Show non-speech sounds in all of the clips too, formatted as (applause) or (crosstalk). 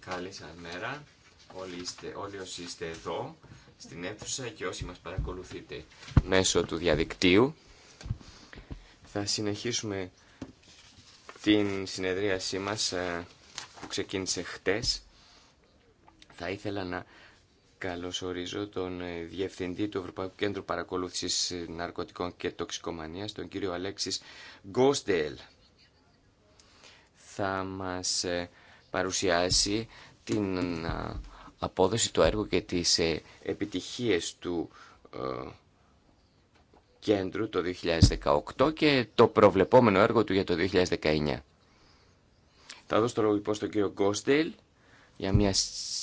Καλή μέρα. Όλοι, είστε, όλοι όσοι είστε εδώ στην αίθουσα και όσοι μας παρακολουθείτε μέσω του διαδικτύου. Θα συνεχίσουμε την συνεδρίασή μας ε, που ξεκίνησε χτες. Θα ήθελα να καλωσορίζω τον ε, Διευθυντή του Ευρωπαϊκού Κέντρου Παρακολούθησης Ναρκωτικών και Τοξικομανίας, τον κύριο Αλέξης Γκόστελ θα μας ε, παρουσιάσει την ε, απόδοση του έργου και τις ε, επιτυχίες του κέντρου το 2018 και το προβλεπόμενο έργο του για το 2019. Θα δώσω το λόγο λοιπόν στον κύριο Γκόστελ για μια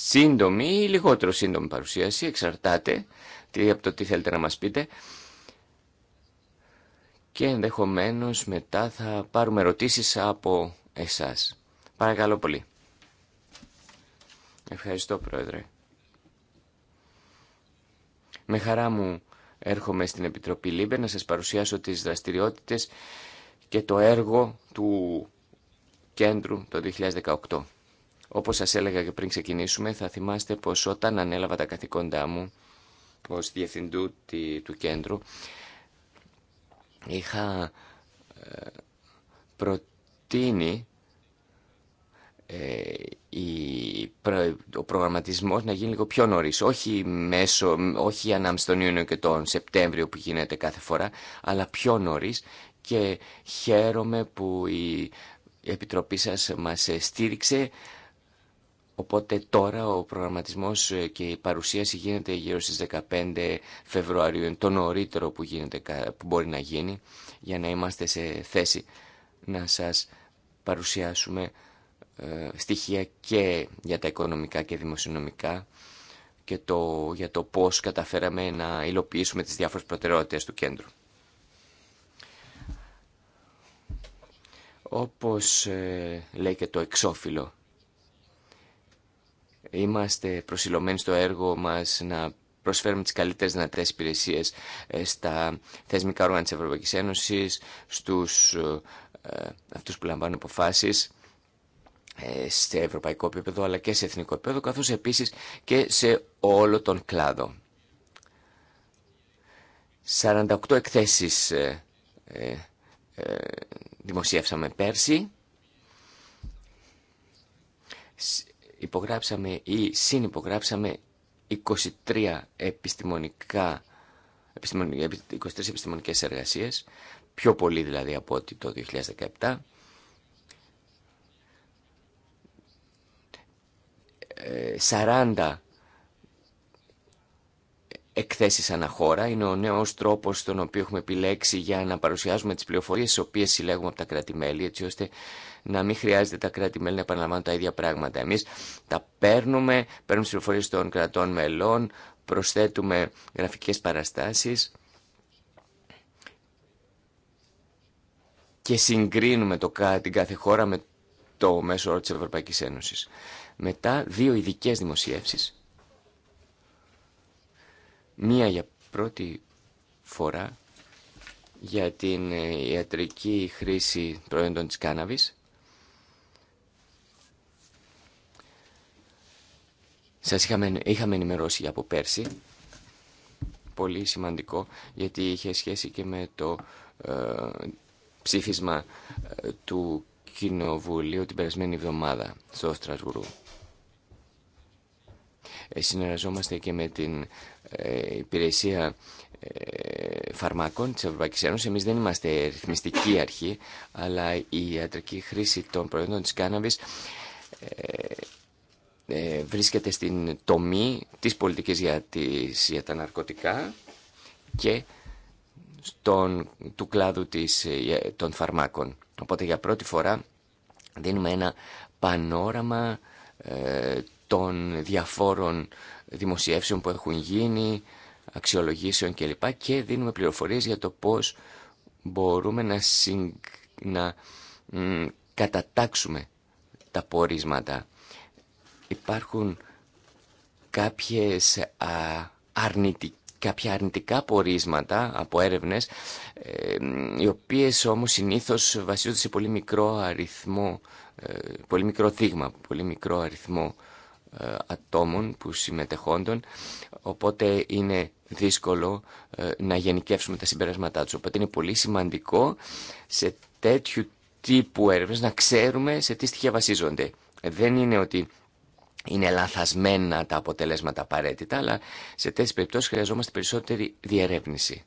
σύντομη ή λιγότερο σύντομη παρουσίαση, εξαρτάται τι, από το τι θέλετε να μας πείτε. Και ενδεχομένως μετά θα πάρουμε ερωτήσεις από εσάς. Παρακαλώ πολύ. Ευχαριστώ, Πρόεδρε. Με χαρά μου έρχομαι στην Επιτροπή Λίμπερ να σας παρουσιάσω τις δραστηριότητες και το έργο του κέντρου το 2018. Όπως σας έλεγα και πριν ξεκινήσουμε, θα θυμάστε πως όταν ανέλαβα τα καθηκόντά μου ως διευθυντού του κέντρου, είχα ε, προτείνει προτείνει ε, ο προγραμματισμός να γίνει λίγο πιο νωρίς όχι, μέσω, όχι ανάμεσα τον Ιούνιο και τον Σεπτέμβριο που γίνεται κάθε φορά αλλά πιο νωρίς και χαίρομαι που η Επιτροπή σας μας στήριξε οπότε τώρα ο προγραμματισμός και η παρουσίαση γίνεται γύρω στις 15 Φεβρουαρίου το νωρίτερο που, γίνεται, που μπορεί να γίνει για να είμαστε σε θέση να σας παρουσιάσουμε ε, στοιχεία και για τα οικονομικά και δημοσιονομικά και το, για το πώς καταφέραμε να υλοποιήσουμε τις διάφορες προτεραιότητες του κέντρου. Όπως ε, λέει και το εξώφυλλο, είμαστε προσιλωμένοι στο έργο μας να προσφέρουμε τις καλύτερες δυνατές υπηρεσίες ε, στα θεσμικά όργανα της Ευρωπαϊκής Ένωσης, στους ε, αυτούς που λαμβάνουν αποφάσεις ε, σε ευρωπαϊκό επίπεδο αλλά και σε εθνικό επίπεδο καθώς επίσης και σε όλο τον κλάδο. 48 εκθέσεις ε, δημοσίευσαμε πέρσι. Υπογράψαμε ή συνυπογράψαμε 23 επιστημονικά 23 επιστημονικές εργασίες πιο πολύ δηλαδή από ότι το 2017. Ε, σαράντα 40 εκθέσεις αναχώρα είναι ο νέος τρόπος τον οποίο έχουμε επιλέξει για να παρουσιάζουμε τις πληροφορίες τις οποίες συλλέγουμε από τα κράτη-μέλη έτσι ώστε να μην χρειάζεται τα κράτη-μέλη να επαναλαμβάνουν τα ίδια πράγματα. Εμείς τα παίρνουμε, παίρνουμε τις πληροφορίες των κρατών μελών, προσθέτουμε γραφικές παραστάσεις και συγκρίνουμε το, την κάθε χώρα με το μέσο όρο τη Ευρωπαϊκή Ένωση. Μετά δύο ειδικέ δημοσιεύσει. Μία για πρώτη φορά για την ε, ιατρική χρήση προϊόντων της κάναβης. Σας είχαμε, είχαμε ενημερώσει από πέρσι. Πολύ σημαντικό γιατί είχε σχέση και με το, ε, ψήφισμα ε, του Κοινοβουλίου την περασμένη εβδομάδα στο Στρασβουρού. Ε, συνεργαζόμαστε και με την ε, υπηρεσία φαρμάκων της Ευρωπαϊκής Ένωσης. Εμείς δεν είμαστε ρυθμιστική αρχή, αλλά η ιατρική χρήση των προϊόντων της κάναβης βρίσκεται στην τομή της πολιτικής για, τη για τα ναρκωτικά και στον, του κλάδου της, ε, των φαρμάκων. Οπότε για πρώτη φορά δίνουμε ένα πανόραμα ε, των διαφόρων δημοσιεύσεων που έχουν γίνει, αξιολογήσεων κλπ. και δίνουμε πληροφορίες για το πώς μπορούμε να, να κατατάξουμε τα πορίσματα. Υπάρχουν κάποιες α, αρνητικές κάποια αρνητικά πορίσματα από έρευνες, οι οποίες όμως συνήθω βασίζονται σε πολύ μικρό αριθμό, ε, πολύ μικρό δείγμα, πολύ μικρό αριθμό ε, ατόμων που συμμετεχόντων, οπότε είναι δύσκολο ε, να γενικεύσουμε τα συμπεράσματά του. Οπότε είναι πολύ σημαντικό σε τέτοιου τύπου έρευνες να ξέρουμε σε τι στοιχεία βασίζονται. Δεν είναι ότι είναι λαθασμένα τα αποτελέσματα απαραίτητα, αλλά σε τέτοιες περιπτώσεις χρειαζόμαστε περισσότερη διερεύνηση.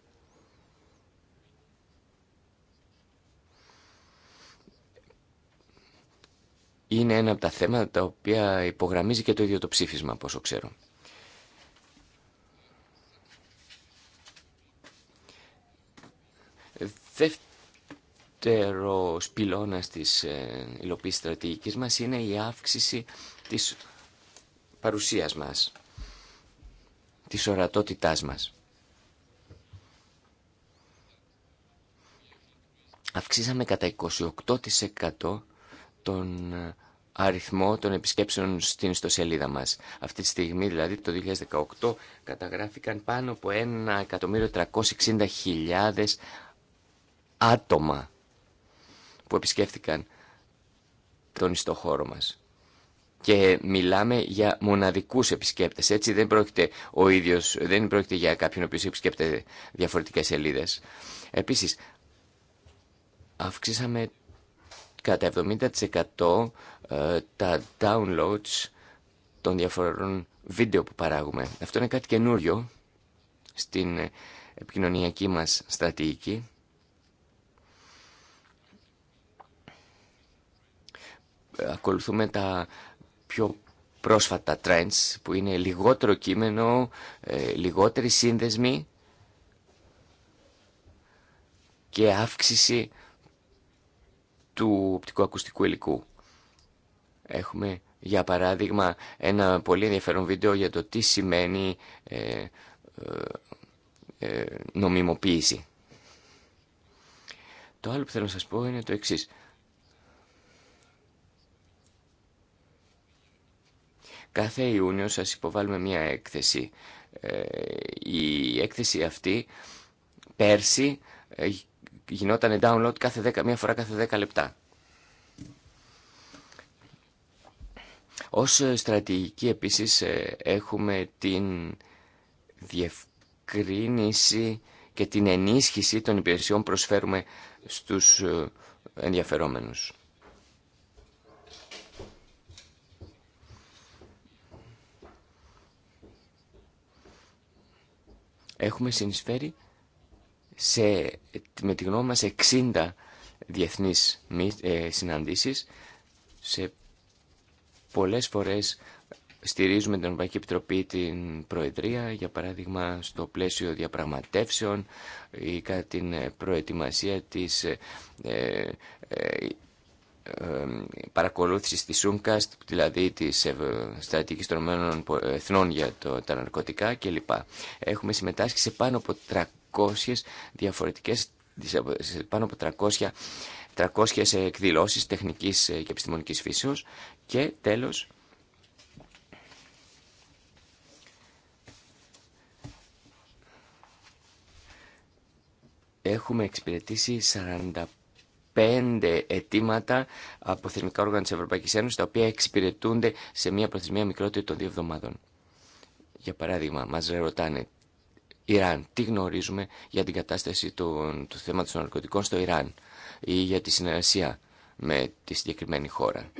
Είναι ένα από τα θέματα τα οποία υπογραμμίζει και το ίδιο το ψήφισμα, πόσο ξέρω. Δεύτερο πυλώνας της ε, υλοποίησης στρατηγικής μας είναι η αύξηση της παρουσίας μας, της ορατότητάς μας. Αυξήσαμε κατά 28% τον αριθμό των επισκέψεων στην ιστοσελίδα μας. Αυτή τη στιγμή, δηλαδή το 2018, καταγράφηκαν πάνω από 1.360.000 άτομα που επισκέφθηκαν τον ιστοχώρο μας και μιλάμε για μοναδικούς επισκέπτες. Έτσι δεν πρόκειται ο ίδιος, δεν πρόκειται για κάποιον ο οποίο επισκέπτεται διαφορετικές σελίδε. Επίσης, αυξήσαμε κατά 70% ε, τα downloads των διαφορών βίντεο που παράγουμε. Αυτό είναι κάτι καινούριο στην επικοινωνιακή μας στρατηγική. Ακολουθούμε τα πιο πρόσφατα trends που είναι λιγότερο κείμενο, ε, λιγότερη σύνδεσμοι και αύξηση του ακουστικού υλικού. Έχουμε για παράδειγμα ένα πολύ ενδιαφέρον βίντεο για το τι σημαίνει ε, ε, ε νομιμοποίηση. Το άλλο που θέλω να σας πω είναι το εξής. Κάθε Ιούνιο σας υποβάλλουμε μία έκθεση. Ε, η έκθεση αυτή πέρσι ε, γινόταν download κάθε 10, μία φορά κάθε 10 λεπτά. Ως στρατηγική επίσης ε, έχουμε την διευκρίνηση και την ενίσχυση των υπηρεσιών προσφέρουμε στους ενδιαφερόμενους. Έχουμε συνεισφέρει σε, με τη γνώμη μας 60 διεθνείς ε, συναντήσεις. Σε πολλές φορές στηρίζουμε την Ευρωπαϊκή Επιτροπή την Προεδρία, για παράδειγμα στο πλαίσιο διαπραγματεύσεων ή κατά την προετοιμασία της ε, ε, παρακολούθηση της UNCAST, δηλαδή της Στρατηγικής των Ηνωμένων Εθνών για το, τα ναρκωτικά κλπ. Έχουμε συμμετάσχει σε πάνω από 300 διαφορετικές, σε πάνω από 300, 300 εκδηλώσεις τεχνικής ε, και επιστημονικής φύσεως και τέλος έχουμε εξυπηρετήσει 45 πέντε αιτήματα από θερμικά όργανα της Ευρωπαϊκής Ένωσης τα οποία εξυπηρετούνται σε μια προθεσμία μικρότερη των δύο εβδομάδων. Για παράδειγμα, μας ρωτάνε Ιράν, τι γνωρίζουμε για την κατάσταση του, του θέματος των ναρκωτικών στο Ιράν ή για τη συνεργασία με τη συγκεκριμένη χώρα.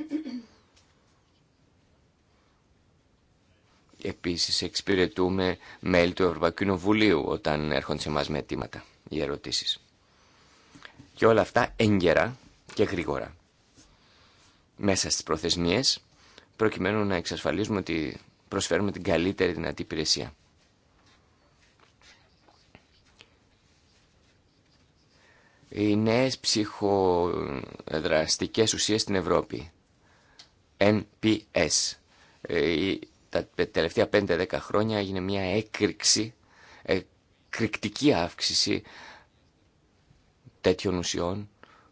Επίση, εξυπηρετούμε μέλη του Ευρωπαϊκού Κοινοβουλίου όταν έρχονται σε εμά με αιτήματα ή ερωτήσει. Και όλα αυτά έγκαιρα και γρήγορα. Μέσα στις προθεσμίες, προκειμένου να εξασφαλίσουμε ότι προσφέρουμε την καλύτερη δυνατή υπηρεσία. Οι νέες ψυχοδραστικές ουσίες στην Ευρώπη. NPS. Ε, τα τελευταία 5-10 χρόνια έγινε μια έκρηξη, εκρηκτική αύξηση τέτοιων ουσιών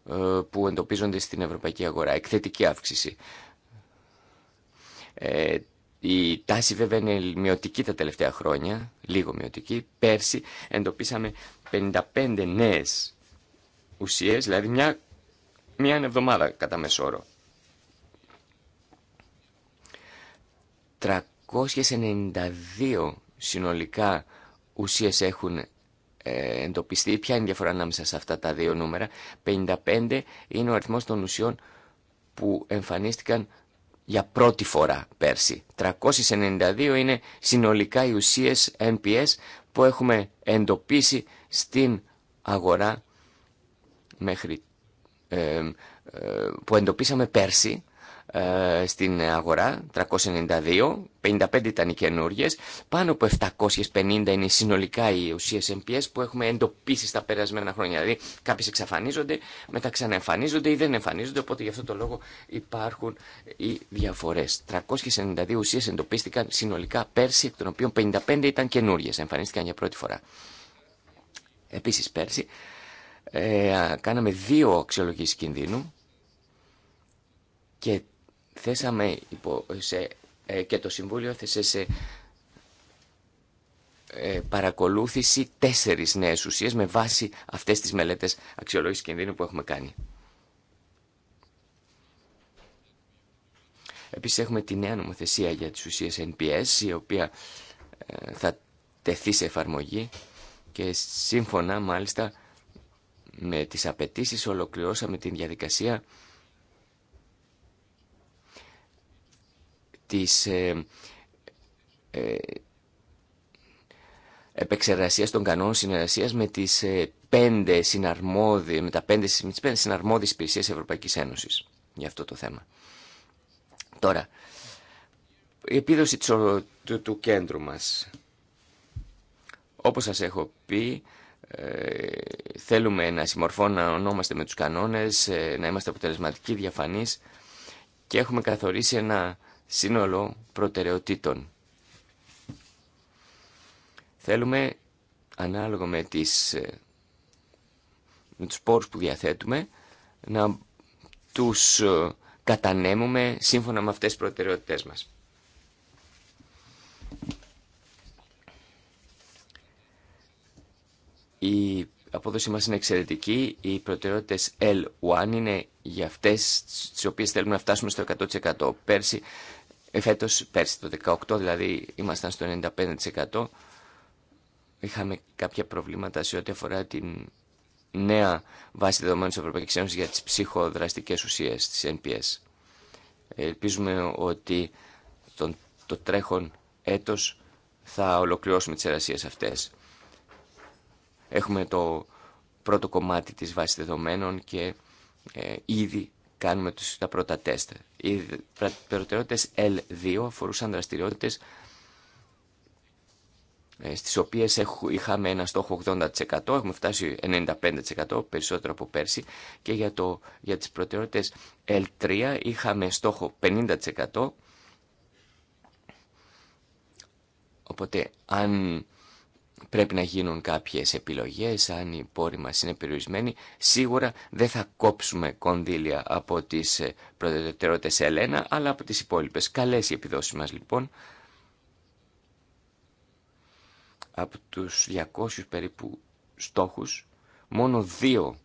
ε, που εντοπίζονται στην ευρωπαϊκή αγορά. Εκθετική αύξηση. Ε, η τάση βέβαια είναι μειωτική τα τελευταία χρόνια, λίγο μειωτική. Πέρσι εντοπίσαμε 55 νέες ουσίες, δηλαδή μια, μια εβδομάδα κατά όρο 392 συνολικά ουσίες έχουν ε, εντοπιστεί. Ποια είναι η διαφορά ανάμεσα σε αυτά τα δύο νούμερα. 55 είναι ο αριθμός των ουσιών που εμφανίστηκαν για πρώτη φορά πέρσι. 392 είναι συνολικά οι ουσίες NPS που έχουμε εντοπίσει στην αγορά μέχρι, ε, ε, που εντοπίσαμε πέρσι ε, στην αγορά, 392, 55 ήταν οι καινούριε, πάνω από 750 είναι συνολικά οι ουσίε MPS που έχουμε εντοπίσει στα περασμένα χρόνια. Δηλαδή κάποιες εξαφανίζονται, μετά ξαναεμφανίζονται ή δεν εμφανίζονται, οπότε γι' αυτό το λόγο υπάρχουν οι διαφορέ. 392 ουσίε εντοπίστηκαν συνολικά πέρσι, εκ των οποίων 55 ήταν καινούριε, εμφανίστηκαν για πρώτη φορά. Επίση πέρσι ε, κάναμε δύο αξιολογήσεις κινδύνου και θέσαμε υπό, σε, ε, και το Συμβούλιο θέσε σε ε, παρακολούθηση τέσσερις νέες ουσίες με βάση αυτές τις μελέτες αξιολόγησης κινδύνου που έχουμε κάνει. Επίσης έχουμε τη νέα νομοθεσία για τις ουσίες NPS, η οποία ε, θα τεθεί σε εφαρμογή και σύμφωνα μάλιστα με τις απαιτήσει ολοκληρώσαμε την διαδικασία της ε, ε, επεξεργασίας των κανόνων συνεργασίας με τις ε, πέντε συναρμόδιες, με, τα πέντε, τις πέντε συναρμόδιες υπηρεσίες Ευρωπαϊκής Ένωσης για αυτό το θέμα. Τώρα, η επίδοση του, κέντρου μας. Όπως σας έχω πει, ε, θέλουμε να να ονόμαστε με τους κανόνες, να είμαστε αποτελεσματικοί, διαφανείς και έχουμε καθορίσει ένα σύνολο προτεραιοτήτων. Θέλουμε, ανάλογα με, τις, ε, με τους πόρους που διαθέτουμε, να τους ε, κατανέμουμε σύμφωνα με αυτές τις προτεραιότητές μας. Η απόδοση μας είναι εξαιρετική. Οι προτεραιότητες L1 είναι για αυτές τις οποίες θέλουμε να φτάσουμε στο 100%. Πέρσι Εφέτος, πέρσι το 18, δηλαδή ήμασταν στο 95%. Είχαμε κάποια προβλήματα σε ό,τι αφορά την νέα βάση δεδομένων τη Ευρωπαϊκή Ένωση για τι ψυχοδραστικέ ουσίε τι NPS. Ελπίζουμε ότι το τρέχον έτος θα ολοκληρώσουμε τις εργασίες αυτές. Έχουμε το πρώτο κομμάτι της βάσης δεδομένων και ε, ήδη κάνουμε τους, τα πρώτα τεστ. Οι προτεραιότητες L2 αφορούσαν δραστηριότητες ε, στις οποίες είχαμε ένα στόχο 80%, έχουμε φτάσει 95% περισσότερο από πέρσι και για, το, για τις προτεραιότητες L3 είχαμε στόχο 50%. Οπότε αν πρέπει να γίνουν κάποιες επιλογές, αν οι πόροι μας είναι περιορισμένοι, σίγουρα δεν θα κόψουμε κονδύλια από τις ε, προτεραιότητες Ελένα, αλλά από τις υπόλοιπες. Καλές οι επιδόσεις μας λοιπόν. Από τους 200 περίπου στόχους, μόνο δύο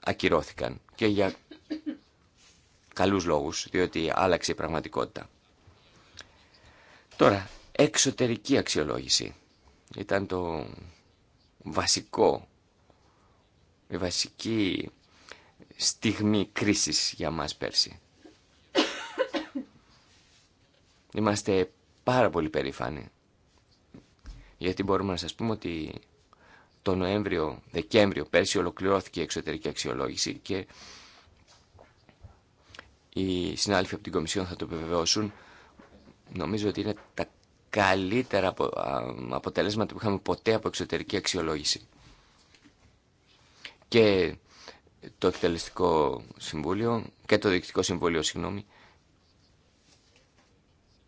ακυρώθηκαν και για καλούς λόγους, διότι άλλαξε η πραγματικότητα. Τώρα, εξωτερική αξιολόγηση ήταν το βασικό, η βασική στιγμή κρίσης για μας πέρσι. Είμαστε πάρα πολύ περήφανοι. Γιατί μπορούμε να σας πούμε ότι το Νοέμβριο, Δεκέμβριο πέρσι ολοκληρώθηκε η εξωτερική αξιολόγηση και οι συνάδελφοι από την Κομισιόν θα το επιβεβαιώσουν. Νομίζω ότι είναι τα καλύτερα από αποτελέσματα που είχαμε ποτέ από εξωτερική αξιολόγηση. Και το εκτελεστικό συμβούλιο και το διοικητικό συμβούλιο, συγγνώμη,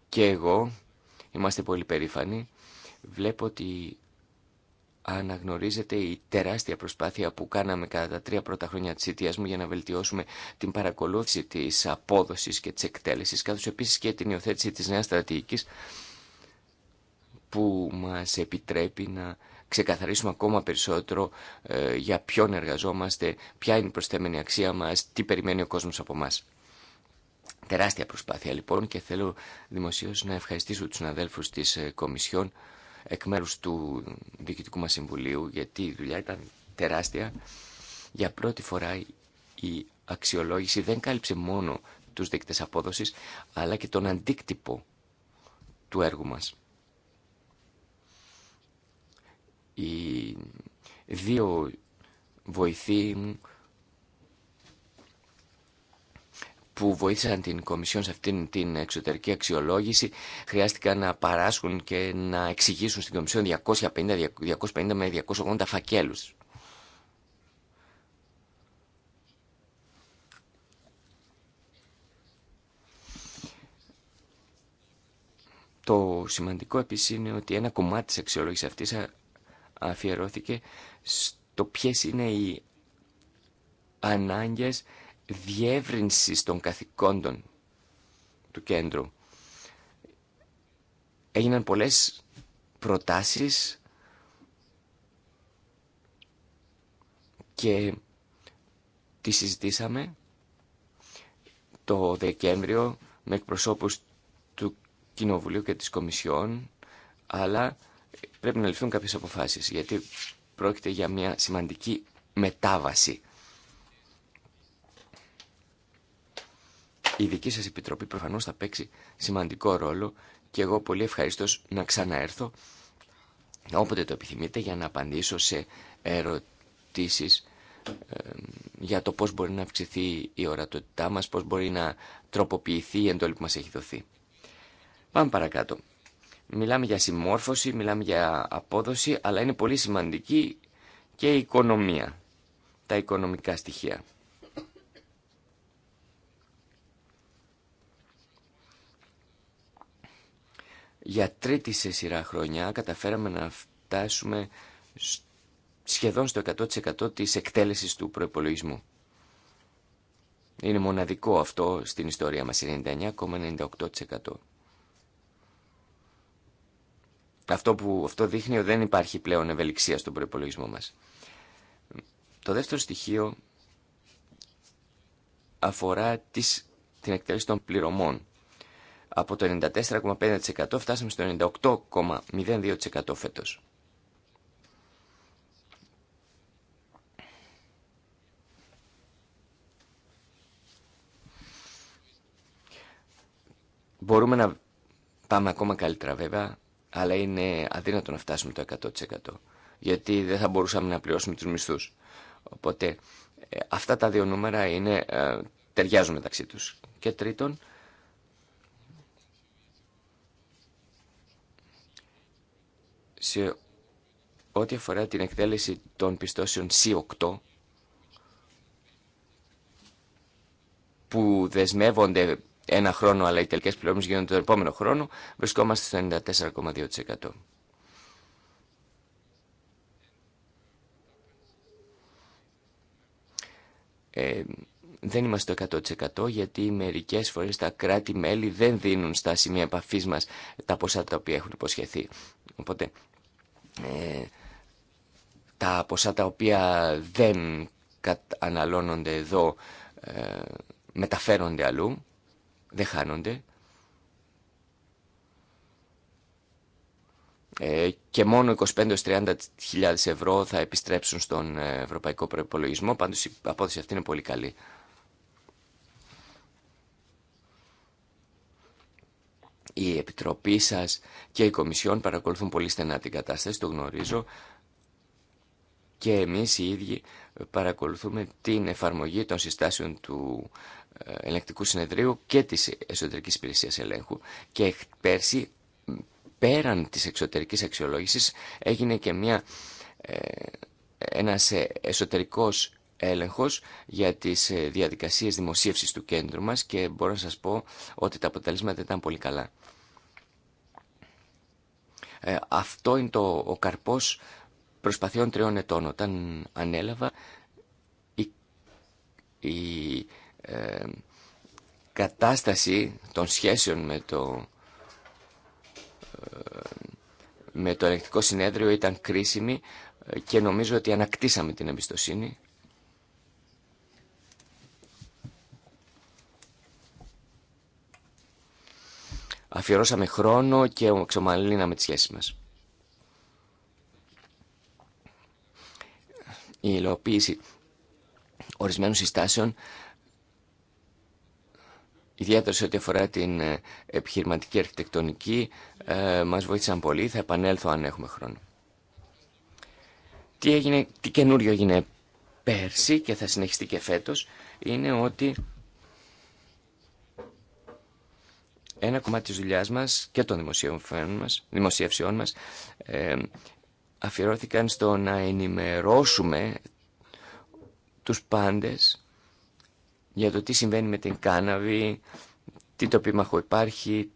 και εγώ είμαστε πολύ περήφανοι. Βλέπω ότι αναγνωρίζεται η τεράστια προσπάθεια που κάναμε κατά τα τρία πρώτα χρόνια της ιτίας μου για να βελτιώσουμε την παρακολούθηση της απόδοσης και της εκτέλεσης, καθώς επίσης και την υιοθέτηση της νέας στρατηγικής που μας επιτρέπει να ξεκαθαρίσουμε ακόμα περισσότερο ε, για ποιον εργαζόμαστε, ποια είναι η προσθέμενη αξία μας, τι περιμένει ο κόσμος από μας. Τεράστια προσπάθεια λοιπόν και θέλω δημοσίως να ευχαριστήσω τους αδέλφους της ε, Κομισιόν εκ μέρους του Διοικητικού μας Συμβουλίου γιατί η δουλειά ήταν τεράστια. Για πρώτη φορά η αξιολόγηση δεν κάλυψε μόνο τους δείκτες απόδοσης αλλά και τον αντίκτυπο του έργου μας. οι δύο βοηθοί μου που βοήθησαν την Κομισιόν σε αυτήν την εξωτερική αξιολόγηση χρειάστηκαν να παράσχουν και να εξηγήσουν στην Κομισιόν 250, 250 με 280 φακέλους. Το σημαντικό επίσης είναι ότι ένα κομμάτι της αξιολόγησης αυτής αφιερώθηκε στο ποιε είναι οι ανάγκες διεύρυνσης των καθηκόντων του κέντρου. Έγιναν πολλές προτάσεις και τις συζητήσαμε το Δεκέμβριο με εκπροσώπους του Κοινοβουλίου και της Κομισιόν αλλά πρέπει να ληφθούν κάποιες αποφάσεις, γιατί πρόκειται για μια σημαντική μετάβαση. Η δική σας επιτροπή προφανώς θα παίξει σημαντικό ρόλο και εγώ πολύ ευχαριστώ να ξαναέρθω όποτε το επιθυμείτε για να απαντήσω σε ερωτήσεις για το πώς μπορεί να αυξηθεί η ορατότητά μας, πώς μπορεί να τροποποιηθεί η εντόλη που μας έχει δοθεί. Πάμε παρακάτω. Μιλάμε για συμμόρφωση, μιλάμε για απόδοση, αλλά είναι πολύ σημαντική και η οικονομία, τα οικονομικά στοιχεία. Για τρίτη σε σειρά χρονιά καταφέραμε να φτάσουμε σχεδόν στο 100% της εκτέλεσης του προϋπολογισμού. Είναι μοναδικό αυτό στην ιστορία μας, 99,98%. Αυτό που αυτό δείχνει ότι δεν υπάρχει πλέον ευελιξία στον προπολογισμό μας. Το δεύτερο στοιχείο αφορά τις, την εκτέλεση των πληρωμών. Από το 94,5% φτάσαμε στο 98,02% φέτος. Μπορούμε να πάμε ακόμα καλύτερα βέβαια αλλά είναι αδύνατο να φτάσουμε το 100% γιατί δεν θα μπορούσαμε να πληρώσουμε τους μισθούς. Οπότε ε, αυτά τα δύο νούμερα είναι, ε, ταιριάζουν μεταξύ τους. Και τρίτον, σε ό,τι αφορά την εκτέλεση των πιστώσεων C8, που δεσμεύονται ένα χρόνο, αλλά οι τελικές πληρώμεις γίνονται τον επόμενο χρόνο, βρισκόμαστε στο 94,2%. Ε, δεν είμαστε το 100% γιατί μερικές φορές τα κράτη-μέλη δεν δίνουν στα σημεία επαφή μας τα ποσά τα οποία έχουν υποσχεθεί. Οπότε ε, τα ποσά τα οποία δεν αναλώνονται εδώ ε, μεταφέρονται αλλού δεν χάνονται ε, και μόνο 25-30 χιλιάδες ευρώ θα επιστρέψουν στον ε, ευρωπαϊκό προπολογισμό. Πάντως η απόδοση αυτή είναι πολύ καλή. Η Επιτροπή σα και η Κομισιόν παρακολουθούν πολύ στενά την κατάσταση, το γνωρίζω. Και εμείς οι ίδιοι παρακολουθούμε την εφαρμογή των συστάσεων του Ελεκτικού συνεδρίου και της εσωτερικής υπηρεσίας ελέγχου και πέρσι πέραν της εξωτερικής αξιολόγησης έγινε και μια, ε, ένας ε, εσωτερικός έλεγχος για τις ε, διαδικασίες δημοσίευσης του κέντρου μας και μπορώ να σας πω ότι τα αποτελέσματα ήταν πολύ καλά. αυτό είναι το, ο καρπός προσπαθειών τριών ετών. Όταν ανέλαβα, η η ε, κατάσταση των σχέσεων με το, ε, με το ελεκτικό συνέδριο ήταν κρίσιμη και νομίζω ότι ανακτήσαμε την εμπιστοσύνη. Αφιερώσαμε χρόνο και εξομαλύναμε τις σχέσεις μας. Η υλοποίηση ορισμένων συστάσεων ιδιαίτερα σε ό,τι αφορά την ε, επιχειρηματική αρχιτεκτονική, ε, μας βοήθησαν πολύ. Θα επανέλθω αν έχουμε χρόνο. Τι, έγινε, τι καινούριο έγινε πέρσι και θα συνεχιστεί και φέτος, είναι ότι ένα κομμάτι της δουλειάς μας και των μας, δημοσιεύσεών μας ε, αφιερώθηκαν στο να ενημερώσουμε τους πάντες για το τι συμβαίνει με την κάναβη, τι το πίμαχο υπάρχει,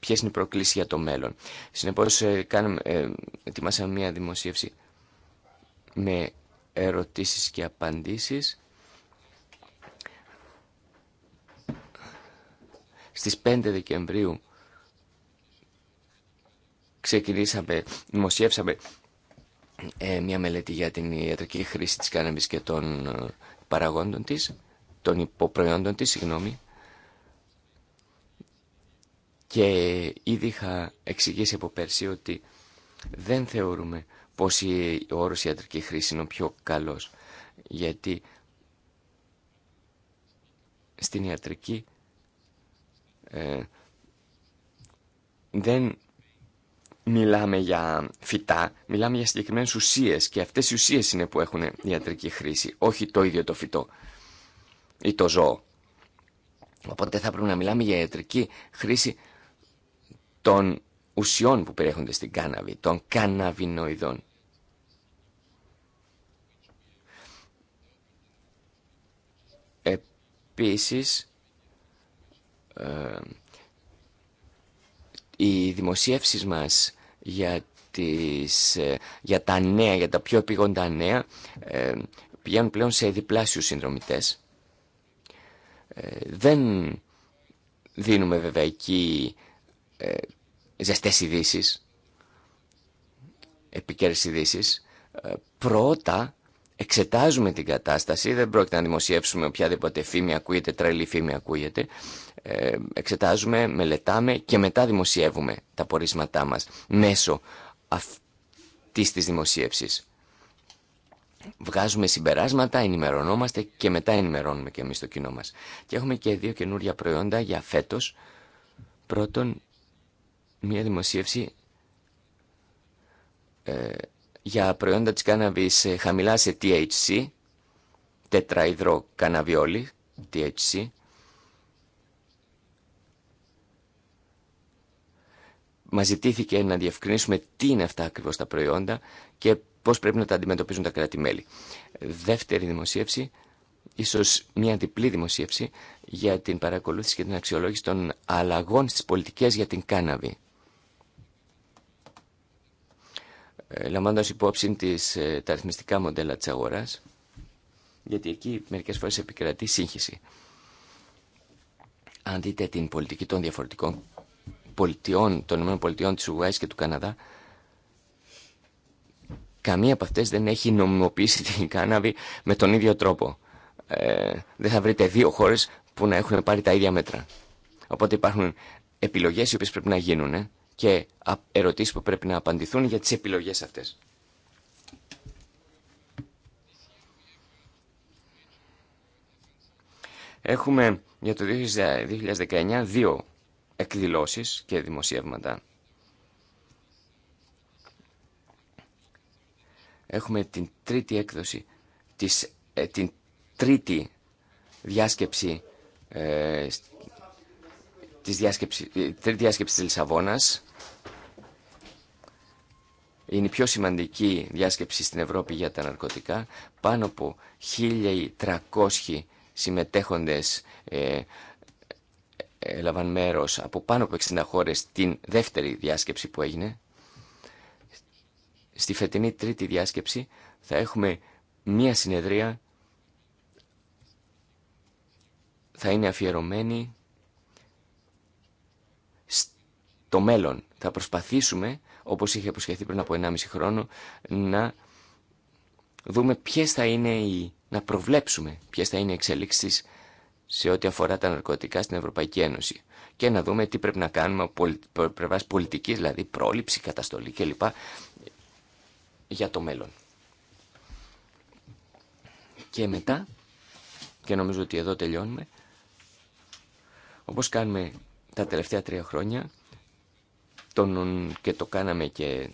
ποιε είναι οι προκλήσει για το μέλλον. Συνεπώ ε, ε, ετοιμάσαμε μια δημοσίευση με ερωτήσεις και απαντήσεις. Στις 5 Δεκεμβρίου ξεκινήσαμε, δημοσιεύσαμε ε, μια μελέτη για την ιατρική χρήση της κάναβης και των ε, παραγόντων της, των υποπροϊόντων της, και ήδη είχα εξηγήσει από πέρσι ότι δεν θεωρούμε πως η όρος ιατρική χρήση είναι ο πιο καλός, γιατί στην ιατρική ε, δεν μιλάμε για φυτά, μιλάμε για συγκεκριμένες ουσίες και αυτές οι ουσίες είναι που έχουν ιατρική χρήση, όχι το ίδιο το φυτό ή το ζώο. Οπότε θα πρέπει να μιλάμε για ιατρική χρήση των ουσιών που περιέχονται στην κάναβη, των καναβινοειδών. Επίσης, ε, οι δημοσίευσεις μας για, τις, ε, για τα νέα, για τα πιο επίγοντα νέα, ε, πηγαίνουν πλέον σε διπλάσιους συνδρομητές. Ε, δεν δίνουμε βέβαια εκεί ζεστές ειδήσει, επικέρες ειδήσει. Πρώτα εξετάζουμε την κατάσταση, δεν πρόκειται να δημοσιεύσουμε οποιαδήποτε φήμη ακούγεται, τρελή φήμη ακούγεται. Ε, εξετάζουμε, μελετάμε και μετά δημοσιεύουμε τα πορίσματά μας μέσω αυτής της δημοσίευσης. Βγάζουμε συμπεράσματα, ενημερωνόμαστε και μετά ενημερώνουμε και εμείς το κοινό μας. Και έχουμε και δύο καινούρια προϊόντα για φέτος. Πρώτον, μια δημοσίευση ε, για προϊόντα της κάναβης ε, χαμηλά σε THC, καναβιόλι, THC, Μας ζητήθηκε να διευκρινίσουμε τι είναι αυτά ακριβώς τα προϊόντα και πώς πρέπει να τα αντιμετωπίζουν τα κράτη-μέλη. Δεύτερη δημοσίευση, ίσως μια διπλή δημοσίευση για την παρακολούθηση και την αξιολόγηση των αλλαγών στις πολιτικές για την κάναβη. Ε, λαμβάνοντας υπόψη τις, ε, τα αριθμιστικά μοντέλα της αγοράς, γιατί εκεί μερικές φορές επικρατεί σύγχυση. Αν δείτε την πολιτική των διαφορετικών πολιτιών, των ΗΠΑ, της Ουγγάης και του Καναδά, καμία από αυτές δεν έχει νομιμοποιήσει την κάναβη με τον ίδιο τρόπο. Ε, δεν θα βρείτε δύο χώρες που να έχουν πάρει τα ίδια μέτρα. Οπότε υπάρχουν επιλογές οι οποίες πρέπει να γίνουν ε, και ερωτήσεις που πρέπει να απαντηθούν για τις επιλογές αυτές. Έχουμε για το 2019 δύο εκδηλώσεις και δημοσιεύματα. Έχουμε την τρίτη έκδοση, της, ε, την τρίτη διάσκεψη ε, της διάσκεψη, ε, τρίτη διάσκεψη της Λισαβόνας. Είναι η πιο σημαντική διάσκεψη στην Ευρώπη για τα ναρκωτικά. Πάνω από 1.300 συμμετέχοντες ε, έλαβαν μέρος από πάνω από 60 χώρες την δεύτερη διάσκεψη που έγινε. Στη φετινή τρίτη διάσκεψη θα έχουμε μία συνεδρία θα είναι αφιερωμένη στο μέλλον. Θα προσπαθήσουμε, όπως είχε αποσχεθεί πριν από 1,5 χρόνο, να δούμε ποιες θα είναι να προβλέψουμε ποιες θα είναι οι εξελίξεις σε ό,τι αφορά τα ναρκωτικά στην Ευρωπαϊκή Ένωση και να δούμε τι πρέπει να κάνουμε από πλευρά πολιτική, δηλαδή πρόληψη, καταστολή κλπ. για το μέλλον. Και μετά, και νομίζω ότι εδώ τελειώνουμε, όπως κάνουμε τα τελευταία τρία χρόνια τον, και το κάναμε και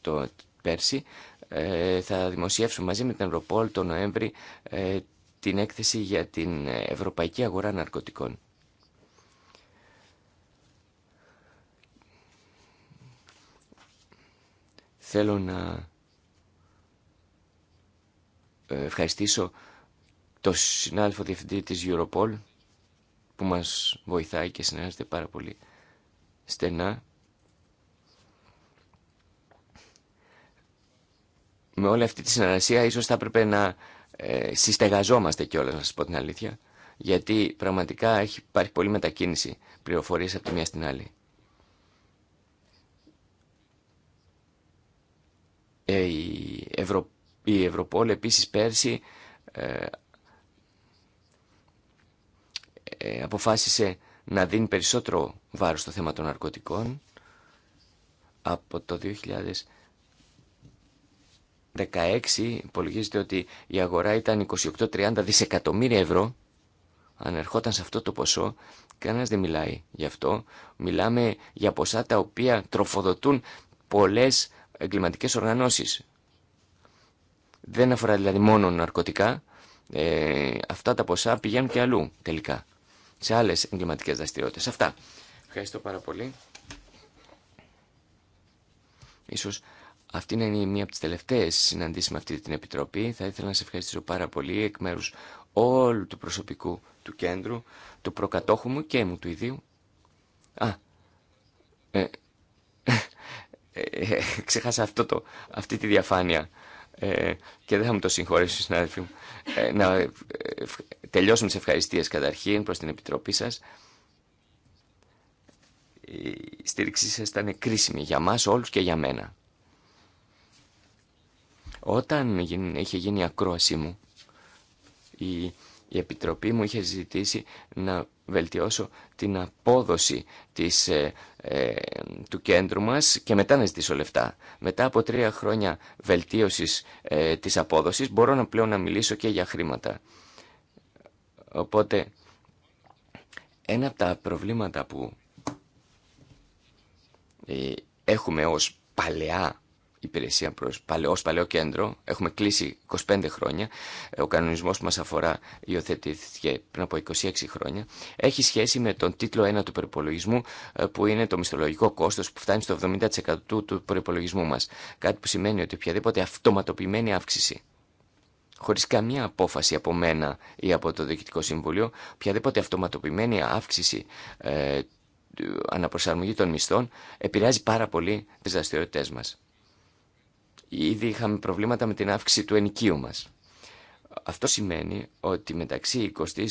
το πέρσι, ε, θα δημοσιεύσουμε μαζί με την Ευρωπόλ το Νοέμβρη ε, την έκθεση για την Ευρωπαϊκή Αγορά Ναρκωτικών. Θέλω να ε, ευχαριστήσω το συνάδελφο διευθυντή της Europol που μας βοηθάει και συνεργάζεται πάρα πολύ στενά με όλη αυτή τη συνεργασία ίσως θα έπρεπε να ε, συστεγαζόμαστε κιόλας να σα πω την αλήθεια γιατί πραγματικά έχει, υπάρχει πολλή μετακίνηση πληροφορίε από τη μία στην άλλη. Ε, η, Ευρω... η Ευρωπόλ επίσης πέρσι ε, ε, αποφάσισε να δίνει περισσότερο βάρος στο θέμα των ναρκωτικών από το 2000. 16 υπολογίζεται ότι η αγορά ήταν 28-30 δισεκατομμύρια ευρώ. Αν ερχόταν σε αυτό το ποσό, κανένας δεν μιλάει γι' αυτό. Μιλάμε για ποσά τα οποία τροφοδοτούν πολλές εγκληματικές οργανώσεις. Δεν αφορά δηλαδή μόνο ναρκωτικά, ε, αυτά τα ποσά πηγαίνουν και αλλού τελικά, σε άλλες εγκληματικές δραστηριότητε. Αυτά. Ευχαριστώ πάρα πολύ. Ίσως αυτή είναι μία από τις τελευταίες συναντήσεις με αυτή την Επιτροπή. Θα ήθελα να σε ευχαριστήσω πάρα πολύ εκ μέρους όλου του προσωπικού του κέντρου, του προκατόχου μου και μου του ιδίου. Α, ε, ε, ε ξεχάσα αυτό το, αυτή τη διαφάνεια ε, και δεν θα μου το συγχωρέσουν συνάδελφοι μου. Ε, να τελειώσουμε τι ευχαριστίες καταρχήν προς την Επιτροπή σα. Η στήριξή σας ήταν κρίσιμη για μας όλους και για μένα. Όταν είχε γίνει η ακρόαση μου, η, Επιτροπή μου είχε ζητήσει να βελτιώσω την απόδοση ε, ε, του κέντρου μας και μετά να ζητήσω λεφτά. Μετά από τρία χρόνια βελτίωσης ε, της απόδοσης μπορώ να πλέον να μιλήσω και για χρήματα. Οπότε ένα από τα προβλήματα που έχουμε ως παλαιά υπηρεσία προς παλαιό, ως παλαιό κέντρο. Έχουμε κλείσει 25 χρόνια. Ε, ο κανονισμός που μας αφορά υιοθετήθηκε πριν από 26 χρόνια. Έχει σχέση με τον τίτλο 1 του προπολογισμού ε, που είναι το μισθολογικό κόστος που φτάνει στο 70% του προπολογισμού μας. Κάτι που σημαίνει ότι οποιαδήποτε αυτοματοποιημένη αύξηση χωρίς καμία απόφαση από μένα ή από το Διοικητικό Συμβουλίο, οποιαδήποτε αυτοματοποιημένη αύξηση ε, αναπροσαρμογή των μισθών επηρεάζει πάρα πολύ τις δραστηριότητε μας. Ήδη είχαμε προβλήματα με την αύξηση του ενοικίου μας. Αυτό σημαίνει ότι μεταξύ και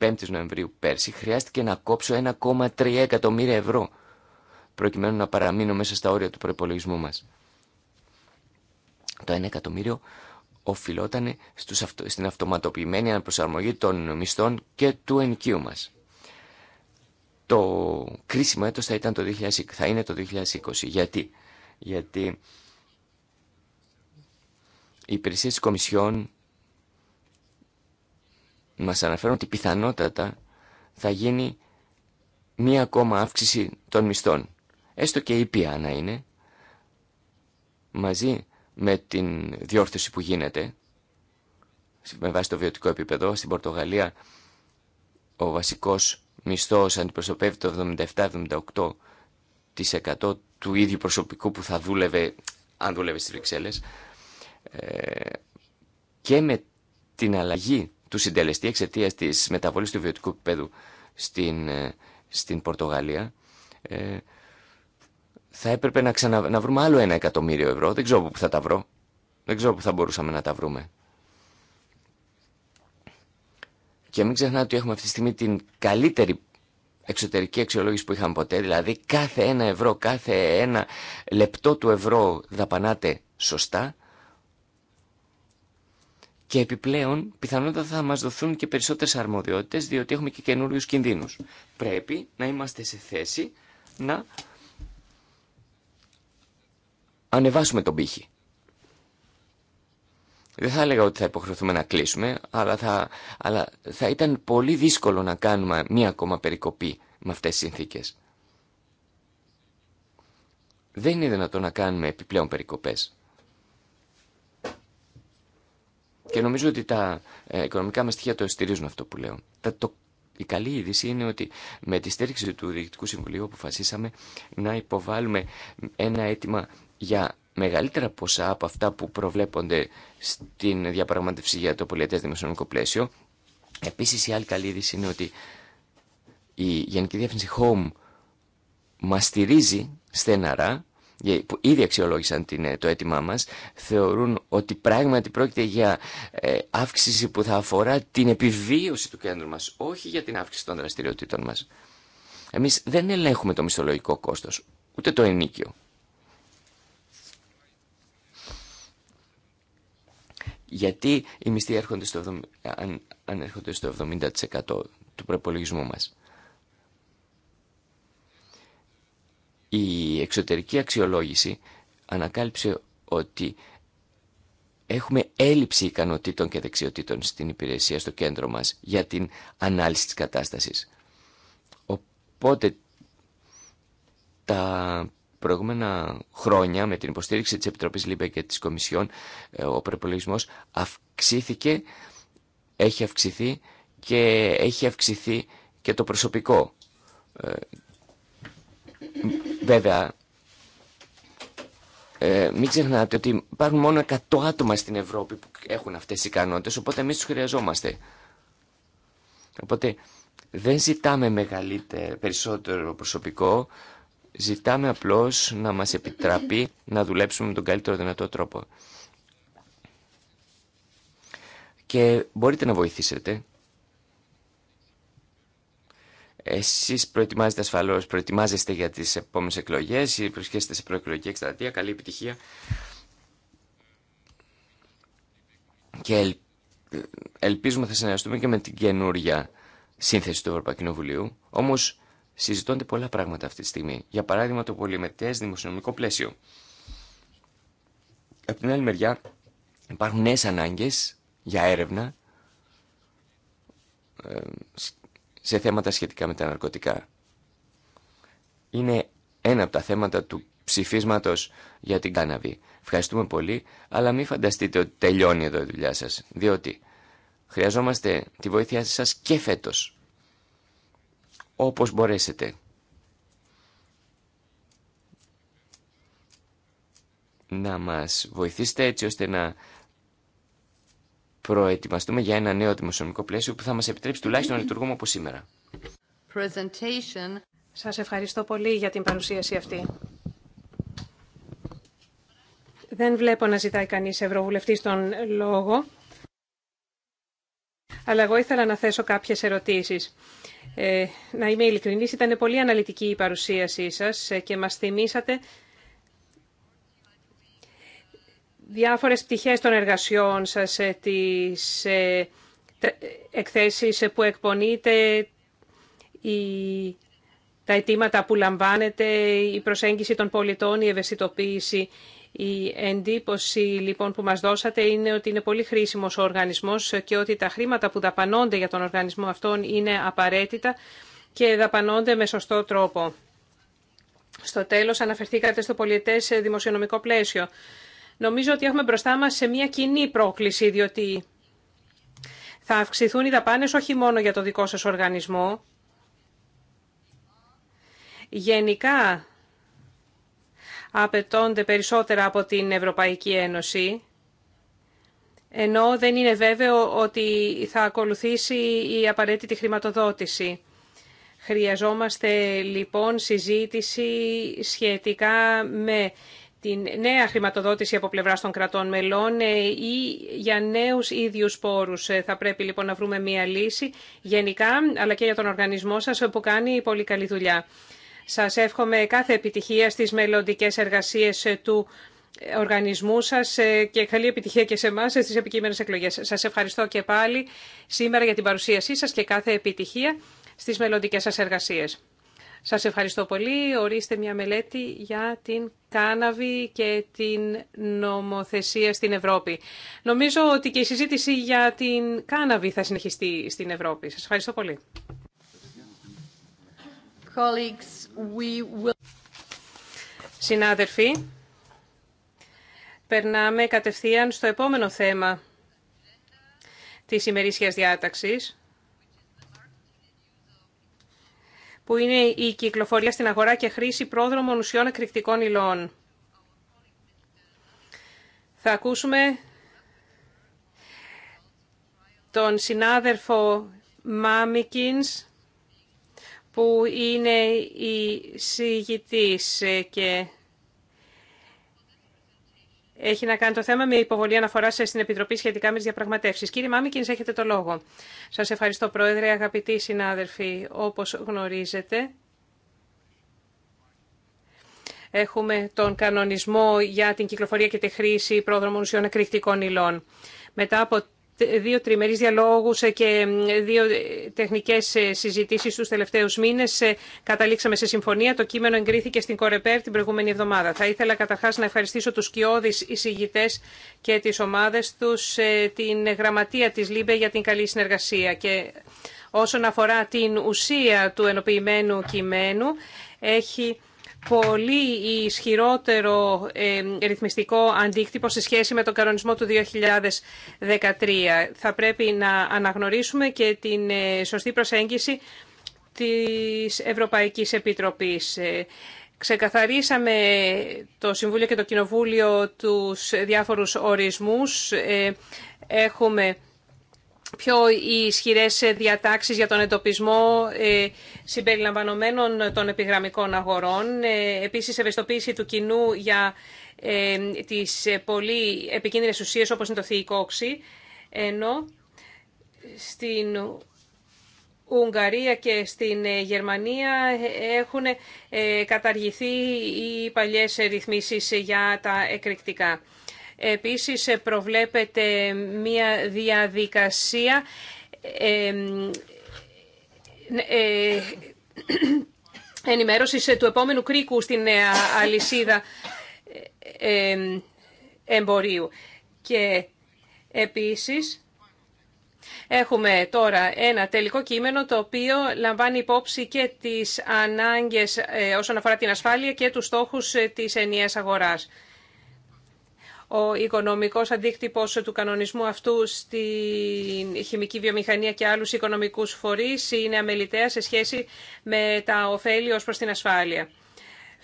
25 η Νοεμβρίου πέρσι χρειάστηκε να κόψω 1,3 εκατομμύρια ευρώ προκειμένου να παραμείνω μέσα στα όρια του προπολογισμού μας. Το 1 εκατομμύριο οφειλόταν στους, στην αυτοματοποιημένη αναπροσαρμογή των μισθών και του ενοικίου μας. Το κρίσιμο έτος θα, ήταν το 2020. θα είναι το 2020. Γιατί, Γιατί οι υπηρεσίε τη Κομισιόν μας αναφέρουν ότι πιθανότατα θα γίνει μία ακόμα αύξηση των μισθών. Έστω και ήπια να είναι, μαζί με την διόρθωση που γίνεται, με βάση το βιωτικό επίπεδο, στην Πορτογαλία ο βασικός μισθός αντιπροσωπεύει το 77-78% του ίδιου προσωπικού που θα δούλευε αν δούλευε στις Βρυξέλλες. Ε, και με την αλλαγή του συντελεστή εξαιτία τη μεταβολή του βιωτικού επίπεδου στην, ε, στην Πορτογαλία, ε, θα έπρεπε να, ξανα, να βρούμε άλλο ένα εκατομμύριο ευρώ. Δεν ξέρω πού θα τα βρω. Δεν ξέρω πού θα μπορούσαμε να τα βρούμε. Και μην ξεχνάτε ότι έχουμε αυτή τη στιγμή την καλύτερη εξωτερική αξιολόγηση που είχαμε ποτέ. Δηλαδή κάθε ένα ευρώ, κάθε ένα λεπτό του ευρώ δαπανάται σωστά και επιπλέον, πιθανότατα θα μας δοθούν και περισσότερες αρμοδιότητες, διότι έχουμε και καινούριου κινδύνους. Πρέπει να είμαστε σε θέση να ανεβάσουμε τον πύχη. Δεν θα έλεγα ότι θα υποχρεωθούμε να κλείσουμε, αλλά θα, αλλά θα ήταν πολύ δύσκολο να κάνουμε μία ακόμα περικοπή με αυτές τις συνθήκες. Δεν είναι δυνατόν να κάνουμε επιπλέον περικοπές. Και νομίζω ότι τα ε, οικονομικά μας στοιχεία το στηρίζουν αυτό που λέω. Η καλή είδηση είναι ότι με τη στήριξη του Διοικητικού Συμβουλίου αποφασίσαμε να υποβάλουμε ένα αίτημα για μεγαλύτερα ποσά από αυτά που προβλέπονται στην διαπραγματευσή για το πολιετές δημοσιονομικό πλαίσιο. Επίσης η άλλη καλή είδηση είναι ότι η Γενική Διεύθυνση Home μας στηρίζει στεναρά που ήδη αξιολόγησαν ε, το αίτημά μας, θεωρούν ότι πράγματι πρόκειται για ε, αύξηση που θα αφορά την επιβίωση του κέντρου μας, όχι για την αύξηση των δραστηριοτήτων μας. Εμείς δεν ελέγχουμε το μισθολογικό κόστος, ούτε το ενίκιο. Γιατί οι μισθοί έρχονται στο, αν, έρχονται στο 70% του προπολογισμού μας. Η εξωτερική αξιολόγηση ανακάλυψε ότι έχουμε έλλειψη ικανοτήτων και δεξιοτήτων στην υπηρεσία, στο κέντρο μας, για την ανάλυση της κατάστασης. Οπότε τα προηγούμενα χρόνια με την υποστήριξη της Επιτροπής Λίμπε και της Κομισιόν ε, ο προπολογισμό αυξήθηκε, έχει αυξηθεί και έχει αυξηθεί και το προσωπικό. Ε, Βέβαια, ε, μην ξεχνάτε ότι υπάρχουν μόνο 100 άτομα στην Ευρώπη που έχουν αυτές τις ικανότητες, οπότε εμείς τους χρειαζόμαστε. Οπότε δεν ζητάμε μεγαλύτερο, περισσότερο προσωπικό, ζητάμε απλώς να μας επιτραπεί να δουλέψουμε με τον καλύτερο δυνατό τρόπο. Και μπορείτε να βοηθήσετε Εσεί προετοιμάζετε ασφαλώ, προετοιμάζεστε για τι επόμενε εκλογέ ή προσχέσετε σε προεκλογική εκστρατεία. Καλή επιτυχία. Και ελπίζουμε θα συνεργαστούμε και με την καινούρια σύνθεση του Ευρωπαϊκού Κοινοβουλίου. Όμω συζητώνται πολλά πράγματα αυτή τη στιγμή. Για παράδειγμα, το πολυμετέ δημοσιονομικό πλαίσιο. Από την άλλη μεριά, υπάρχουν νέε ανάγκε για έρευνα ε, σε θέματα σχετικά με τα ναρκωτικά. Είναι ένα από τα θέματα του ψηφίσματος για την κάναβη. Ευχαριστούμε πολύ, αλλά μην φανταστείτε ότι τελειώνει εδώ η δουλειά σα. διότι χρειαζόμαστε τη βοήθειά σα και φέτο. όπως μπορέσετε. Να μας βοηθήσετε έτσι ώστε να προετοιμαστούμε για ένα νέο δημοσιονομικό πλαίσιο που θα μας επιτρέψει τουλάχιστον να λειτουργούμε όπως σήμερα. Σας ευχαριστώ πολύ για την παρουσίαση αυτή. Δεν βλέπω να ζητάει κανείς ευρωβουλευτής τον λόγο, αλλά εγώ ήθελα να θέσω κάποιες ερωτήσεις. Ε, να είμαι ειλικρινής, ήταν πολύ αναλυτική η παρουσίασή σας ε, και μας θυμήσατε διάφορες πτυχές των εργασιών σας, ε, τις ε, εκθέσεις ε, που εκπονείτε, τα αιτήματα που λαμβάνετε, η προσέγγιση των πολιτών, η ευαισθητοποίηση. Η εντύπωση λοιπόν που μας δώσατε είναι ότι είναι πολύ χρήσιμος ο οργανισμός και ότι τα χρήματα που δαπανώνται για τον οργανισμό αυτόν είναι απαραίτητα και δαπανώνται με σωστό τρόπο. Στο τέλος αναφερθήκατε στο πολιετές δημοσιονομικό πλαίσιο. Νομίζω ότι έχουμε μπροστά μας σε μια κοινή πρόκληση, διότι θα αυξηθούν οι δαπάνες όχι μόνο για το δικό σας οργανισμό. Γενικά απαιτώνται περισσότερα από την Ευρωπαϊκή Ένωση, ενώ δεν είναι βέβαιο ότι θα ακολουθήσει η απαραίτητη χρηματοδότηση. Χρειαζόμαστε λοιπόν συζήτηση σχετικά με την νέα χρηματοδότηση από πλευρά των κρατών μελών ε, ή για νέους ίδιους πόρους. Ε, θα πρέπει λοιπόν να βρούμε μία λύση γενικά, αλλά και για τον οργανισμό σας που κάνει πολύ καλή δουλειά. Σας εύχομαι κάθε επιτυχία στις μελλοντικέ εργασίες ε, του οργανισμού σας και καλή επιτυχία και σε εμά στις επικείμενες εκλογές. Σας ευχαριστώ και πάλι σήμερα για την παρουσίασή σας και κάθε επιτυχία στις μελλοντικέ σας εργασίες. Σας ευχαριστώ πολύ. Ορίστε μια μελέτη για την κάναβη και την νομοθεσία στην Ευρώπη. Νομίζω ότι και η συζήτηση για την κάναβη θα συνεχιστεί στην Ευρώπη. Σας ευχαριστώ πολύ. Συνάδελφοι, περνάμε κατευθείαν στο επόμενο θέμα της ημερήσιας διάταξης. που είναι η κυκλοφορία στην αγορά και χρήση πρόδρομων ουσιών εκρηκτικών υλών. Θα ακούσουμε τον συνάδελφο Μάμικινς, που είναι η συγητής ε, και έχει να κάνει το θέμα με υποβολή αναφορά στην Επιτροπή σχετικά με τι διαπραγματεύσει. Κύριε Μάμικιν, έχετε το λόγο. Σα ευχαριστώ, Πρόεδρε, αγαπητοί συνάδελφοι. Όπω γνωρίζετε, έχουμε τον κανονισμό για την κυκλοφορία και τη χρήση πρόδρομων ουσιών εκρηκτικών υλών. Μετά από δύο τριμερείς διαλόγους και δύο τεχνικές συζητήσεις τους τελευταίους μήνες καταλήξαμε σε συμφωνία. Το κείμενο εγκρίθηκε στην Κορεπέρ την προηγούμενη εβδομάδα. Θα ήθελα καταρχάς να ευχαριστήσω τους κοιόδης εισηγητές και τις ομάδες τους, ε, την γραμματεία της ΛΥΜΠΕ για την καλή συνεργασία. Και όσον αφορά την ουσία του ενοποιημένου κειμένου, έχει πολύ ισχυρότερο ρυθμιστικό αντίκτυπο σε σχέση με τον κανονισμό του 2013. Θα πρέπει να αναγνωρίσουμε και την ε, σωστή προσέγγιση της Ευρωπαϊκής Επιτροπής. Ε, ξεκαθαρίσαμε το Συμβούλιο και το Κοινοβούλιο τους διάφορους ορισμούς. Ε, έχουμε πιο ισχυρές διατάξεις για τον εντοπισμό ε, συμπεριλαμβανομένων των επιγραμμικών αγορών. Ε, επίσης, ευαισθητοποίηση του κοινού για ε, τις πολύ επικίνδυνες ουσίες όπως είναι το οξύ. ενώ στην Ουγγαρία και στην Γερμανία έχουν καταργηθεί οι παλιές ρυθμίσεις για τα εκρηκτικά. Επίσης ε, προβλέπεται μια διαδικασία ε, ε, ενημέρωσης του επόμενου κρίκου στην αλυσίδα εμπορίου. Και επίσης Έχουμε τώρα ένα τελικό κείμενο το οποίο λαμβάνει υπόψη και τις ανάγκες όσον αφορά την ασφάλεια και τους στόχους της ενιαίας αγοράς ο οικονομικός αντίκτυπος του κανονισμού αυτού στην χημική βιομηχανία και άλλους οικονομικούς φορείς είναι αμεληταία σε σχέση με τα ωφέλη ως προς την ασφάλεια.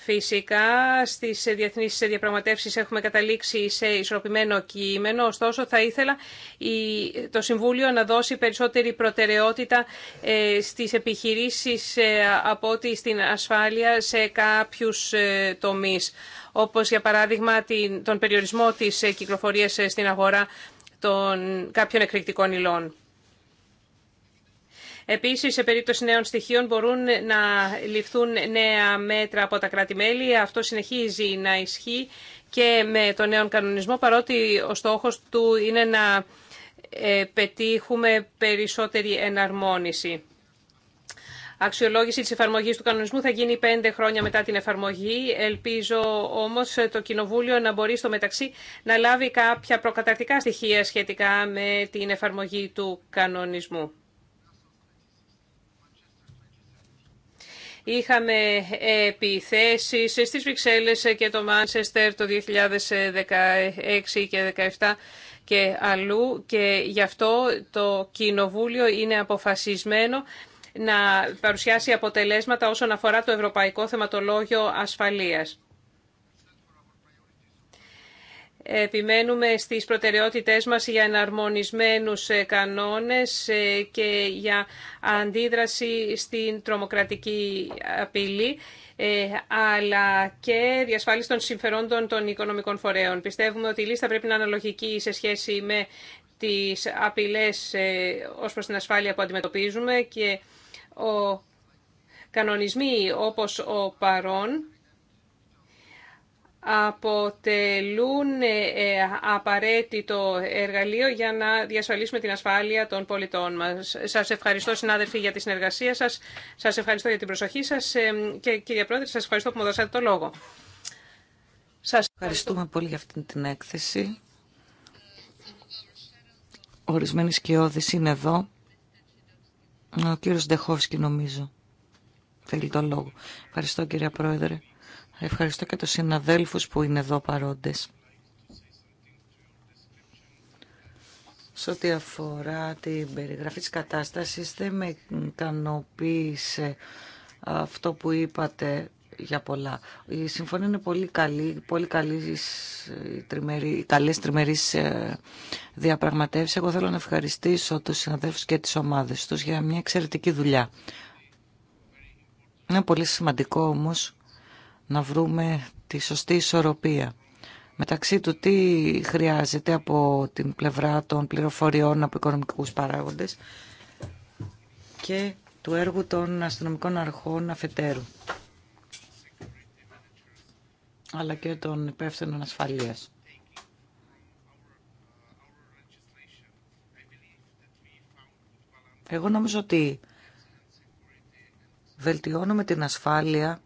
Φυσικά στις διεθνείς διαπραγματεύσει έχουμε καταλήξει σε ισορροπημένο κείμενο, ωστόσο θα ήθελα το Συμβούλιο να δώσει περισσότερη προτεραιότητα ε, στις επιχειρήσεις ε, από ότι στην ασφάλεια σε κάποιους ε, τομεί, όπως για παράδειγμα τον περιορισμό της κυκλοφορίας στην αγορά των κάποιων εκρηκτικών υλών. Επίσης, σε περίπτωση νέων στοιχείων μπορούν να ληφθούν νέα μέτρα από τα κράτη-μέλη. Αυτό συνεχίζει να ισχύει και με τον νέο κανονισμό, παρότι ο στόχος του είναι να ε, πετύχουμε περισσότερη εναρμόνιση. Αξιολόγηση της εφαρμογής του κανονισμού θα γίνει πέντε χρόνια μετά την εφαρμογή. Ελπίζω όμως το Κοινοβούλιο να μπορεί στο μεταξύ να λάβει κάποια προκαταρτικά στοιχεία σχετικά με την εφαρμογή του κανονισμού. Είχαμε επιθέσεις στις Βρυξέλλες και το Μάνσεστερ το 2016 και 2017 και αλλού και γι' αυτό το Κοινοβούλιο είναι αποφασισμένο να παρουσιάσει αποτελέσματα όσον αφορά το Ευρωπαϊκό Θεματολόγιο Ασφαλείας. Επιμένουμε στις προτεραιότητές μας για εναρμονισμένους ε, κανόνες ε, και για αντίδραση στην τρομοκρατική απειλή, ε, αλλά και διασφάλιση των συμφερόντων των οικονομικών φορέων. Πιστεύουμε ότι η λίστα πρέπει να είναι αναλογική σε σχέση με τις απειλές ως προς την ασφάλεια που αντιμετωπίζουμε και ο κανονισμοί όπως ο παρόν αποτελούν ε, ε, απαραίτητο εργαλείο για να διασφαλίσουμε την ασφάλεια των πολιτών μας. Σας ευχαριστώ συνάδελφοι για τη συνεργασία σας, σας ευχαριστώ για την προσοχή σας ε, και κύριε Πρόεδρε σας ευχαριστώ που μου δώσατε το λόγο. Σας ευχαριστούμε πολύ για αυτή την έκθεση. Ορισμένοι σκιώδεις είναι εδώ. Ο κύριος Ντεχόφσκι νομίζω θέλει το λόγο. Ευχαριστώ κύριε Πρόεδρε. Ευχαριστώ και τους συναδέλφους που είναι εδώ παρόντες. Σε ό,τι αφορά την περιγραφή της κατάστασης, δεν με ικανοποίησε αυτό που είπατε για πολλά. Η συμφωνία είναι πολύ καλή, πολύ καλή, ε, τριμερί, καλές τριμερείς ε, διαπραγματεύσεις. Εγώ θέλω να ευχαριστήσω τους συναδέλφους και τις ομάδες τους για μια εξαιρετική δουλειά. Είναι πολύ σημαντικό όμως να βρούμε τη σωστή ισορροπία μεταξύ του τι χρειάζεται από την πλευρά των πληροφοριών από οικονομικούς παράγοντες και του έργου των αστυνομικών αρχών αφετέρου αλλά και των υπεύθυνων ασφαλείας. Εγώ νομίζω ότι βελτιώνουμε την ασφάλεια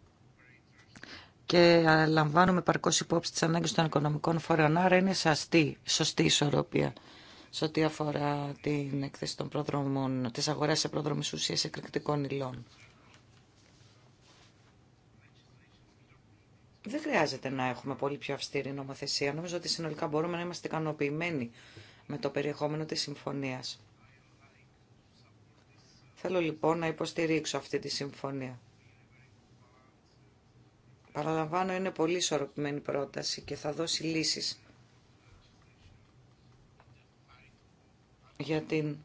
και λαμβάνουμε παρκώς υπόψη τις ανάγκες των οικονομικών φορέων. Άρα είναι σαστή, σωστή ισορροπία σε ό,τι αφορά την έκθεση των προδρομών, τη αγορά σε προδρομής ουσίας εκρηκτικών υλών. Δεν χρειάζεται να έχουμε πολύ πιο αυστηρή νομοθεσία. Νομίζω ότι συνολικά μπορούμε να είμαστε ικανοποιημένοι με το περιεχόμενο της συμφωνίας. Θέλω λοιπόν να υποστηρίξω αυτή τη συμφωνία. Παραλαμβάνω είναι πολύ ισορροπημένη πρόταση και θα δώσει λύσεις για την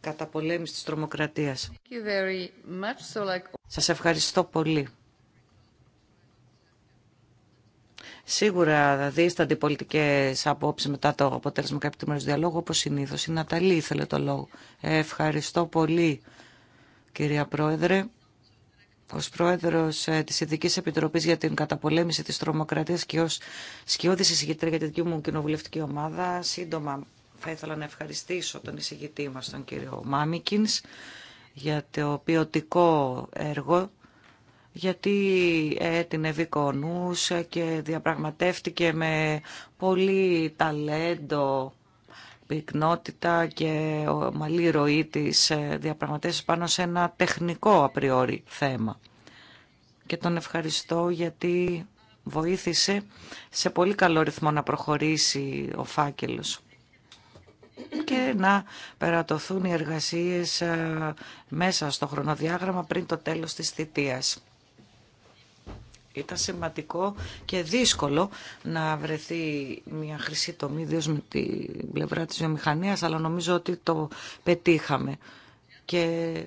καταπολέμηση της τρομοκρατίας. Σας ευχαριστώ πολύ. Σίγουρα δίστανται οι πολιτικέ απόψει μετά το αποτέλεσμα κάποιου μέρου διαλόγου, όπω συνήθω. Η Ναταλή ήθελε το λόγο. Ευχαριστώ πολύ, κυρία Πρόεδρε. Ω πρόεδρος ε, της Ειδική Επιτροπής για την καταπολέμηση της τρομοκρατίας και ως σκιώδης εισηγητρία για τη δική μου κοινοβουλευτική ομάδα, σύντομα θα ήθελα να ευχαριστήσω τον εισηγητή μας, τον κύριο Μάμικιν, για το ποιοτικό έργο, γιατί την βικονούς και διαπραγματεύτηκε με πολύ ταλέντο πυκνότητα και ομαλή ροή της ε, διαπραγματεύσεις πάνω σε ένα τεχνικό απριόρι θέμα. Και τον ευχαριστώ γιατί βοήθησε σε πολύ καλό ρυθμό να προχωρήσει ο φάκελος και να περατωθούν οι εργασίες ε, μέσα στο χρονοδιάγραμμα πριν το τέλος της θητείας. Ήταν σημαντικό και δύσκολο να βρεθεί μια χρυσή τομή, ιδίω με την πλευρά της βιομηχανίας, αλλά νομίζω ότι το πετύχαμε. Και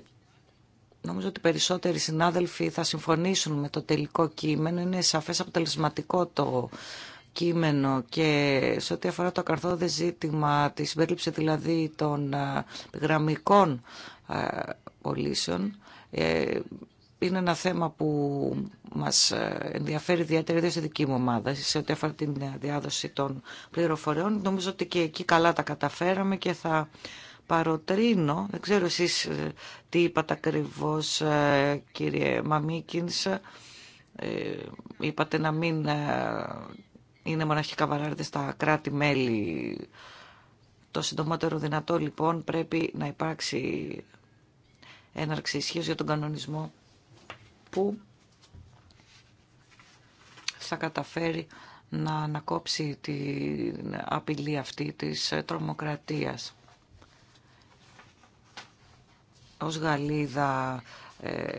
νομίζω ότι περισσότεροι συνάδελφοι θα συμφωνήσουν με το τελικό κείμενο. Είναι σαφές αποτελεσματικό το κείμενο και σε ό,τι αφορά το καρθόδε ζήτημα, τη συμπέριληψη δηλαδή των ε, γραμμικών ε, πωλήσεων, ε, είναι ένα θέμα που μας ε, ενδιαφέρει ιδιαίτερα ιδίως στη δική μου ομάδα σε ό,τι αφορά την διάδοση των πληροφοριών. Νομίζω ότι και εκεί καλά τα καταφέραμε και θα παροτρύνω, δεν ξέρω εσείς ε, τι είπατε ακριβώ, ε, κύριε Μαμίκινς, είπατε να μην είναι μοναχικά βαράρδες τα κράτη-μέλη. Το συντομότερο δυνατό λοιπόν πρέπει να υπάρξει έναρξη ισχύω για τον κανονισμό που θα καταφέρει να ανακόψει την απειλή αυτή της τρομοκρατίας. Ως Γαλλίδα ε,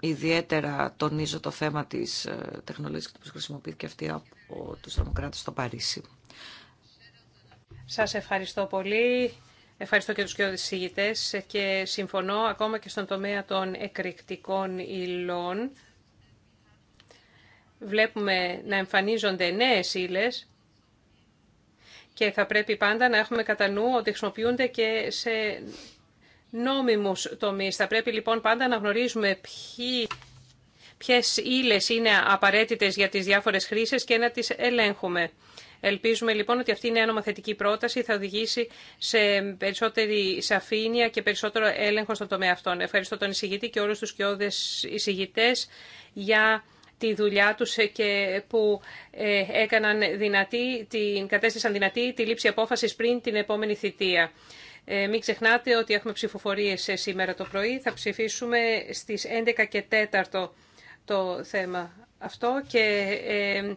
ιδιαίτερα τονίζω το θέμα της ε, τεχνολογίας και που και αυτή από τους τρομοκράτες στο Παρίσι. Σας ευχαριστώ πολύ. Ευχαριστώ και τους και συζητητές και συμφωνώ ακόμα και στον τομέα των εκρηκτικών υλών. Βλέπουμε να εμφανίζονται νέες ύλε και θα πρέπει πάντα να έχουμε κατά νου ότι χρησιμοποιούνται και σε νόμιμους τομείς. Θα πρέπει λοιπόν πάντα να γνωρίζουμε ποιοι, ποιες ύλες είναι απαραίτητες για τις διάφορες χρήσεις και να τις ελέγχουμε. Ελπίζουμε λοιπόν ότι αυτή η νέα νομοθετική πρόταση θα οδηγήσει σε περισσότερη σαφήνεια και περισσότερο έλεγχο στον τομέα αυτών. Ευχαριστώ τον εισηγητή και όλους τους κοιόδες εισηγητές για τη δουλειά τους και που ε, έκαναν δυνατή, την κατέστησαν δυνατή τη λήψη απόφασης πριν την επόμενη θητεία. Ε, μην ξεχνάτε ότι έχουμε ψηφοφορίες ε, σήμερα το πρωί. Θα ψηφίσουμε στις 11 και 4 το θέμα αυτό και ε,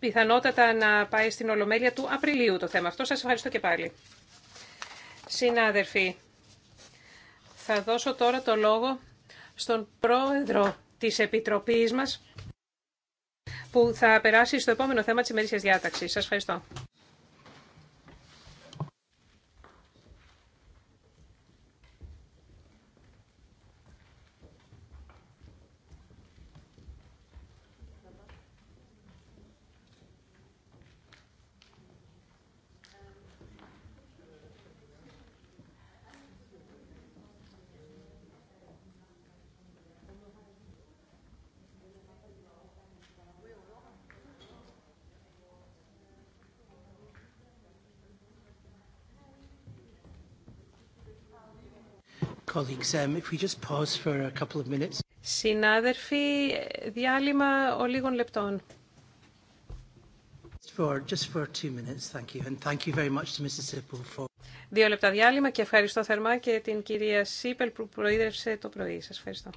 πιθανότατα να πάει στην Ολομέλεια του Απριλίου το θέμα αυτό. Σας ευχαριστώ και πάλι. Συνάδελφοι, θα δώσω τώρα το λόγο στον πρόεδρο της Επιτροπής μας που θα περάσει στο επόμενο θέμα της ημερήσιας διάταξης. Σας ευχαριστώ. Συνάδελφοι, διάλειμμα ο λίγων λεπτών. Δύο λεπτά διάλειμμα και ευχαριστώ θερμά και την κυρία Σίπελ που προείδρευσε το πρωί. Σας ευχαριστώ.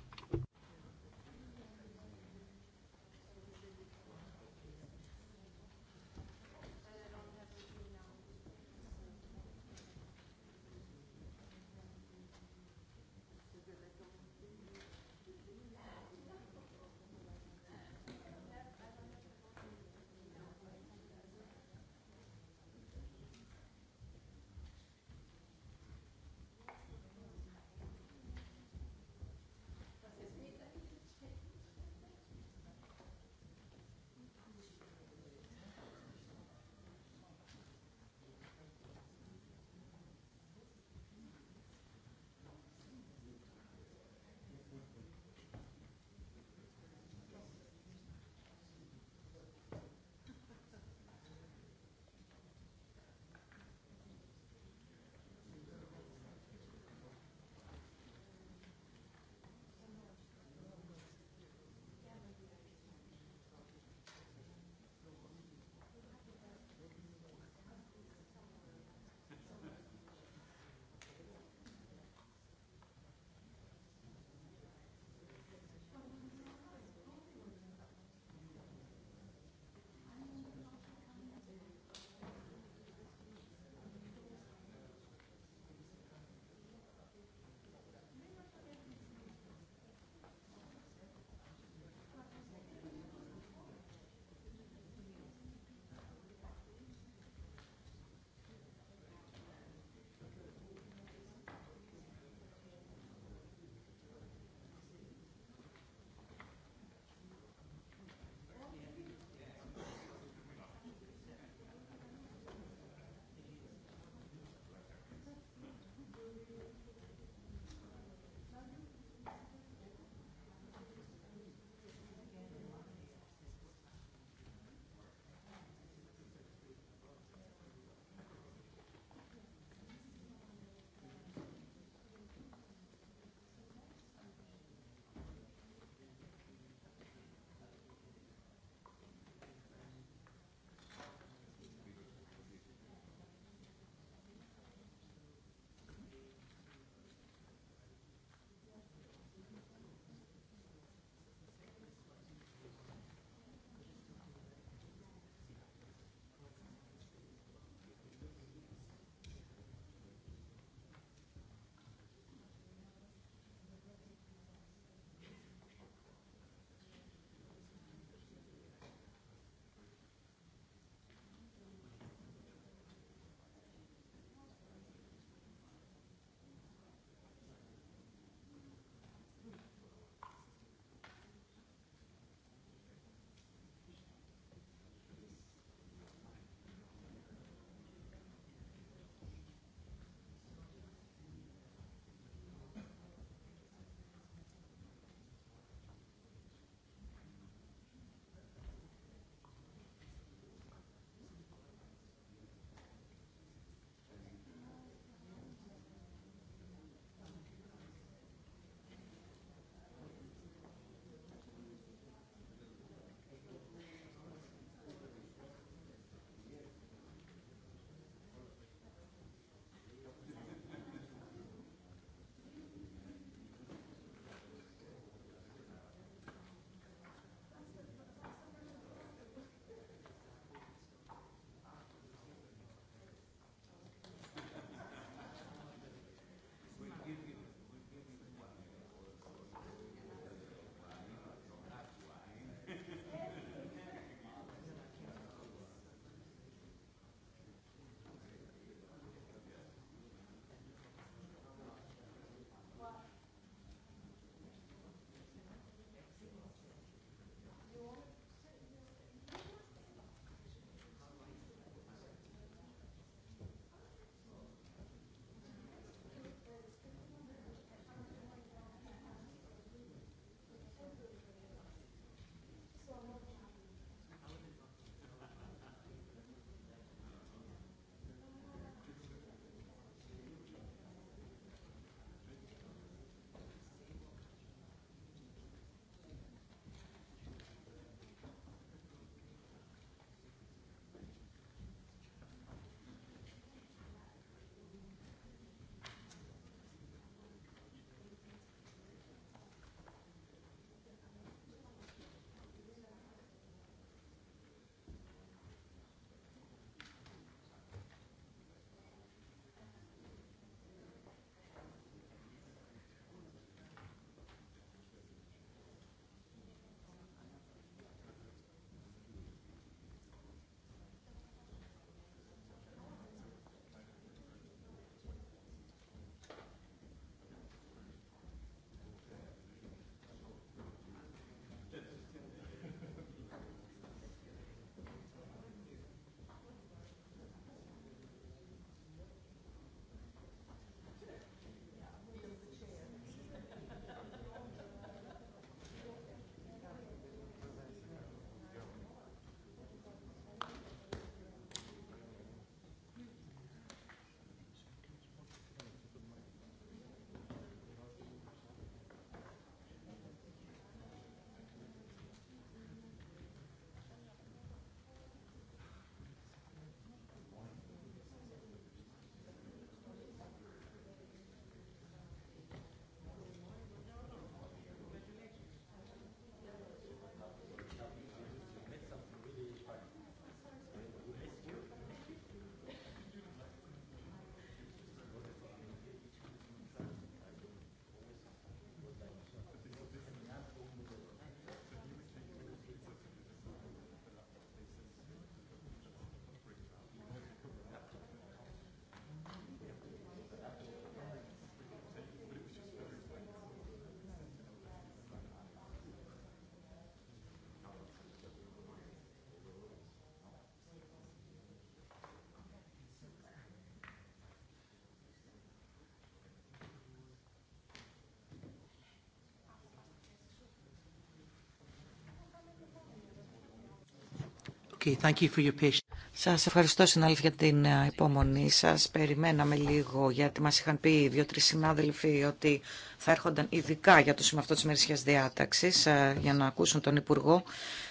Okay, Σας ευχαριστώ συνάδελφοι για την ε, υπομονή σας. Περιμέναμε λίγο γιατί μας είχαν πει δύο-τρει συνάδελφοι ότι θα έρχονταν ειδικά για το σημείο αυτό της μερισιάς διάταξης ε, για να ακούσουν τον Υπουργό.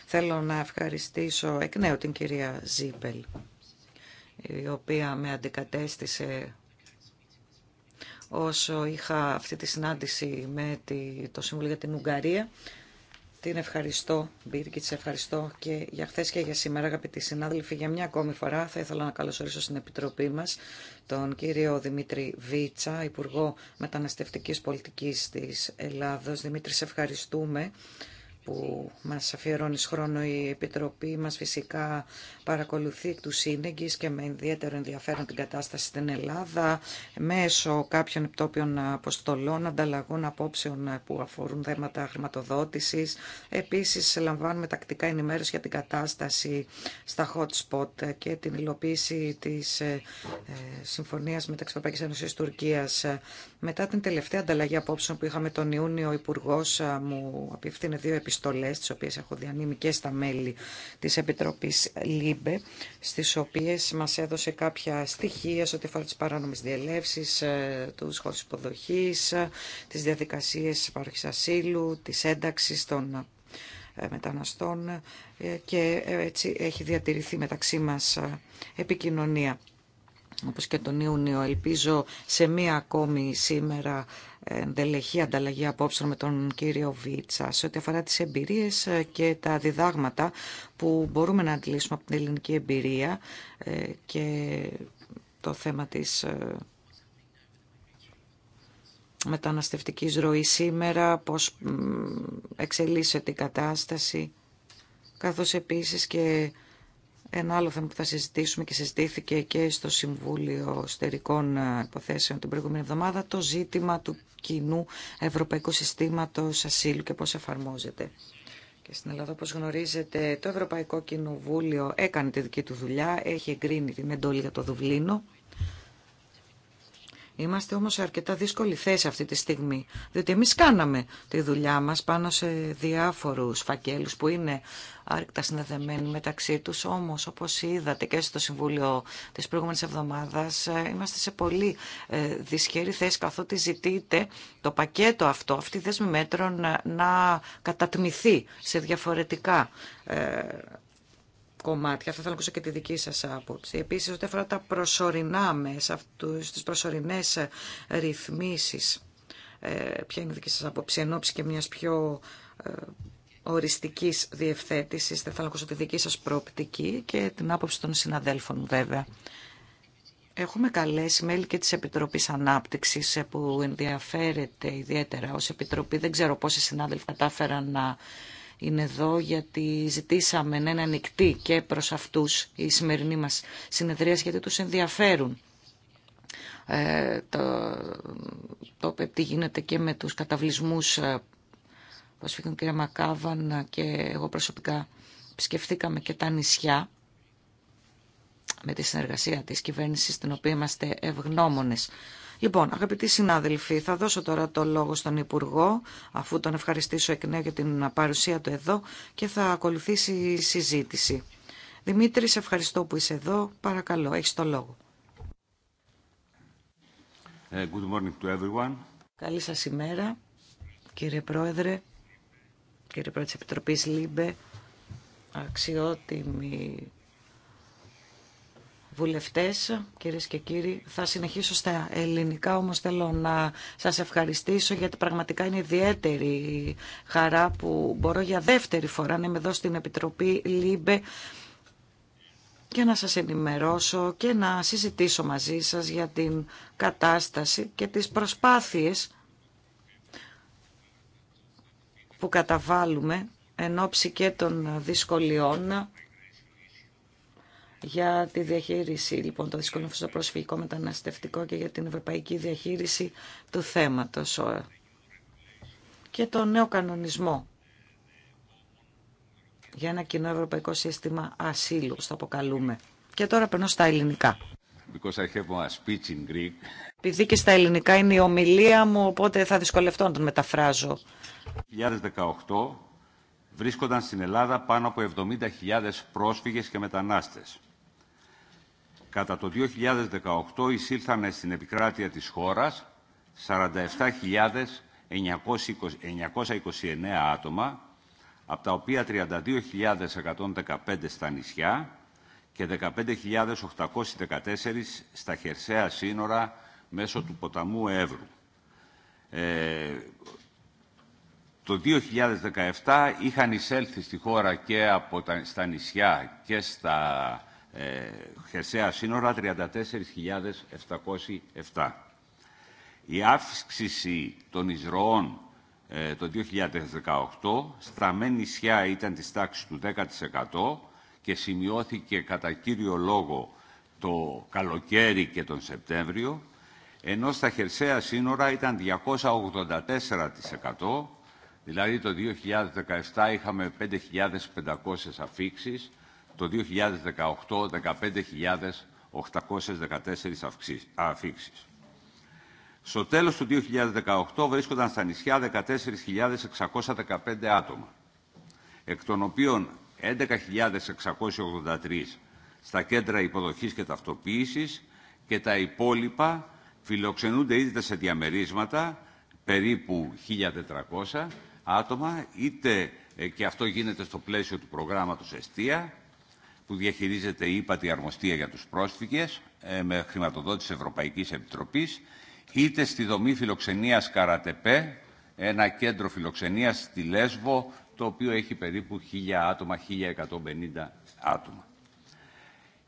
Θέλω να ευχαριστήσω εκ νέου την κυρία Ζίπελ η οποία με αντικατέστησε όσο είχα αυτή τη συνάντηση με το Σύμβολο για την Ουγγαρία την ευχαριστώ, Μπίρκιτ, σε ευχαριστώ και για χθε και για σήμερα, αγαπητοί συνάδελφοι. Για μια ακόμη φορά θα ήθελα να καλωσορίσω στην Επιτροπή μα τον κύριο Δημήτρη Βίτσα, Υπουργό Μεταναστευτική Πολιτική τη Ελλάδο. Δημήτρη, σε ευχαριστούμε που μας αφιερώνει χρόνο η Επιτροπή μας φυσικά παρακολουθεί του σύνεγγυς και με ιδιαίτερο ενδιαφέρον την κατάσταση στην Ελλάδα μέσω κάποιων επιτόπιων αποστολών, ανταλλαγών απόψεων που αφορούν θέματα χρηματοδότησης. Επίσης λαμβάνουμε τακτικά ενημέρωση για την κατάσταση στα hot spot και την υλοποίηση της ε, ε, συμφωνίας μεταξύ Ευρωπαϊκής Ένωσης Τουρκίας μετά την τελευταία ανταλλαγή απόψεων που είχαμε τον Ιούνιο, ο Υπουργό μου απευθύνε δύο επιστολέ, τι οποίε έχω διανύμει και στα μέλη τη Επιτροπή ΛΥΜΠΕ, στι οποίε μα έδωσε κάποια στοιχεία σε ό,τι αφορά τι παράνομε διελεύσει, ε, του χώρου υποδοχή, ε, τι διαδικασίε παροχή ασύλου, τη ένταξη των ε, μεταναστών και έτσι έχει διατηρηθεί μεταξύ μας επικοινωνία όπως και τον Ιούνιο. Ελπίζω σε μία ακόμη σήμερα ε, εντελεχή ανταλλαγή απόψεων με τον κύριο Βίτσα σε ό,τι αφορά τις εμπειρίες ε, και τα διδάγματα που μπορούμε να αντιλήσουμε από την ελληνική εμπειρία ε, και το θέμα της μεταναστευτικής ροής σήμερα, πώς εξελίσσεται η κατάσταση, καθώς επίσης και ένα άλλο θέμα που θα συζητήσουμε και συζητήθηκε και στο Συμβούλιο Στερικών ε, Υποθέσεων την προηγούμενη εβδομάδα, το ζήτημα του κοινού Ευρωπαϊκού Συστήματος Ασύλου και πώς εφαρμόζεται. Και στην Ελλάδα, όπως γνωρίζετε, το Ευρωπαϊκό Κοινοβούλιο έκανε τη δική του δουλειά, έχει εγκρίνει την εντόλη για το Δουβλίνο. Είμαστε όμως σε αρκετά δύσκολη θέση αυτή τη στιγμή, διότι εμείς κάναμε τη δουλειά μας πάνω σε διάφορους φακέλους που είναι άρρηκτα συνδεδεμένοι μεταξύ τους, όμως όπως είδατε και στο Συμβούλιο της προηγούμενης εβδομάδας, ε, είμαστε σε πολύ ε, δυσχερή θέση καθότι ζητείτε το πακέτο αυτό, αυτή η δέσμη μέτρων να κατατμηθεί σε διαφορετικά ε, κομμάτια. Αυτό θα ακούσω και τη δική σας άποψη. Επίσης, ό,τι αφορά τα προσωρινά μέσα, στις τις προσωρινές ρυθμίσεις, ε, ποια είναι η δική σας άποψη, εν και μιας πιο ε, οριστικής διευθέτησης, ήθελα θα ακούσω τη δική σας προοπτική και την άποψη των συναδέλφων βέβαια. Έχουμε καλέσει μέλη και της Επιτροπής Ανάπτυξης ε, που ενδιαφέρεται ιδιαίτερα ως Επιτροπή. Δεν ξέρω πόσοι συνάδελφοι κατάφεραν να είναι εδώ γιατί ζητήσαμε να είναι ανοιχτή και προς αυτούς η σημερινή μας συνεδρία γιατί τους ενδιαφέρουν ε, το, το τι γίνεται και με τους καταβλισμούς ε, προσφύγων κυρία Μακάβαν και εγώ προσωπικά επισκεφθήκαμε και τα νησιά με τη συνεργασία της κυβέρνησης στην οποία είμαστε ευγνώμονες. Λοιπόν, αγαπητοί συνάδελφοι, θα δώσω τώρα το λόγο στον Υπουργό, αφού τον ευχαριστήσω εκ νέου για την παρουσία του εδώ και θα ακολουθήσει η συζήτηση. Δημήτρη, σε ευχαριστώ που είσαι εδώ. Παρακαλώ, έχεις το λόγο. Ε, good morning to everyone. Καλή σας ημέρα, κύριε Πρόεδρε, κύριε Πρόεδρε της Επιτροπής ΛΥΜΠΕ, αξιότιμοι βουλευτές, κύριε και κύριοι. Θα συνεχίσω στα ελληνικά, όμως θέλω να σας ευχαριστήσω γιατί πραγματικά είναι ιδιαίτερη χαρά που μπορώ για δεύτερη φορά να είμαι εδώ στην Επιτροπή ΛΥΜΠΕ και να σας ενημερώσω και να συζητήσω μαζί σας για την κατάσταση και τις προσπάθειες που καταβάλουμε εν ώψη και των δυσκολιών για τη διαχείριση λοιπόν το δυσκολίων στο προσφυγικό μεταναστευτικό και για την ευρωπαϊκή διαχείριση του θέματος και το νέο κανονισμό για ένα κοινό ευρωπαϊκό σύστημα ασύλου, το αποκαλούμε. Και τώρα περνώ στα ελληνικά. Επειδή και στα ελληνικά είναι η ομιλία μου, οπότε θα δυσκολευτώ να τον μεταφράζω. 2018 βρίσκονταν στην Ελλάδα πάνω από 70.000 πρόσφυγες και μετανάστες. Κατά το 2018 εισήλθαν στην επικράτεια της χώρας 47.929 άτομα, από τα οποία 32.115 στα νησιά και 15.814 στα χερσαία σύνορα μέσω του ποταμού Εύρου. Ε, το 2017 είχαν εισέλθει στη χώρα και από τα, στα νησιά και στα ε, χερσαία σύνορα 34.707. Η αύξηση των εισρωών ε, το 2018 στραμμένη μεν νησιά ήταν της τάξης του 10% και σημειώθηκε κατά κύριο λόγο το καλοκαίρι και τον Σεπτέμβριο, ενώ στα χερσαία σύνορα ήταν 284%, δηλαδή το 2017 είχαμε 5.500 αφήξεις, το 2018 15.814 αφήξεις. Στο τέλος του 2018 βρίσκονταν στα νησιά 14.615 άτομα, εκ των οποίων 11.683 στα κέντρα υποδοχής και ταυτοποίησης και τα υπόλοιπα φιλοξενούνται είτε σε διαμερίσματα, περίπου 1.400 άτομα, είτε ε, και αυτό γίνεται στο πλαίσιο του προγράμματος Εστία, που διαχειρίζεται η ύπατη αρμοστία για τους πρόσφυγες ε, με χρηματοδότηση Ευρωπαϊκής Επιτροπής, είτε στη δομή φιλοξενίας Καρατεπέ, ένα κέντρο φιλοξενίας στη Λέσβο, το οποίο έχει περίπου 1.000 άτομα, 1.150 άτομα.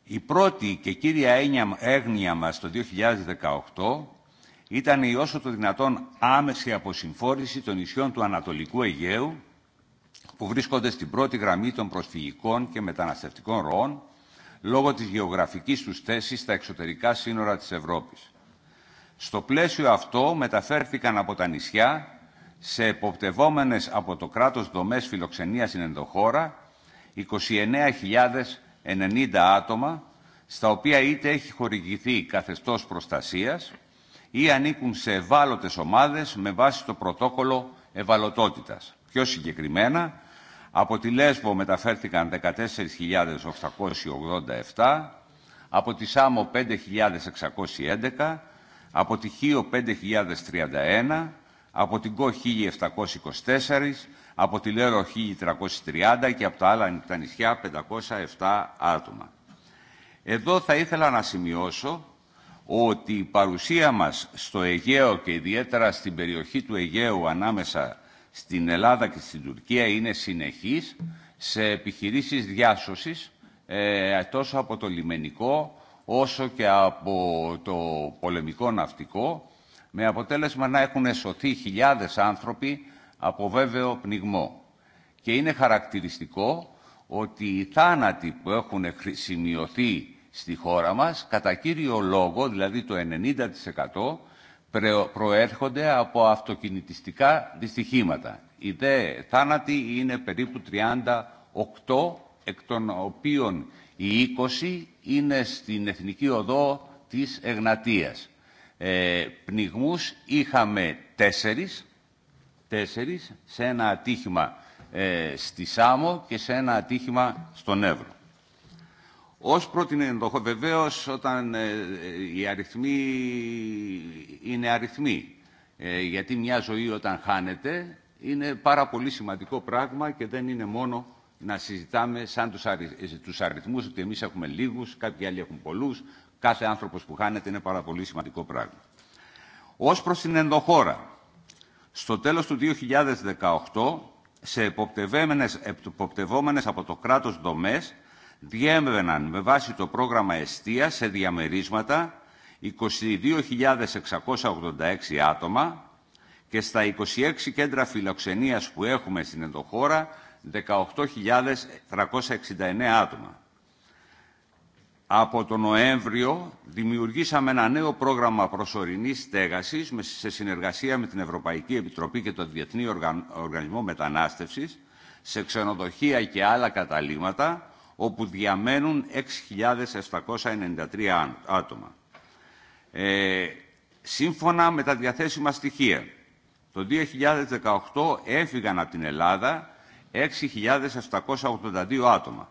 Η πρώτη και κύρια έγνοια μας το 2018 ήταν η όσο το δυνατόν άμεση αποσυμφόρηση των νησιών του Ανατολικού Αιγαίου που βρίσκονται στην πρώτη γραμμή των προσφυγικών και μεταναστευτικών ροών λόγω της γεωγραφικής τους θέσης στα εξωτερικά σύνορα της Ευρώπης. Στο πλαίσιο αυτό μεταφέρθηκαν από τα νησιά σε εποπτευόμενες από το κράτος δομές φιλοξενίας στην ενδοχώρα 29.090 άτομα, στα οποία είτε έχει χορηγηθεί καθεστώς προστασίας ή ανήκουν σε ευάλωτες ομάδες με βάση το πρωτόκολλο ευαλωτότητας. Πιο συγκεκριμένα, από τη Λέσβο μεταφέρθηκαν 14.887, από τη Σάμο 5.611, από τη Χίο 5.031, από την Κο 1.724, από τη Λέρο 1.330 και από τα άλλα τα νησιά 507 άτομα. Εδώ θα ήθελα να σημειώσω ότι η παρουσία μας στο Αιγαίο και ιδιαίτερα στην περιοχή του Αιγαίου ανάμεσα στην Ελλάδα και στην Τουρκία είναι συνεχής σε επιχειρήσεις διάσωσης ε, τόσο από το λιμενικό όσο και από το πολεμικό ναυτικό με αποτέλεσμα να έχουν σωθεί χιλιάδες άνθρωποι από βέβαιο πνιγμό. Και είναι χαρακτηριστικό ότι οι θάνατοι που έχουν σημειωθεί στη χώρα μας κατά κύριο λόγο, δηλαδή το 90% προέρχονται από αυτοκινητιστικά δυστυχήματα. Οι δε θάνατοι είναι περίπου 38, εκ των οποίων οι 20 είναι στην Εθνική Οδό της Εγνατίας. Ε, πνιγμούς είχαμε τέσσερις, τέσσερις σε ένα ατύχημα ε, στη Σάμο και σε ένα ατύχημα στον Εύρο. Ως πρώτην ενδοχό, βεβαίως όταν ε, ε, οι αριθμοί είναι αριθμοί. Ε, γιατί μια ζωή όταν χάνεται είναι πάρα πολύ σημαντικό πράγμα και δεν είναι μόνο να συζητάμε σαν τους, αρι, ε, αριθμούς ότι εμείς έχουμε λίγους, κάποιοι άλλοι έχουν πολλούς. Κάθε άνθρωπος που χάνεται είναι πάρα πολύ σημαντικό πράγμα. Ως προς την ενδοχώρα, στο τέλος του 2018, σε εποπτευόμενες από το κράτος δομές, διέμβαιναν με βάση το πρόγραμμα εστία σε διαμερίσματα 22.686 άτομα και στα 26 κέντρα φιλοξενίας που έχουμε στην ενδοχώρα 18.369 άτομα. Από τον Νοέμβριο δημιουργήσαμε ένα νέο πρόγραμμα προσωρινής στέγασης σε συνεργασία με την Ευρωπαϊκή Επιτροπή και τον Διεθνή Οργανισμό Μετανάστευσης σε ξενοδοχεία και άλλα καταλήμματα όπου διαμένουν 6.793 άτομα. Ε, σύμφωνα με τα διαθέσιμα στοιχεία, το 2018 έφυγαν από την Ελλάδα 6.782 άτομα.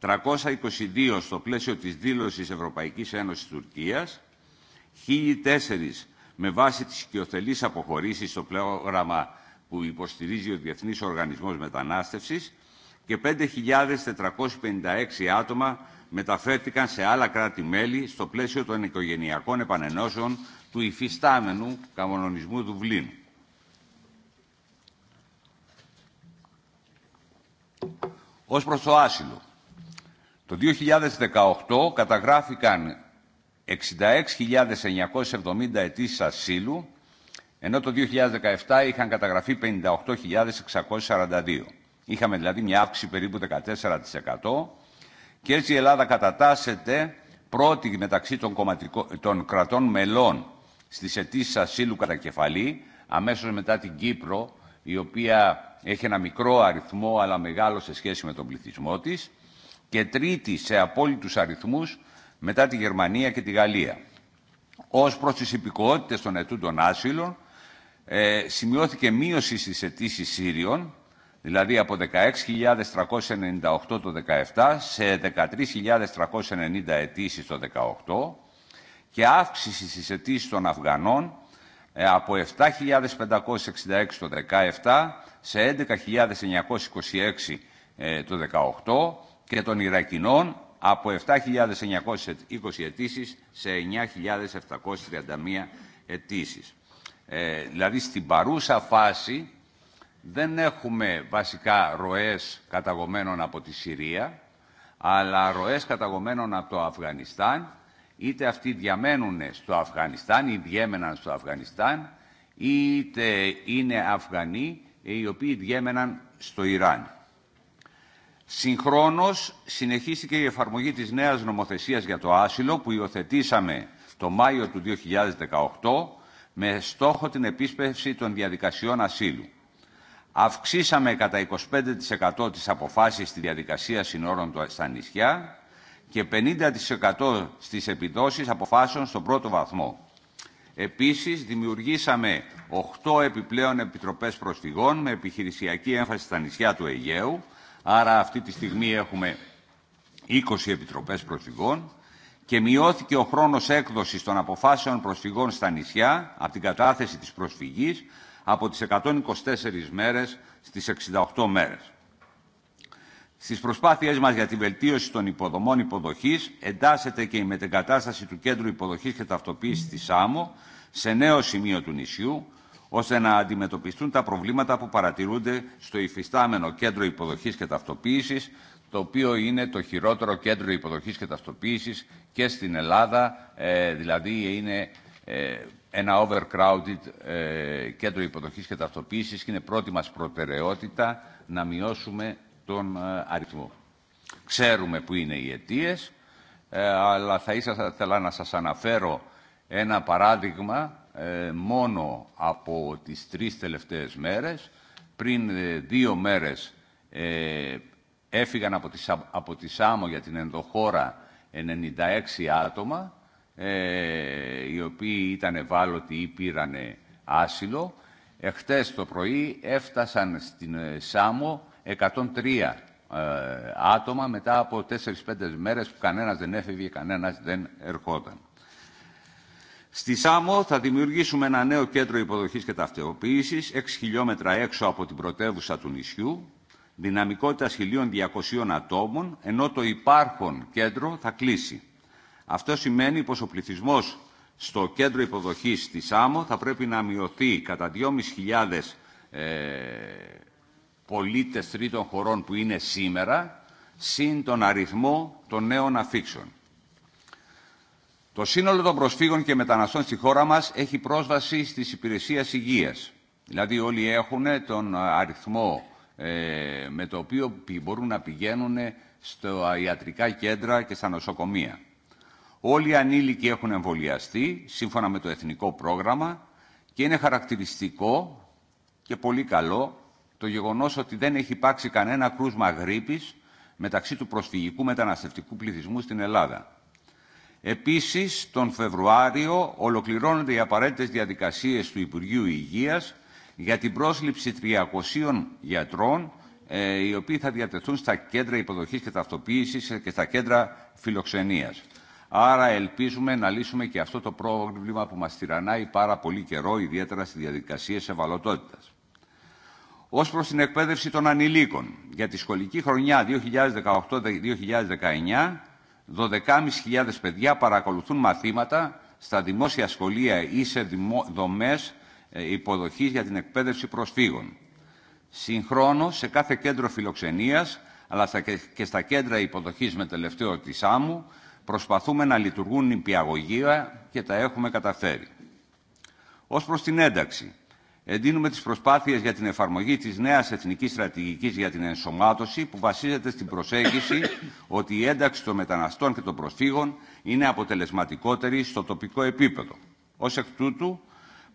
322 στο πλαίσιο της δήλωσης Ευρωπαϊκής Ένωσης Τουρκίας, 1.004 με βάση τις οικειοθελείς αποχωρήσεις στο πρόγραμμα που υποστηρίζει ο Διεθνής Οργανισμός Μετανάστευσης και 5.456 άτομα μεταφέρθηκαν σε άλλα κράτη-μέλη στο πλαίσιο των οικογενειακών επανενώσεων του υφιστάμενου καμονονισμού Δουβλίνου. Ως προς το άσυλο, το 2018 καταγράφηκαν 66.970 αιτήσεις ασύλου, ενώ το 2017 είχαν καταγραφεί 58.642. Είχαμε δηλαδή μια αύξηση περίπου 14% και έτσι η Ελλάδα κατατάσσεται πρώτη μεταξύ των, κρατών μελών στις αιτήσει ασύλου κατά κεφαλή, αμέσως μετά την Κύπρο, η οποία έχει ένα μικρό αριθμό αλλά μεγάλο σε σχέση με τον πληθυσμό της και τρίτη σε απόλυτους αριθμούς μετά τη Γερμανία και τη Γαλλία. Ως προς τις υπηκότητες των ετούντων άσυλων, ε, σημειώθηκε μείωση στις αιτήσει Σύριων, δηλαδή από 16.398 το 17 σε 13.390 αιτήσει το 18 και αύξηση στις αιτήσει των Αφγανών ε, από 7.566 το 17 σε 11.926 ε, το 18 και των Ιρακινών από 7.920 αιτήσει σε 9.731 αιτήσει. Ε, δηλαδή στην παρούσα φάση δεν έχουμε βασικά ροές καταγωμένων από τη Συρία, αλλά ροές καταγωμένων από το Αφγανιστάν, είτε αυτοί διαμένουν στο Αφγανιστάν ή διέμεναν στο Αφγανιστάν, είτε είναι Αφγανοί ε, οι οποίοι διέμεναν στο Ιράν. Συγχρόνως συνεχίστηκε η εφαρμογή της νέας νομοθεσίας για το άσυλο που υιοθετήσαμε το Μάιο του 2018 με στόχο την επίσπευση των διαδικασιών ασύλου. Αυξήσαμε κατά 25% τις αποφάσεις στη διαδικασία συνόρων στα νησιά και 50% στις επιδόσεις αποφάσεων στον πρώτο βαθμό. Επίσης, δημιουργήσαμε 8 επιπλέον επιτροπές προσφυγών με επιχειρησιακή έμφαση στα νησιά του Αιγαίου, άρα αυτή τη στιγμή έχουμε 20 επιτροπές προσφυγών και μειώθηκε ο χρόνος έκδοσης των αποφάσεων προσφυγών στα νησιά από την κατάθεση της προσφυγής από τις 124 μέρες στις 68 μέρες. Στις προσπάθειές μας για τη βελτίωση των υποδομών υποδοχής εντάσσεται και η μετεγκατάσταση του Κέντρου Υποδοχής και Ταυτοποίησης της ΣΑΜΟ σε νέο σημείο του νησιού, ώστε να αντιμετωπιστούν τα προβλήματα που παρατηρούνται στο υφιστάμενο Κέντρο Υποδοχής και Ταυτοποίησης, το οποίο είναι το χειρότερο κέντρο υποδοχής και ταυτοποίησης και στην Ελλάδα, ε, δηλαδή είναι ε, ένα overcrowded ε, κέντρο υποδοχής και ταυτοποίησης και είναι πρώτη μας προτεραιότητα να μειώσουμε τον ε, αριθμό. Ξέρουμε που είναι οι αιτίε, ε, αλλά θα ήθελα να σας αναφέρω ένα παράδειγμα ε, μόνο από τις τρεις τελευταίες μέρες. Πριν δύο μέρες έφυγαν από τη, από τη Σάμο για την ενδοχώρα 96 άτομα ε, οι οποίοι ήταν ευάλωτοι ή πήραν άσυλο. Εχθές το πρωί έφτασαν στην ε, Σάμο 103 ε, άτομα μετά από 4-5 μέρες που κανένας δεν έφευγε, κανένας δεν ερχόταν. Στη Σάμο θα δημιουργήσουμε ένα νέο κέντρο υποδοχής και ταυτοποίησης 6 χιλιόμετρα έξω από την πρωτεύουσα του νησιού, δυναμικότητας 1.200 ατόμων, ενώ το υπάρχον κέντρο θα κλείσει. Αυτό σημαίνει πως ο πληθυσμός στο κέντρο υποδοχής της ΆΜΟ θα πρέπει να μειωθεί κατά 2.500 ε, πολίτες τρίτων χωρών που είναι σήμερα, συν τον αριθμό των νέων αφήξεων. Το σύνολο των προσφύγων και μεταναστών στη χώρα μας έχει πρόσβαση στις υπηρεσίες υγείας. Δηλαδή όλοι έχουν τον αριθμό ε, με το οποίο μπορούν να πηγαίνουν στα ιατρικά κέντρα και στα νοσοκομεία. Όλοι οι ανήλικοι έχουν εμβολιαστεί σύμφωνα με το εθνικό πρόγραμμα και είναι χαρακτηριστικό και πολύ καλό το γεγονός ότι δεν έχει υπάρξει κανένα κρούσμα γρήπης μεταξύ του προσφυγικού μεταναστευτικού πληθυσμού στην Ελλάδα. Επίσης, τον Φεβρουάριο ολοκληρώνονται οι απαραίτητες διαδικασίες του Υπουργείου Υγείας για την πρόσληψη 300 γιατρών, ε, οι οποίοι θα διατεθούν στα κέντρα υποδοχής και ταυτοποίησης και στα κέντρα φιλοξενίας. Άρα ελπίζουμε να λύσουμε και αυτό το πρόβλημα που μας τυραννάει πάρα πολύ καιρό, ιδιαίτερα στις διαδικασία ευαλωτότητας. Ω προ την εκπαίδευση των ανηλίκων, για τη σχολική χρονιά 2018-2019, 12.500 παιδιά παρακολουθούν μαθήματα στα δημόσια σχολεία ή σε δομές ε, υποδοχής για την εκπαίδευση προσφύγων. Συγχρόνως, σε κάθε κέντρο φιλοξενίας, αλλά και στα κέντρα υποδοχής με τελευταίο της άμμου, προσπαθούμε να λειτουργούν νηπιαγωγεία και τα έχουμε καταφέρει. Ως προς την ένταξη, εντείνουμε τις προσπάθειες για την εφαρμογή της νέας Εθνικής Στρατηγικής για την Ενσωμάτωση που βασίζεται στην προσέγγιση ότι η ένταξη των μεταναστών και των προσφύγων είναι αποτελεσματικότερη στο τοπικό επίπεδο. ω εκ τούτου,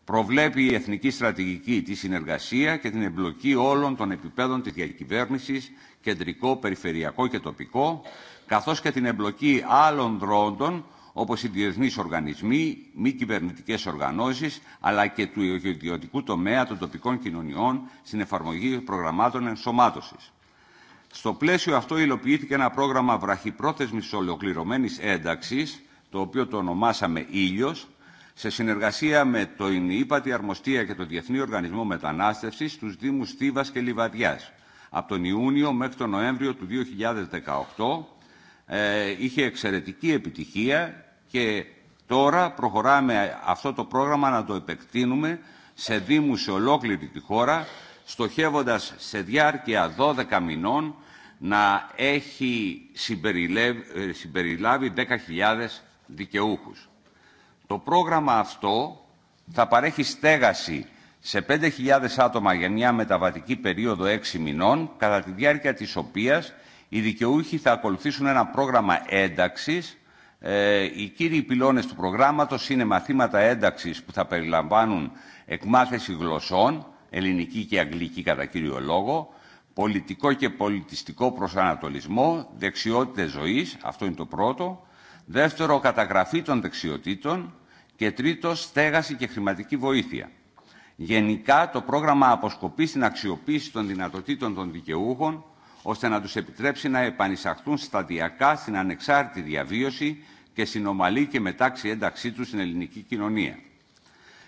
προβλέπει η Εθνική Στρατηγική τη συνεργασία και την εμπλοκή όλων των επιπέδων της διακυβέρνησης, κεντρικό, περιφερειακό και τοπικό, καθώς και την εμπλοκή άλλων δρόντων όπως οι διεθνείς οργανισμοί, μη κυβερνητικές οργανώσεις, αλλά και του ιδιωτικού τομέα των τοπικών κοινωνιών στην εφαρμογή προγραμμάτων ενσωμάτωσης. Στο πλαίσιο αυτό υλοποιήθηκε ένα πρόγραμμα βραχυπρόθεσμης ολοκληρωμένης ένταξης, το οποίο το ονομάσαμε «Ήλιος», σε συνεργασία με το ΙΝΙΠΑΤΗ Αρμοστία και το Διεθνή Οργανισμό Μετανάστευσης στους Δήμους Στίβα και Λιβαδιάς, από τον Ιούνιο μέχρι τον Νοέμβριο του 2018, ε, είχε εξαιρετική επιτυχία και τώρα προχωράμε αυτό το πρόγραμμα να το επεκτείνουμε σε δήμους σε ολόκληρη τη χώρα, στοχεύοντας σε διάρκεια 12 μηνών να έχει ε, συμπεριλάβει 10.000 δικαιούχους. Το πρόγραμμα αυτό θα παρέχει στέγαση σε 5.000 άτομα για μια μεταβατική περίοδο 6 μηνών, κατά τη διάρκεια της οποίας οι δικαιούχοι θα ακολουθήσουν ένα πρόγραμμα ένταξης. Ε, οι κύριοι πυλώνες του προγράμματος είναι μαθήματα ένταξης που θα περιλαμβάνουν εκμάθηση γλωσσών, ελληνική και αγγλική κατά κύριο λόγο, πολιτικό και πολιτιστικό προσανατολισμό, δεξιότητες ζωής, αυτό είναι το πρώτο, δεύτερο καταγραφή των δεξιοτήτων και τρίτο στέγαση και χρηματική βοήθεια. Γενικά, το πρόγραμμα αποσκοπεί στην αξιοποίηση των δυνατοτήτων των δικαιούχων ώστε να τους επιτρέψει να επανεισαχθούν σταδιακά στην ανεξάρτητη διαβίωση και στην ομαλή και μετάξυ ένταξή τους στην ελληνική κοινωνία.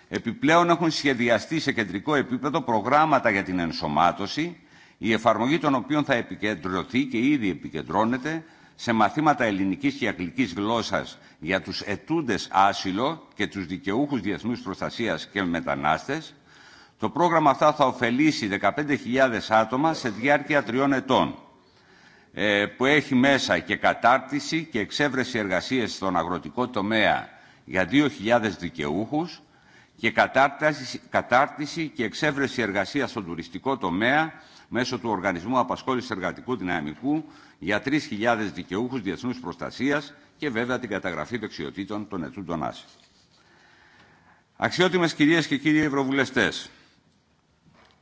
Επιπλέον έχουν σχεδιαστεί σε κεντρικό επίπεδο προγράμματα για την ενσωμάτωση, η εφαρμογή των οποίων θα επικεντρωθεί και ήδη επικεντρώνεται σε μαθήματα ελληνικής και αγγλικής γλώσσας για τους ετούντες άσυλο και τους δικαιούχους διεθνούς προστασίας και μετανάστες, το πρόγραμμα αυτά θα ωφελήσει 15.000 άτομα σε διάρκεια τριών ετών ε, που έχει μέσα και κατάρτιση και εξέβρεση εργασίες στον αγροτικό τομέα για 2.000 δικαιούχους και κατάρτιση και εξέβρεση εργασίας στον τουριστικό τομέα μέσω του Οργανισμού Απασχόλησης Εργατικού Δυναμικού για 3.000 δικαιούχους διεθνούς προστασίας και βέβαια την καταγραφή δεξιοτήτων των ετούντων άσυλων. Αξιότιμες κυρίες και κύριοι Ευρωβουλευτές,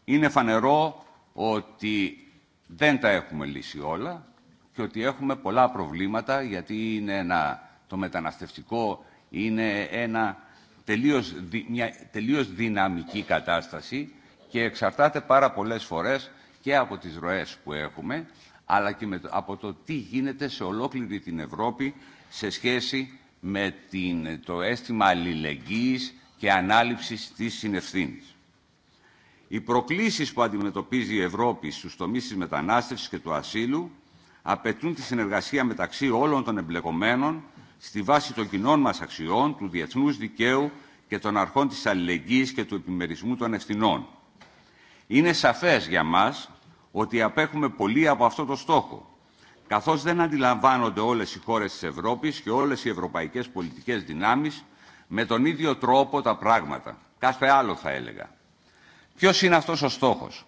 είναι φανερό ότι δεν τα έχουμε λύσει όλα και ότι έχουμε πολλά προβλήματα γιατί είναι ένα, το μεταναστευτικό είναι ένα τελείως, μια τελείως δυναμική κατάσταση και εξαρτάται πάρα πολλές φορές και από τις ροές που έχουμε αλλά και με, από το τι γίνεται σε ολόκληρη την Ευρώπη σε σχέση με την, το αίσθημα αλληλεγγύης και ανάληψης της συνευθύνης. Οι προκλήσεις που αντιμετωπίζει η Ευρώπη στους τομείς της μετανάστευσης και του ασύλου απαιτούν τη συνεργασία μεταξύ όλων των εμπλεκομένων στη βάση των κοινών μας αξιών, του διεθνούς δικαίου και των αρχών της αλληλεγγύης και του επιμερισμού των ευθυνών. Είναι σαφές για μας ότι απέχουμε πολύ από αυτό το στόχο, καθώς δεν αντιλαμβάνονται όλες οι χώρες της Ευρώπης και όλες οι ευρωπαϊκές πολιτικές δυνάμεις με τον ίδιο τρόπο τα πράγματα. Κάθε άλλο θα έλεγα. Ποιος είναι αυτός ο στόχος.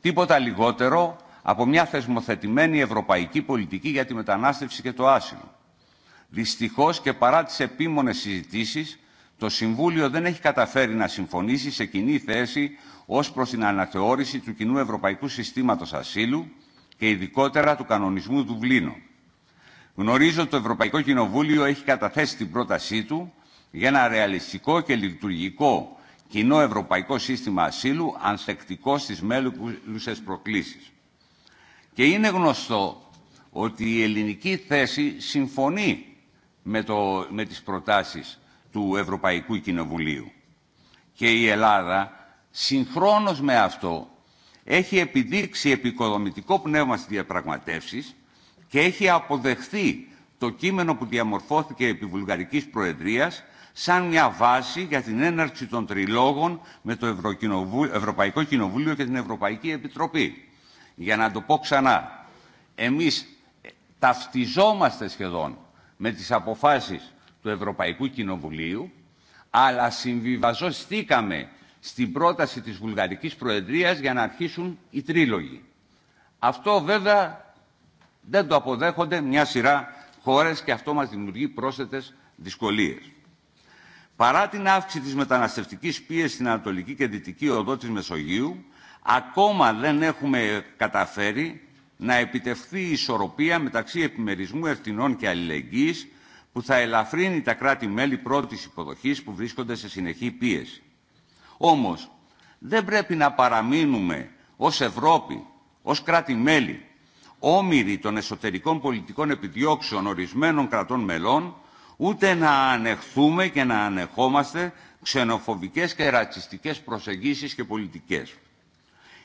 Τίποτα λιγότερο από μια θεσμοθετημένη ευρωπαϊκή πολιτική για τη μετανάστευση και το άσυλο. Δυστυχώς και παρά τις επίμονες συζητήσεις, το Συμβούλιο δεν έχει καταφέρει να συμφωνήσει σε κοινή θέση ως προς την αναθεώρηση του κοινού ευρωπαϊκού συστήματος ασύλου και ειδικότερα του κανονισμού του Δουβλίνου. Γνωρίζω ότι το Ευρωπαϊκό Κοινοβούλιο έχει καταθέσει την πρότασή του για ένα ρεαλιστικό και λειτουργικό κοινό ευρωπαϊκό σύστημα ασύλου ανθεκτικό στις μέλουσες προκλήσεις. Και είναι γνωστό ότι η ελληνική θέση συμφωνεί με, το, με τις προτάσεις του Ευρωπαϊκού Κοινοβουλίου. Και η Ελλάδα συγχρόνως με αυτό έχει επιδείξει επικοδομητικό πνεύμα στις διαπραγματεύσεις και έχει αποδεχθεί το κείμενο που διαμορφώθηκε επί Βουλγαρικής Προεδρίας σαν μια βάση για την έναρξη των τριλόγων με το Ευρωπαϊκό Κοινοβούλιο και την Ευρωπαϊκή Επιτροπή. Για να το πω ξανά, εμείς ε, ταυτιζόμαστε σχεδόν με τις αποφάσεις του Ευρωπαϊκού Κοινοβουλίου, αλλά συμβιβαζόστηκαμε στην πρόταση της Βουλγαρικής Προεδρίας για να αρχίσουν οι τρίλογοι. Αυτό βέβαια δεν το αποδέχονται μια σειρά χώρες και αυτό μας δημιουργεί πρόσθετες δυσκολίες. Παρά την αύξηση της μεταναστευτικής πίεσης στην Ανατολική και Δυτική Οδό της Μεσογείου, ακόμα δεν έχουμε καταφέρει να επιτευχθεί η ισορροπία μεταξύ επιμερισμού ευθυνών και αλληλεγγύης που θα ελαφρύνει τα κράτη-μέλη πρώτης υποδοχής που βρίσκονται σε συνεχή πίεση. Όμως, δεν πρέπει να παραμείνουμε ως Ευρώπη, ως κράτη-μέλη, όμοιροι των εσωτερικών πολιτικών επιδιώξεων ορισμένων κρατών μελών ούτε να ανεχθούμε και να ανεχόμαστε ξενοφοβικές και ρατσιστικές προσεγγίσεις και πολιτικές.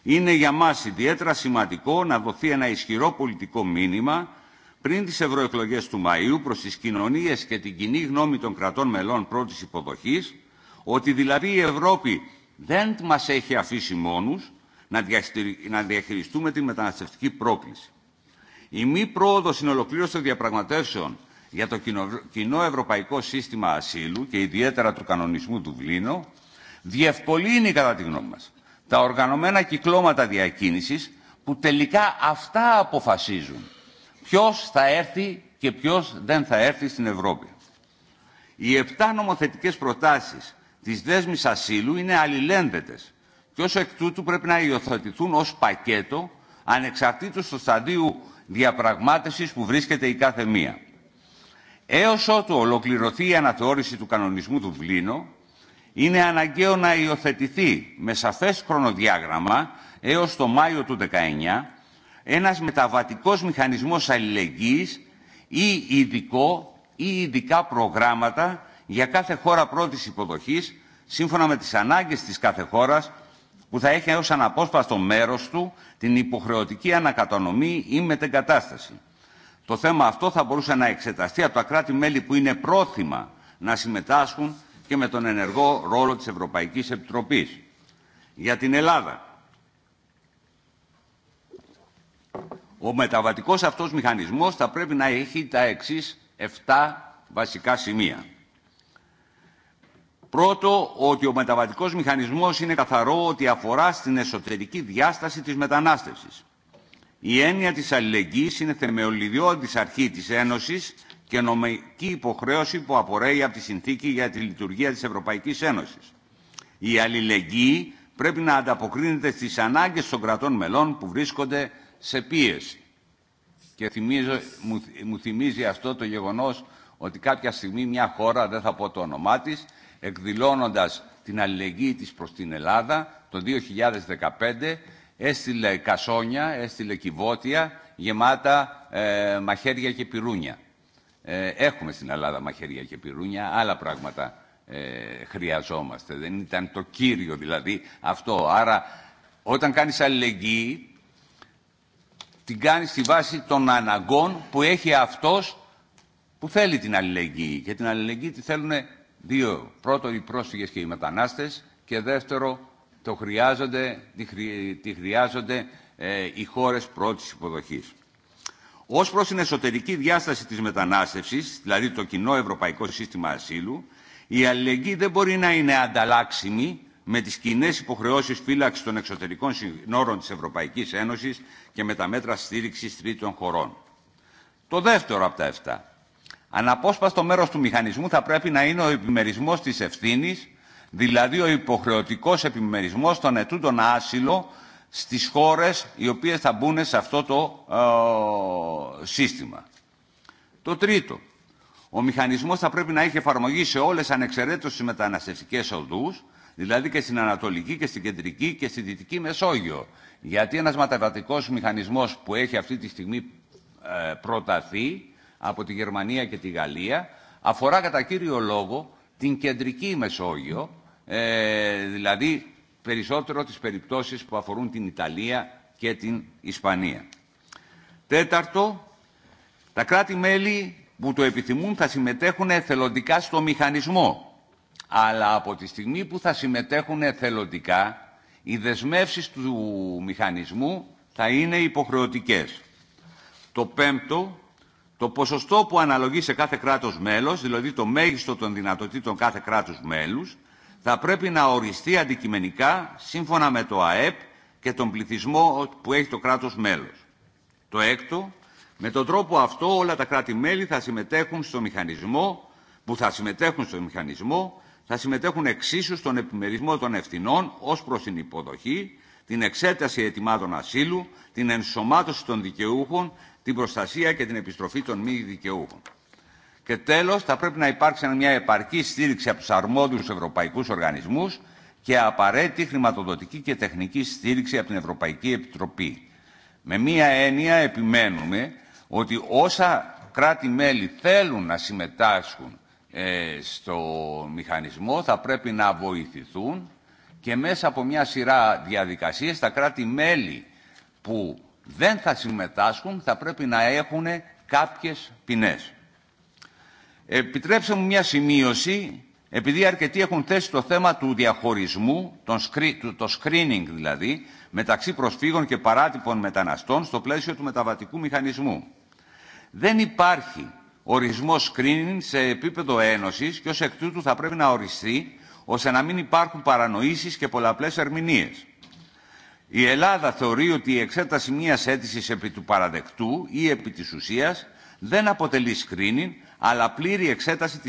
Είναι για μας ιδιαίτερα σημαντικό να δοθεί ένα ισχυρό πολιτικό μήνυμα πριν τις ευρωεκλογές του Μαΐου προς τις κοινωνίες και την κοινή γνώμη των κρατών μελών πρώτης υποδοχής, ότι δηλαδή η Ευρώπη δεν μας έχει αφήσει μόνους να διαχειριστούμε τη μεταναστευτική πρόκληση. Η μη πρόοδος στην των διαπραγματεύσεων για το κοινό ευρωπαϊκό σύστημα ασύλου και ιδιαίτερα του κανονισμού του Βλήνου διευκολύνει κατά τη γνώμη μας τα οργανωμένα κυκλώματα διακίνησης που τελικά αυτά αποφασίζουν ποιος θα έρθει και ποιος δεν θα έρθει στην Ευρώπη. Οι επτά νομοθετικές προτάσεις της δέσμης ασύλου είναι αλληλένδετες και ως εκ τούτου πρέπει να υιοθετηθούν ως πακέτο ανεξαρτήτως στο σταδίου διαπραγμάτευσης που βρίσκεται η κάθε μία. Έως ότου ολοκληρωθεί η αναθεώρηση του κανονισμού του Βλήνου, είναι αναγκαίο να υιοθετηθεί με σαφές χρονοδιάγραμμα έως το Μάιο του 19 ένας μεταβατικός μηχανισμός αλληλεγγύης ή ειδικό ή ειδικά προγράμματα για κάθε χώρα πρώτης υποδοχής σύμφωνα με τις ανάγκες της κάθε χώρας που θα έχει έως αναπόσπαστο μέρος του την υποχρεωτική ανακατανομή ή μετεγκατάσταση. Το θέμα αυτό θα μπορούσε να εξεταστεί από τα κράτη-μέλη που είναι πρόθυμα να συμμετάσχουν και με τον ενεργό ρόλο της Ευρωπαϊκής Επιτροπής. Για την Ελλάδα. Ο μεταβατικός αυτός μηχανισμός θα πρέπει να έχει τα εξής 7 βασικά σημεία. Πρώτο, ότι ο μεταβατικός μηχανισμός είναι καθαρό ότι αφορά στην εσωτερική διάσταση της μετανάστευσης. Η έννοια της αλληλεγγύης είναι θεμελιώδης αρχή της Ένωσης και νομική υποχρέωση που απορρέει από τη Συνθήκη για τη Λειτουργία της Ευρωπαϊκής Ένωσης. Η αλληλεγγύη πρέπει να ανταποκρίνεται στις ανάγκες των κρατών μελών που βρίσκονται σε πίεση. Και μου, μου θυμίζει αυτό το γεγονός ότι κάποια στιγμή μια χώρα, δεν θα πω το όνομά της, εκδηλώνοντας την αλληλεγγύη της προς την Ελλάδα το 2015 Έστειλε κασόνια, έστειλε κυβότια, γεμάτα ε, μαχαίρια και πυρούνια. Ε, έχουμε στην Ελλάδα μαχαίρια και πυρούνια, άλλα πράγματα ε, χρειαζόμαστε. Δεν ήταν το κύριο δηλαδή αυτό. Άρα όταν κάνεις αλληλεγγύη, την κάνεις στη βάση των αναγκών που έχει αυτός που θέλει την αλληλεγγύη. Και την αλληλεγγύη τη θέλουν δύο. Πρώτο οι πρόσφυγες και οι μετανάστες και δεύτερο το χρειάζονται, τη, χρειάζονται ε, οι χώρες πρώτης υποδοχής. Ως προς την εσωτερική διάσταση της μετανάστευσης, δηλαδή το κοινό ευρωπαϊκό σύστημα ασύλου, η αλληλεγγύη δεν μπορεί να είναι ανταλλάξιμη με τις κοινέ υποχρεώσεις φύλαξης των εξωτερικών συνόρων της Ευρωπαϊκής Ένωσης και με τα μέτρα στήριξης τρίτων χωρών. Το δεύτερο από τα 7. Αναπόσπαστο μέρος του μηχανισμού θα πρέπει να είναι ο επιμερισμός της ευθύνης δηλαδή ο υποχρεωτικός επιμερισμός των ετούντων άσυλο στις χώρες οι οποίες θα μπουν σε αυτό το ε, σύστημα. Το τρίτο, ο μηχανισμός θα πρέπει να έχει εφαρμογή σε όλες ανεξαιρέτως τι μεταναστευτικές οδούς, δηλαδή και στην Ανατολική και στην Κεντρική και στη Δυτική Μεσόγειο. Γιατί ένας μεταβατικός μηχανισμός που έχει αυτή τη στιγμή ε, προταθεί από τη Γερμανία και τη Γαλλία αφορά κατά κύριο λόγο την Κεντρική Μεσόγειο, ε, δηλαδή περισσότερο τις περιπτώσεις που αφορούν την Ιταλία και την Ισπανία. Τέταρτο, τα κράτη-μέλη που το επιθυμούν θα συμμετέχουν εθελοντικά στο μηχανισμό. Αλλά από τη στιγμή που θα συμμετέχουν εθελοντικά, οι δεσμεύσεις του μηχανισμού θα είναι υποχρεωτικές. Το πέμπτο, το ποσοστό που αναλογεί σε κάθε κράτος μέλος, δηλαδή το μέγιστο των δυνατοτήτων κάθε κράτους μέλους, θα πρέπει να οριστεί αντικειμενικά σύμφωνα με το ΑΕΠ και τον πληθυσμό που έχει το κράτος μέλος. Το έκτο, με τον τρόπο αυτό όλα τα κράτη-μέλη θα συμμετέχουν στο μηχανισμό, που θα συμμετέχουν στο μηχανισμό, θα συμμετέχουν εξίσου στον επιμερισμό των ευθυνών ως προς την υποδοχή, την εξέταση ετοιμάτων ασύλου, την ενσωμάτωση των δικαιούχων, την προστασία και την επιστροφή των μη δικαιούχων. Και τέλος, θα πρέπει να υπάρξει μια επαρκή στήριξη από τους αρμόδιους ευρωπαϊκούς οργανισμούς και απαραίτητη χρηματοδοτική και τεχνική στήριξη από την Ευρωπαϊκή Επιτροπή. Με μία έννοια επιμένουμε ότι όσα κράτη-μέλη θέλουν να συμμετάσχουν ε, στο μηχανισμό θα πρέπει να βοηθηθούν και μέσα από μια σειρά διαδικασίες τα κράτη-μέλη που δεν θα συμμετάσχουν θα πρέπει να έχουν κάποιες ποινές. Επιτρέψτε μου μια σημείωση, επειδή αρκετοί έχουν θέσει το θέμα του διαχωρισμού, το screening δηλαδή, μεταξύ προσφύγων και παράτυπων μεταναστών στο πλαίσιο του μεταβατικού μηχανισμού. Δεν υπάρχει ορισμός screening σε επίπεδο Ένωση και ω εκ τούτου θα πρέπει να οριστεί ώστε να μην υπάρχουν παρανοήσει και πολλαπλές ερμηνείε. Η Ελλάδα θεωρεί ότι η εξέταση μια αίτησης επί του παραδεκτού ή επί της ουσίας δεν αποτελεί screening, αλλά πλήρη εξέταση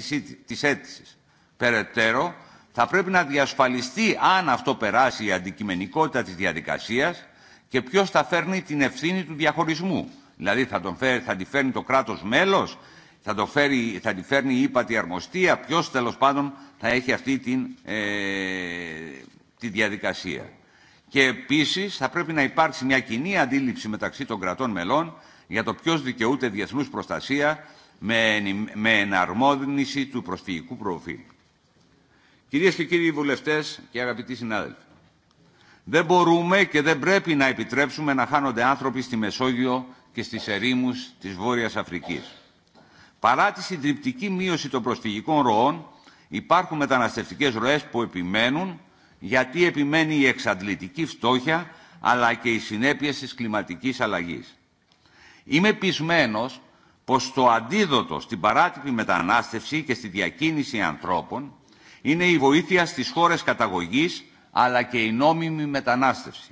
της αίτηση. Περαιτέρω, θα πρέπει να διασφαλιστεί αν αυτό περάσει η αντικειμενικότητα της διαδικασίας και ποιος θα φέρνει την ευθύνη του διαχωρισμού. Δηλαδή θα, τον φέρει, θα τη φέρνει το κράτος μέλος, θα, το φέρει, θα τη φέρνει η ύπατη αρμοστία, ποιος τέλος πάντων θα έχει αυτή την, ε, τη διαδικασία. Και επίσης θα πρέπει να υπάρξει μια κοινή αντίληψη μεταξύ των κρατών μελών για το ποιος δικαιούται διεθνούς προστασία με εναρμόδυνση του προσφυγικού προφίλ. Κυρίες και κύριοι βουλευτές και αγαπητοί συνάδελφοι, δεν μπορούμε και δεν πρέπει να επιτρέψουμε να χάνονται άνθρωποι στη Μεσόγειο και στις ερήμους της Βόρειας Αφρικής. Παρά τη συντριπτική μείωση των προσφυγικών ροών, υπάρχουν μεταναστευτικές ροές που επιμένουν γιατί επιμένει η εξαντλητική φτώχεια αλλά και οι συνέπειες της κλιματικής αλλαγής. Είμαι πεισμένος πως το αντίδοτο στην παράτυπη μετανάστευση και στη διακίνηση ανθρώπων είναι η βοήθεια στις χώρες καταγωγής αλλά και η νόμιμη μετανάστευση.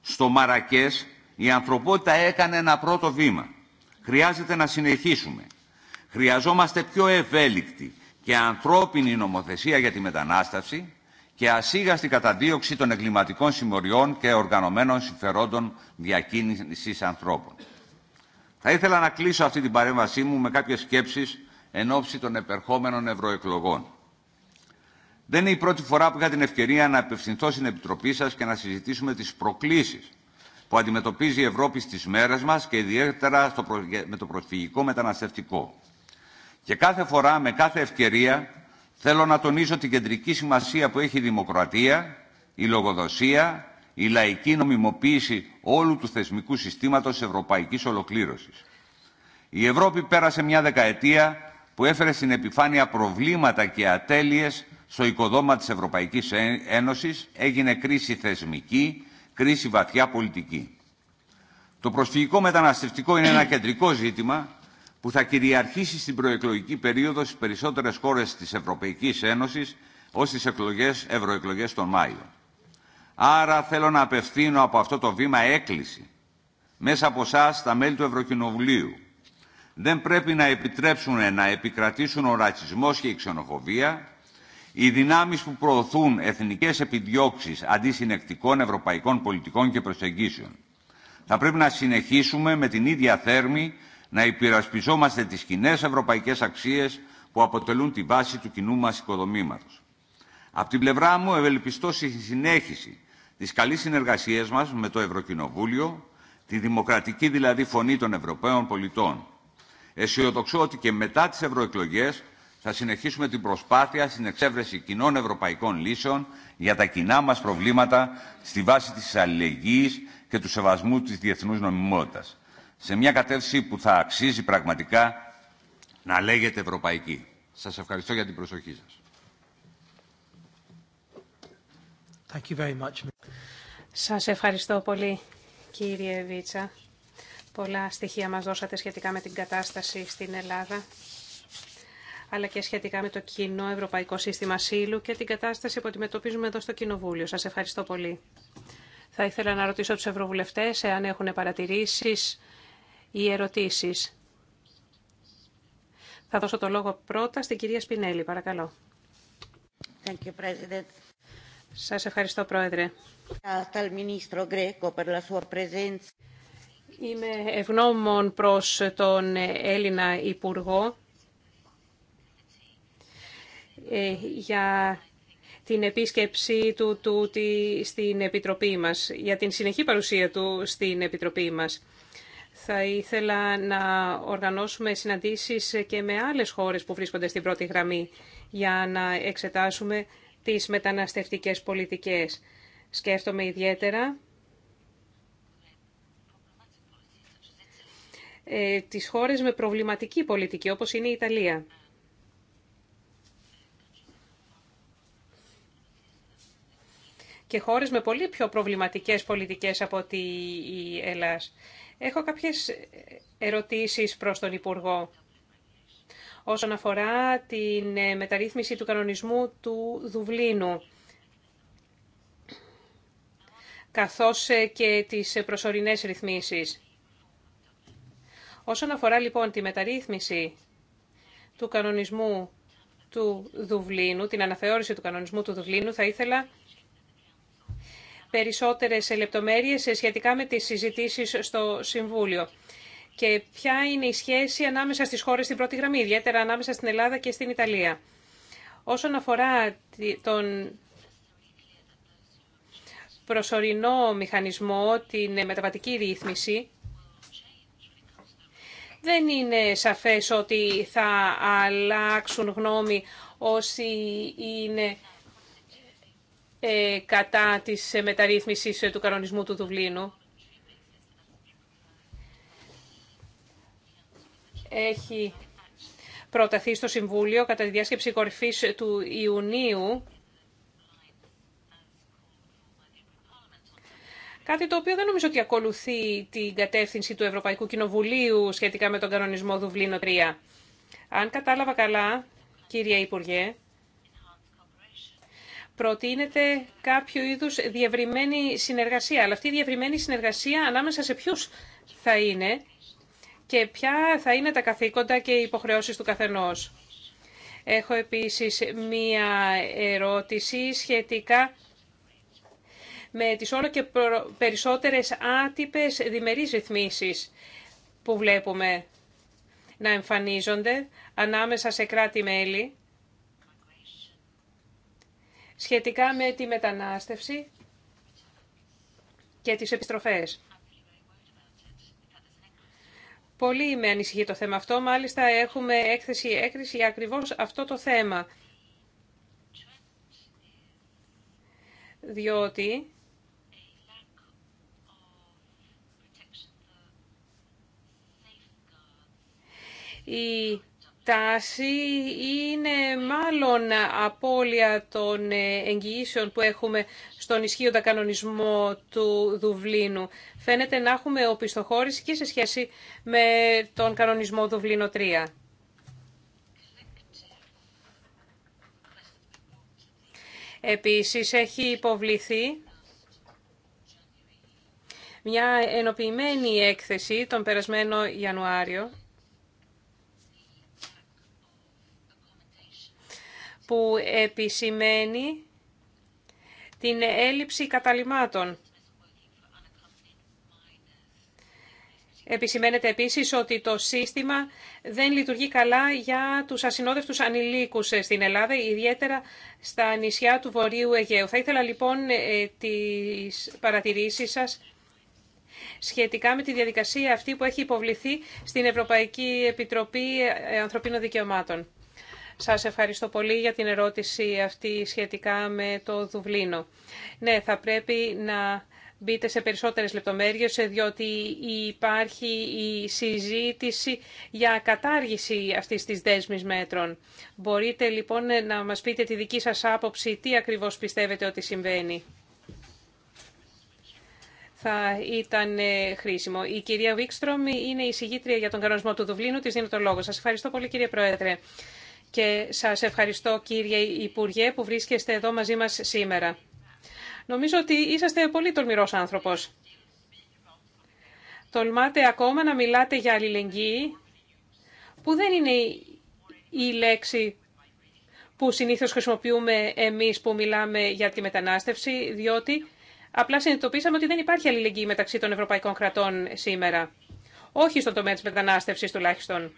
Στο Μαρακές η ανθρωπότητα έκανε ένα πρώτο βήμα. Χρειάζεται να συνεχίσουμε. Χρειαζόμαστε πιο ευέλικτη και ανθρώπινη νομοθεσία για τη μετανάστευση και ασίγαστη καταδίωξη των εγκληματικών συμμοριών και οργανωμένων συμφερόντων διακίνησης ανθρώπων. Θα ήθελα να κλείσω αυτή την παρέμβασή μου με κάποιες σκέψεις εν ώψη των επερχόμενων ευρωεκλογών. Δεν είναι η πρώτη φορά που είχα την ευκαιρία να απευθυνθώ στην Επιτροπή σα και να συζητήσουμε τι προκλήσει που αντιμετωπίζει η Ευρώπη στι μέρε μα και ιδιαίτερα στο με το προσφυγικό μεταναστευτικό. Και κάθε φορά, με κάθε ευκαιρία, θέλω να τονίσω την κεντρική σημασία που έχει η δημοκρατία, η λογοδοσία, η λαϊκή νομιμοποίηση όλου του θεσμικού συστήματος ευρωπαϊκής ολοκλήρωσης. Η Ευρώπη πέρασε μια δεκαετία που έφερε στην επιφάνεια προβλήματα και ατέλειες στο οικοδόμα της Ευρωπαϊκής Ένωσης, έγινε κρίση θεσμική, κρίση βαθιά πολιτική. Το προσφυγικό μεταναστευτικό είναι ένα κεντρικό ζήτημα που θα κυριαρχήσει στην προεκλογική περίοδο στις περισσότερες χώρες της Ευρωπαϊκής Ένωσης ως τις εκλογές, ευρωεκλογές τον Μάιο. Άρα θέλω να απευθύνω από αυτό το βήμα έκκληση μέσα από εσά τα μέλη του Ευρωκοινοβουλίου. Δεν πρέπει να επιτρέψουν να επικρατήσουν ο ρατσισμός και η ξενοφοβία, οι δυνάμεις που προωθούν εθνικές επιδιώξεις αντί ευρωπαϊκών πολιτικών και προσεγγίσεων. Θα πρέπει να συνεχίσουμε με την ίδια θέρμη να υπερασπιζόμαστε τις κοινέ ευρωπαϊκές αξίες που αποτελούν τη βάση του κοινού μας οικοδομήματος. Από την πλευρά μου ευελπιστώ στη συνέχιση της καλής συνεργασίες μας με το Ευρωκοινοβούλιο, τη δημοκρατική δηλαδή φωνή των Ευρωπαίων πολιτών. Εσιοδοξώ ότι και μετά τις ευρωεκλογέ θα συνεχίσουμε την προσπάθεια στην εξέβρεση κοινών ευρωπαϊκών λύσεων για τα κοινά μας προβλήματα στη βάση της αλληλεγγύης και του σεβασμού της διεθνούς νομιμότητας. Σε μια κατεύθυνση που θα αξίζει πραγματικά να λέγεται ευρωπαϊκή. Σας ευχαριστώ για την προσοχή σας. Thank you very much. Σας ευχαριστώ πολύ κύριε Βίτσα. Πολλά στοιχεία μας δώσατε σχετικά με την κατάσταση στην Ελλάδα αλλά και σχετικά με το κοινό Ευρωπαϊκό Σύστημα ΣΥΛΟΥ και την κατάσταση που αντιμετωπίζουμε εδώ στο Κοινοβούλιο. Σας ευχαριστώ πολύ. Θα ήθελα να ρωτήσω τους Ευρωβουλευτές εάν έχουν παρατηρήσεις ή ερωτήσεις. Θα δώσω το λόγο πρώτα στην κυρία Σπινέλη, παρακαλώ. Thank σας ευχαριστώ, Πρόεδρε. Είμαι ευγνώμων προς τον Έλληνα Υπουργό ε, για την επίσκεψή του τούτη στην Επιτροπή μας, για την συνεχή παρουσία του στην Επιτροπή μας. Θα ήθελα να οργανώσουμε συναντήσεις και με άλλες χώρες που βρίσκονται στην πρώτη γραμμή για να εξετάσουμε τις μεταναστευτικές πολιτικές. Σκέφτομαι ιδιαίτερα ε, τις χώρες με προβληματική πολιτική, όπως είναι η Ιταλία. Και χώρες με πολύ πιο προβληματικές πολιτικές από τη Ελλάς. Έχω κάποιες ερωτήσεις προς τον Υπουργό όσον αφορά την ε, μεταρρύθμιση του κανονισμού του Δουβλίνου καθώς ε, και τις ε, προσωρινές ρυθμίσεις. Όσον αφορά λοιπόν τη μεταρρύθμιση του κανονισμού του Δουβλίνου, την αναθεώρηση του κανονισμού του Δουβλίνου, θα ήθελα περισσότερες λεπτομέρειες σχετικά με τις συζητήσεις στο Συμβούλιο και ποια είναι η σχέση ανάμεσα στις χώρες στην πρώτη γραμμή, ιδιαίτερα ανάμεσα στην Ελλάδα και στην Ιταλία. Όσον αφορά τον προσωρινό μηχανισμό, την μεταβατική ρύθμιση, δεν είναι σαφές ότι θα αλλάξουν γνώμη όσοι είναι ε, κατά της μεταρρύθμισης του κανονισμού του Δουβλίνου. έχει προταθεί στο Συμβούλιο κατά τη διάσκεψη κορυφής του Ιουνίου. Κάτι το οποίο δεν νομίζω ότι ακολουθεί την κατεύθυνση του Ευρωπαϊκού Κοινοβουλίου σχετικά με τον κανονισμό Δουβλίνο 3. Αν κατάλαβα καλά, κύριε Υπουργέ, προτείνεται κάποιο είδους διευρυμένη συνεργασία. Αλλά αυτή η διευρυμένη συνεργασία ανάμεσα σε ποιους θα είναι και ποια θα είναι τα καθήκοντα και οι υποχρεώσεις του καθενός. Έχω επίσης μία ερώτηση σχετικά με τις όλο και περισσότερες άτυπες διμερείς ρυθμίσεις που βλέπουμε να εμφανίζονται ανάμεσα σε κράτη-μέλη σχετικά με τη μετανάστευση και τις επιστροφές. Πολύ με ανησυχεί το θέμα αυτό. Μάλιστα έχουμε έκθεση έκρηση για ακριβώς αυτό το θέμα. Διότι η τάση είναι μάλλον απώλεια των εγγυήσεων που έχουμε στον ισχύοντα κανονισμό του Δουβλίνου. Φαίνεται να έχουμε οπισθοχώρηση και σε σχέση με τον κανονισμό Δουβλίνο 3. Επίσης έχει υποβληθεί μια ενοποιημένη έκθεση τον περασμένο Ιανουάριο που επισημαίνει την έλλειψη καταλημάτων. Επισημαίνεται επίσης ότι το σύστημα δεν λειτουργεί καλά για τους ασυνόδευτους ανηλίκους στην Ελλάδα, ιδιαίτερα στα νησιά του Βορείου Αιγαίου. Θα ήθελα λοιπόν ε, τις παρατηρήσεις σας σχετικά με τη διαδικασία αυτή που έχει υποβληθεί στην Ευρωπαϊκή Επιτροπή ε, Ανθρωπίνων Δικαιωμάτων. Σας ευχαριστώ πολύ για την ερώτηση αυτή σχετικά με το Δουβλίνο. Ναι, θα πρέπει να μπείτε σε περισσότερες λεπτομέρειες, διότι υπάρχει η συζήτηση για κατάργηση αυτής της δέσμης μέτρων. Μπορείτε λοιπόν να μας πείτε τη δική σας άποψη, τι ακριβώς πιστεύετε ότι συμβαίνει. Θα ήταν ε, χρήσιμο. Η κυρία Βίξτρομ είναι η συγγήτρια για τον κανονισμό του Δουβλίνου. Τη δίνω το λόγο. Σα ευχαριστώ πολύ, κύριε Πρόεδρε και σας ευχαριστώ κύριε Υπουργέ που βρίσκεστε εδώ μαζί μας σήμερα. Νομίζω ότι είσαστε πολύ τολμηρός άνθρωπος. Τολμάτε ακόμα να μιλάτε για αλληλεγγύη, που δεν είναι η λέξη που συνήθως χρησιμοποιούμε εμείς που μιλάμε για τη μετανάστευση, διότι απλά συνειδητοποίησαμε ότι δεν υπάρχει αλληλεγγύη μεταξύ των ευρωπαϊκών κρατών σήμερα. Όχι στον τομέα της μετανάστευσης τουλάχιστον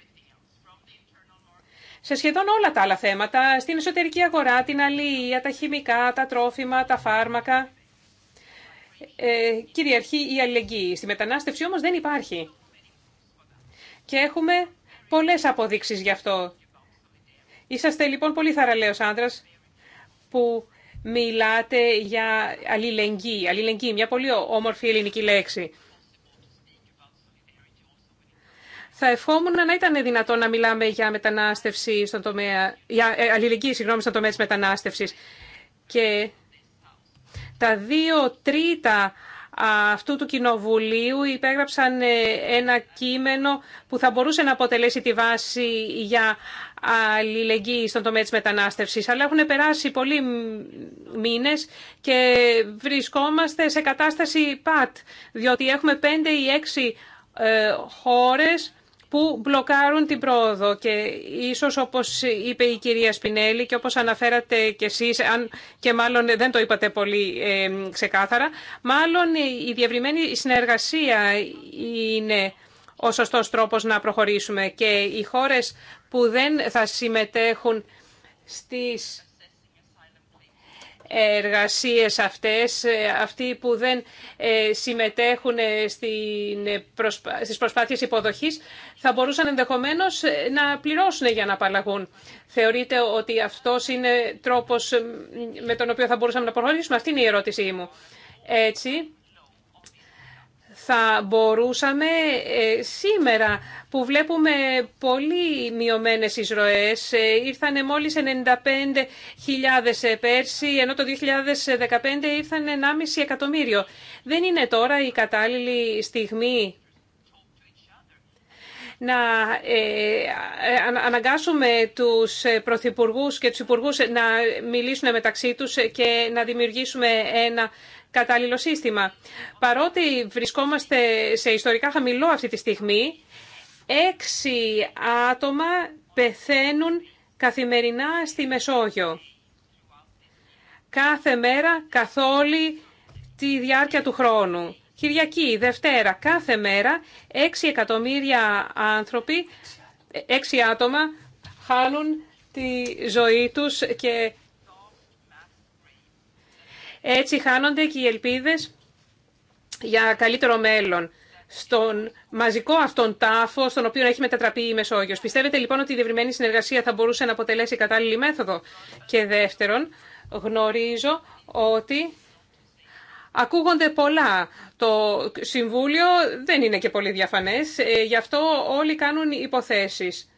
σε σχεδόν όλα τα άλλα θέματα, στην εσωτερική αγορά, την αλληλεία, τα χημικά, τα τρόφιμα, τα φάρμακα. Ε, κυριαρχεί η αλληλεγγύη. Στη μετανάστευση όμως δεν υπάρχει. Και έχουμε πολλές αποδείξεις γι' αυτό. Είσαστε λοιπόν πολύ θαραλέος άντρας που μιλάτε για αλληλεγγύη. Αλληλεγγύη, μια πολύ όμορφη ελληνική λέξη. Θα ευχόμουν να ήταν δυνατό να μιλάμε για μετανάστευση στον τομέα, για ε, αλληλεγγύη, συγγνώμη, στον τομέα της μετανάστευσης. Και τα δύο τρίτα αυτού του κοινοβουλίου υπέγραψαν ε, ένα κείμενο που θα μπορούσε να αποτελέσει τη βάση για αλληλεγγύη στον τομέα της μετανάστευσης. Αλλά έχουν περάσει πολλοί μήνες και βρισκόμαστε σε κατάσταση πατ, διότι έχουμε πέντε ή έξι ε, χώρες που μπλοκάρουν την πρόοδο και ίσως όπως είπε η κυρία Σπινέλη και όπως αναφέρατε και εσείς αν και μάλλον δεν το είπατε πολύ ε, ξεκάθαρα μάλλον η διευρυμένη συνεργασία είναι ο σωστός τρόπος να προχωρήσουμε και οι χώρες που δεν θα συμμετέχουν στις εργασίες αυτές, ε, αυτοί που δεν ε, συμμετέχουν ε, στις προσπάθειες υποδοχής, θα μπορούσαν ενδεχομένως να πληρώσουν για να απαλλαγούν. Θεωρείτε ότι αυτός είναι τρόπος με τον οποίο θα μπορούσαμε να προχωρήσουμε. Αυτή είναι η ερώτησή μου. Έτσι, θα μπορούσαμε ε, σήμερα που βλέπουμε πολύ μειωμένε εισρωές, ε, ήρθανε μόλις 95.000 ε, πέρσι, ενώ το 2015 ήρθαν 1,5 εκατομμύριο. Δεν είναι τώρα η κατάλληλη στιγμή να αναγκάσουμε τους πρωθυπουργούς και τους υπουργούς να μιλήσουν μεταξύ τους και να δημιουργήσουμε ένα κατάλληλο σύστημα. Παρότι βρισκόμαστε σε ιστορικά χαμηλό αυτή τη στιγμή, έξι άτομα πεθαίνουν καθημερινά στη Μεσόγειο. Κάθε μέρα, καθ' όλη τη διάρκεια του χρόνου. Κυριακή, Δευτέρα, κάθε μέρα, έξι εκατομμύρια άνθρωποι, έξι άτομα, χάνουν τη ζωή τους και έτσι χάνονται και οι ελπίδες για καλύτερο μέλλον στον μαζικό αυτόν τάφο στον οποίο έχει μετατραπεί η Μεσόγειος. Πιστεύετε λοιπόν ότι η διευρυμένη συνεργασία θα μπορούσε να αποτελέσει κατάλληλη μέθοδο. Και δεύτερον, γνωρίζω ότι ακούγονται πολλά. Το Συμβούλιο δεν είναι και πολύ διαφανές, ε, γι' αυτό όλοι κάνουν υποθέσεις.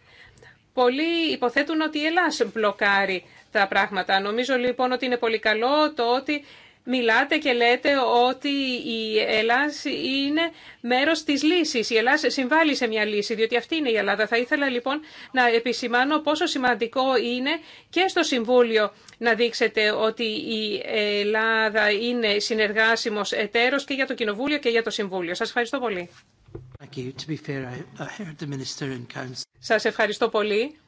Πολλοί υποθέτουν ότι η Ελλάς μπλοκάρει τα πράγματα. Νομίζω λοιπόν ότι είναι πολύ καλό το ότι μιλάτε και λέτε ότι η Ελλάδα είναι μέρος της λύσης. Η Ελλάς συμβάλλει σε μια λύση, διότι αυτή είναι η Ελλάδα. Θα ήθελα λοιπόν να επισημάνω πόσο σημαντικό είναι και στο Συμβούλιο να δείξετε ότι η Ελλάδα είναι συνεργάσιμος εταίρος και για το Κοινοβούλιο και για το Συμβούλιο. Σας ευχαριστώ πολύ. Σας ευχαριστώ πολύ.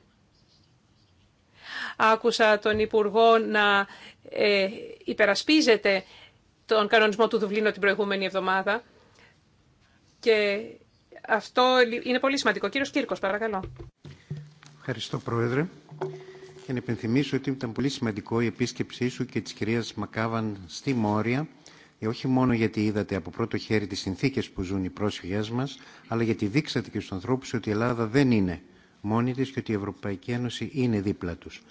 Άκουσα τον Υπουργό να ε, υπερασπίζεται τον κανονισμό του Δουβλίνου την προηγούμενη εβδομάδα. Και αυτό είναι πολύ σημαντικό. Κύριος Κύρκος, παρακαλώ. Ευχαριστώ, Πρόεδρε. Και να υπενθυμίσω ότι ήταν πολύ σημαντικό η επίσκεψή σου και της κυρίας Μακάβαν στη Μόρια, ε, όχι μόνο γιατί είδατε από πρώτο χέρι τις συνθήκες που ζουν οι πρόσφυγές μας, αλλά γιατί δείξατε και στους ανθρώπους ότι η Ελλάδα δεν είναι μόνη της και ότι η Ευρωπαϊκή Ένωση είναι δίπλα τους.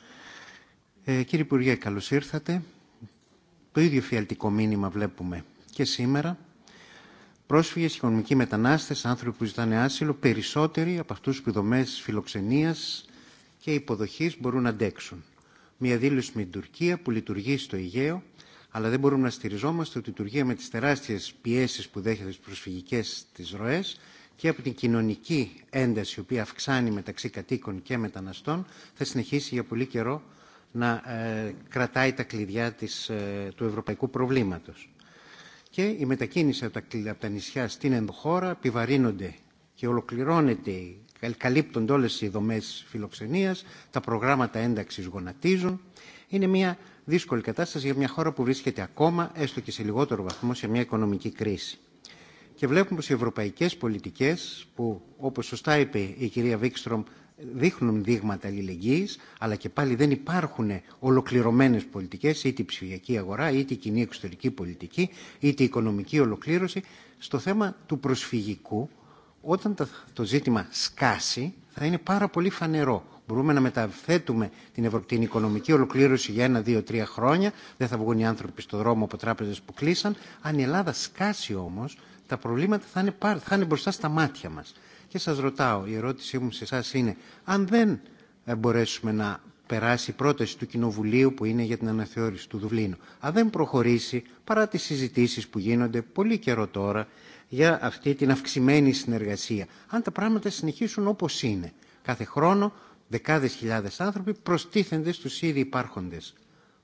Ε, κύριε Υπουργέ, καλώ ήρθατε. Το ίδιο φιαλτικό μήνυμα βλέπουμε και σήμερα. Πρόσφυγε, οικονομικοί μετανάστες, άνθρωποι που ζητάνε άσυλο, περισσότεροι από αυτού που οι δομές φιλοξενίας και υποδοχή μπορούν να αντέξουν. Μια δήλωση με την Τουρκία που λειτουργεί στο Αιγαίο, αλλά δεν μπορούμε να στηριζόμαστε ότι η Τουρκία με τι τεράστιε πιέσει που δέχεται στι προσφυγικές τη ροέ και από την κοινωνική ένταση η οποία αυξάνει μεταξύ κατοίκων και μεταναστών θα συνεχίσει για πολύ καιρό να ε, κρατάει τα κλειδιά της, ε, του ευρωπαϊκού προβλήματος. Και η μετακίνηση από τα, από τα νησιά στην ενδοχώρα επιβαρύνονται και ολοκληρώνεται, καλύπτονται όλες οι δομές φιλοξενίας, τα προγράμματα ένταξης γονατίζουν. Είναι μια δύσκολη κατάσταση για μια χώρα που βρίσκεται ακόμα, έστω και σε λιγότερο βαθμό, σε μια οικονομική κρίση. Και βλέπουμε πως οι ευρωπαϊκές πολιτικές, που όπως σωστά είπε η κυρία Βίξτρομ δείχνουν δείγματα αλληλεγγύης, αλλά και πάλι δεν υπάρχουν ολοκληρωμένες πολιτικές, είτε η ψηφιακή αγορά, είτε η κοινή εξωτερική πολιτική, είτε η οικονομική ολοκλήρωση, στο θέμα του προσφυγικού, όταν το ζήτημα σκάσει, θα είναι πάρα πολύ φανερό. Μπορούμε να μεταθέτουμε την, την οικονομική ολοκλήρωση για ένα, δύο, τρία χρόνια. Δεν θα βγουν οι άνθρωποι στον δρόμο από τράπεζε που κλείσαν. Αν η Ελλάδα σκάσει όμω, τα προβλήματα θα είναι, θα είναι μπροστά στα μάτια μα. Και σας ρωτάω, η ερώτησή μου σε εσά είναι, αν δεν ε, μπορέσουμε να περάσει η πρόταση του Κοινοβουλίου που είναι για την αναθεώρηση του Δουβλίνου, αν δεν προχωρήσει παρά τις συζητήσεις που γίνονται πολύ καιρό τώρα για αυτή την αυξημένη συνεργασία, αν τα πράγματα συνεχίσουν όπως είναι, κάθε χρόνο δεκάδες χιλιάδες άνθρωποι προστίθενται στους ήδη υπάρχοντες.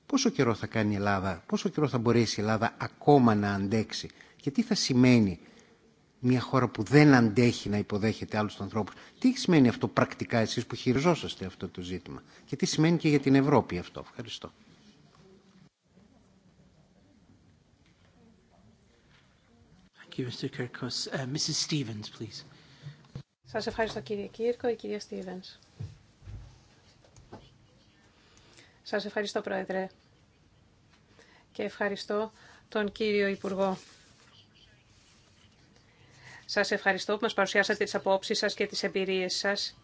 Πόσο καιρό θα κάνει η Ελλάδα, πόσο καιρό θα μπορέσει η Ελλάδα ακόμα να αντέξει και τι θα σημαίνει μια χώρα που δεν αντέχει να υποδέχεται άλλους ανθρώπους. Τι σημαίνει αυτό πρακτικά εσείς που χειριζόσαστε αυτό το ζήτημα και τι σημαίνει και για την Ευρώπη αυτό. Ευχαριστώ. Thank you, Mr. Kirkos. Uh, Σας ευχαριστώ κύριε Κύρκο, η κυρία Στίβενς. Σας ευχαριστώ Πρόεδρε και ευχαριστώ τον κύριο Υπουργό. Σας ευχαριστώ που μας παρουσιάσατε τις απόψεις σας και τις εμπειρίες σας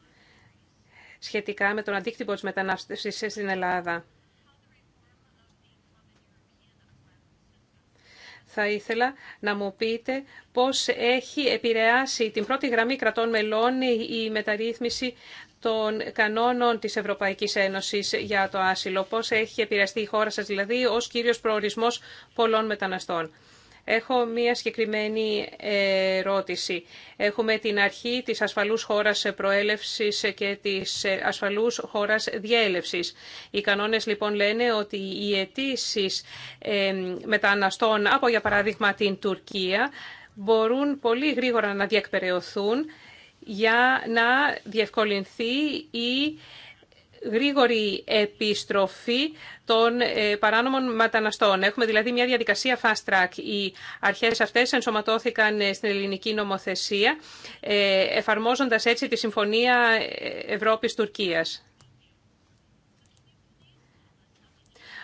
σχετικά με τον αντίκτυπο της μετανάστευσης στην Ελλάδα. Θα ήθελα να μου πείτε πώς έχει επηρεάσει την πρώτη γραμμή κρατών μελών η μεταρρύθμιση των κανόνων της Ευρωπαϊκής Ένωσης για το άσυλο. Πώς έχει επηρεαστεί η χώρα σας δηλαδή ως κύριος προορισμός πολλών μεταναστών. Έχω μία συγκεκριμένη ερώτηση. Έχουμε την αρχή της ασφαλούς χώρας προέλευσης και της ασφαλούς χώρας διέλευσης. Οι κανόνες λοιπόν λένε ότι οι αιτήσει ε, μεταναστών από για παράδειγμα την Τουρκία μπορούν πολύ γρήγορα να διεκπεραιωθούν για να διευκολυνθεί η γρήγορη επιστροφή των ε, παράνομων μεταναστών. Έχουμε δηλαδή μια διαδικασία fast track. Οι αρχές αυτές ενσωματώθηκαν ε, στην ελληνική νομοθεσία, ε, εφαρμόζοντας έτσι τη Συμφωνία Ευρώπης-Τουρκίας.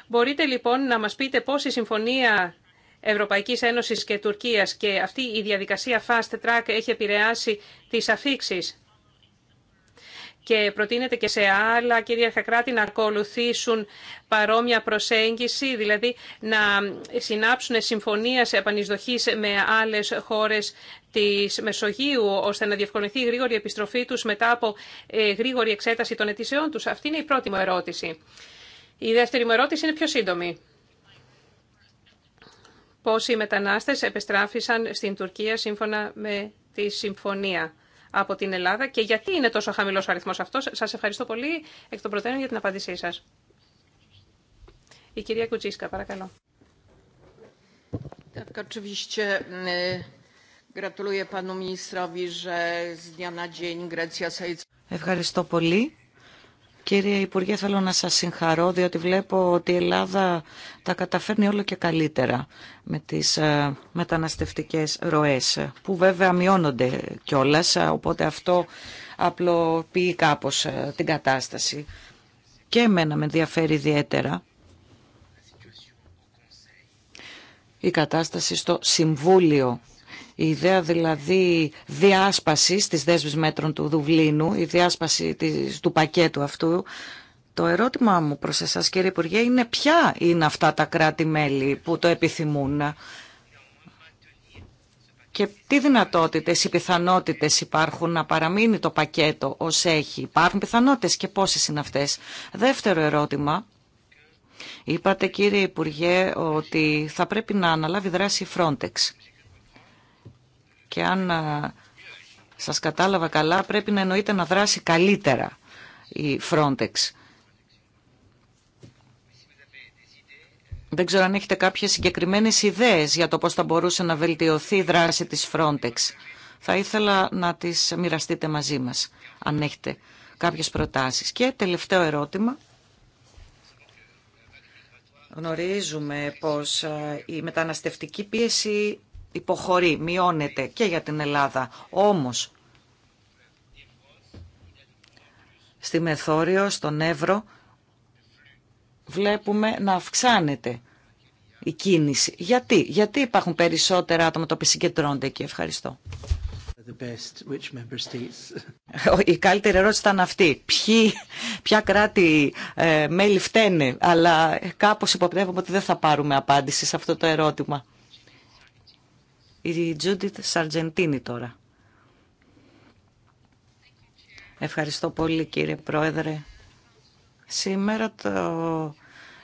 Μπορείτε λοιπόν να μας πείτε πώς η Συμφωνία Ευρωπαϊκής Ένωσης και Τουρκίας και αυτή η διαδικασία fast track έχει επηρεάσει τις αφήξεις και προτείνεται και σε άλλα κυρίαρχα κράτη να ακολουθήσουν παρόμοια προσέγγιση, δηλαδή να συνάψουν συμφωνία σε επανεισδοχή με άλλες χώρες της Μεσογείου, ώστε να διευκολυνθεί η γρήγορη επιστροφή τους μετά από ε, γρήγορη εξέταση των αιτήσεών τους. Αυτή είναι η πρώτη μου ερώτηση. Η δεύτερη μου ερώτηση είναι πιο σύντομη. Πόσοι μετανάστες επεστράφησαν στην Τουρκία σύμφωνα με τη συμφωνία από την Ελλάδα και γιατί είναι τόσο χαμηλό ο αριθμός αυτός. Σας ευχαριστώ πολύ εκ των προτέρων για την απάντησή σα. Η κυρία Κουτσίσκα, παρακαλώ. E, ευχαριστώ πολύ. Κύριε Υπουργέ, θέλω να σας συγχαρώ, διότι βλέπω ότι η Ελλάδα τα καταφέρνει όλο και καλύτερα με τις ε, μεταναστευτικές ροές, που βέβαια μειώνονται κιόλας, ε, οπότε αυτό απλοποιεί κάπως ε, την κατάσταση. Και εμένα με ενδιαφέρει ιδιαίτερα η κατάσταση στο Συμβούλιο η ιδέα δηλαδή διάσπασης της δέσμης μέτρων του Δουβλίνου, η διάσπαση της, του πακέτου αυτού, το ερώτημά μου προς εσάς κύριε Υπουργέ είναι ποια είναι αυτά τα κράτη-μέλη που το επιθυμούν και τι δυνατότητες ή πιθανότητες υπάρχουν να παραμείνει το πακέτο ως έχει. Υπάρχουν πιθανότητες και πόσες είναι αυτές. Δεύτερο ερώτημα. Είπατε κύριε Υπουργέ ότι θα πρέπει να αναλάβει δράση η Frontex και αν σας κατάλαβα καλά πρέπει να εννοείται να δράσει καλύτερα η Frontex. Δεν ξέρω αν έχετε κάποιες συγκεκριμένες ιδέες για το πώς θα μπορούσε να βελτιωθεί η δράση της Frontex. Θα ήθελα να τις μοιραστείτε μαζί μας, αν έχετε κάποιες προτάσεις. Και τελευταίο ερώτημα. Γνωρίζουμε πως η μεταναστευτική πίεση υποχωρεί, μειώνεται και για την Ελλάδα. Όμως, στη Μεθόριο, στον Εύρο, βλέπουμε να αυξάνεται η κίνηση. Γιατί, γιατί υπάρχουν περισσότερα άτομα τα οποία συγκεντρώνονται εκεί. Ευχαριστώ. Η καλύτερη ερώτηση ήταν αυτή. ποια κράτη ε, μέλη φταίνε, αλλά κάπως υποπτεύομαι ότι δεν θα πάρουμε απάντηση σε αυτό το ερώτημα. Η Τζούντιτ Σαρτζεντίνη τώρα. Ευχαριστώ πολύ κύριε Πρόεδρε. Σήμερα το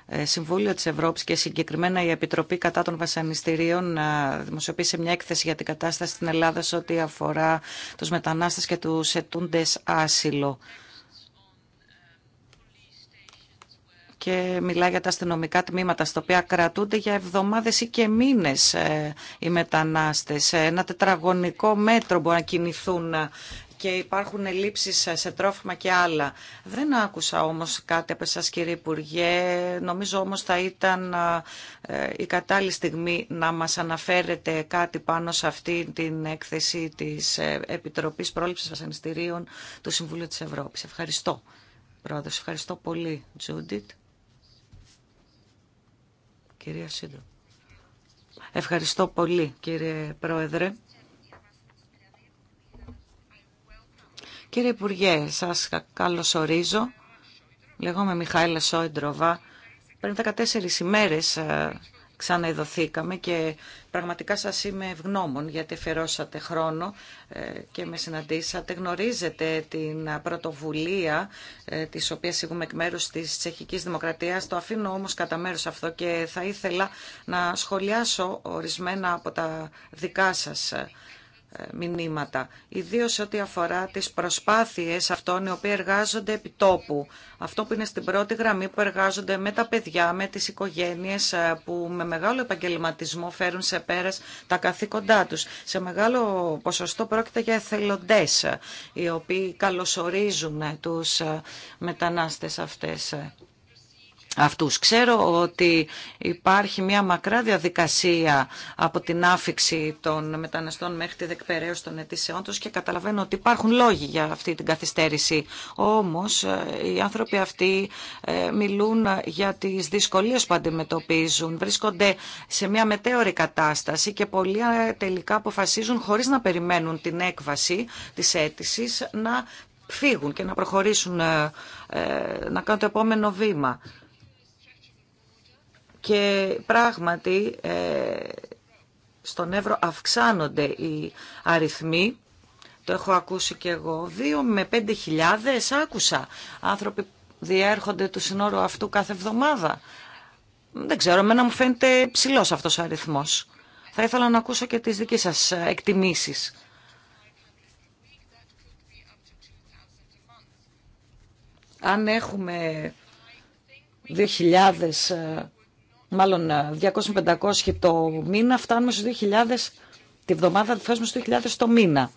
ε, Συμβούλιο της Ευρώπης και συγκεκριμένα η Επιτροπή κατά των βασανιστήριων ε, δημοσιοποίησε μια έκθεση για την κατάσταση στην Ελλάδα σε ό,τι αφορά τους μετανάστες και τους ετούντες άσυλο. και μιλάει για τα αστυνομικά τμήματα στα οποία κρατούνται για εβδομάδες ή και μήνες ε, οι μετανάστες. Ε, ένα τετραγωνικό μέτρο μπορεί να κινηθούν ε, και υπάρχουν ελλείψεις σε τρόφιμα και άλλα. Δεν άκουσα όμως κάτι από εσάς κύριε Υπουργέ. Νομίζω όμως θα ήταν η κατάλληλη στιγμή να μας αναφέρετε κάτι πάνω σε αυτή την έκθεση της Επιτροπής Πρόληψης Βασανιστήριων του Συμβουλίου της Ευρώπης. Ευχαριστώ. Πρόεδρος, ευχαριστώ πολύ, Τζούντιτ. Κυρία Σίντο. Ευχαριστώ πολύ κύριε Πρόεδρε. Κύριε Υπουργέ, σας καλωσορίζω. Λέγομαι Μιχαήλα Σόιντροβα. Πριν 14 ημέρες ε, ξαναειδωθήκαμε και πραγματικά σας είμαι ευγνώμων γιατί φερώσατε χρόνο ε, και με συναντήσατε. Γνωρίζετε την πρωτοβουλία ε, της οποίας είχουμε εκ μέρους της Τσεχικής Δημοκρατίας. Το αφήνω όμως κατά μέρος αυτό και θα ήθελα να σχολιάσω ορισμένα από τα δικά σας ε, ε, μηνύματα, σε ό,τι αφορά τις προσπάθειες αυτών οι οποίοι εργάζονται επί τόπου. Αυτό που είναι στην πρώτη γραμμή που εργάζονται με τα παιδιά, με τις οικογένειες ε, που με μεγάλο επαγγελματισμό φέρουν σε πέρας τα καθήκοντά τους. Σε μεγάλο ποσοστό πρόκειται για εθελοντές ε, οι οποίοι καλωσορίζουν τους μετανάστες αυτέ αυτούς. Ξέρω ότι υπάρχει μια μακρά διαδικασία από την άφηξη των μεταναστών μέχρι τη δεκπεραίωση των αιτήσεών τους και καταλαβαίνω ότι υπάρχουν λόγοι για αυτή την καθυστέρηση. Όμως ε, οι άνθρωποι αυτοί ε, μιλούν για τις δυσκολίες που αντιμετωπίζουν. Βρίσκονται σε μια μετέωρη κατάσταση και πολλοί ε, τελικά αποφασίζουν χωρίς να περιμένουν την έκβαση της αίτηση να φύγουν και να προχωρήσουν να κάνουν το επόμενο βήμα και πράγματι ε, στον Εύρο αυξάνονται οι αριθμοί. Το έχω ακούσει και εγώ. Δύο με πέντε χιλιάδες άκουσα. Άνθρωποι διέρχονται του συνόρου αυτού κάθε εβδομάδα. Δεν ξέρω, εμένα μου φαίνεται ψηλός αυτός ο αριθμός. Θα ήθελα να ακούσω και τις δικές σας ε, εκτιμήσεις. Αν έχουμε 2.000 μάλλον 200-500 ε, το μήνα, φτάνουμε στους 2.000 τη βδομάδα, φτάνουμε στους 2.000 το μήνα.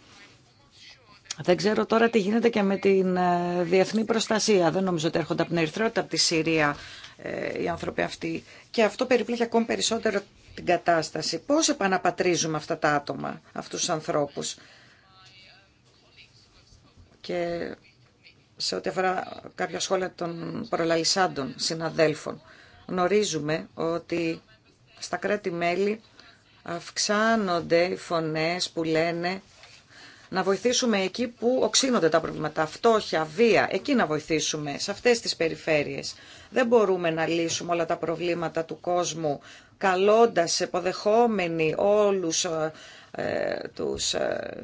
Δεν ξέρω τώρα τι γίνεται και με την ε, διεθνή προστασία. Δεν νομίζω ότι έρχονται από την Ερυθρότητα, από τη Συρία ε, οι άνθρωποι αυτοί. Και αυτό περιπλέκει ακόμη περισσότερο την κατάσταση. Πώς επαναπατρίζουμε αυτά τα άτομα, αυτούς τους ανθρώπους. Και σε ό,τι αφορά κάποια σχόλια των προλαϊσάντων συναδέλφων γνωρίζουμε ότι στα κράτη-μέλη αυξάνονται οι φωνές που λένε να βοηθήσουμε εκεί που οξύνονται τα προβλήματα, φτώχεια, βία, εκεί να βοηθήσουμε, σε αυτές τις περιφέρειες. Δεν μπορούμε να λύσουμε όλα τα προβλήματα του κόσμου, καλώντας, εποδεχόμενοι όλους ε, ε τους ε,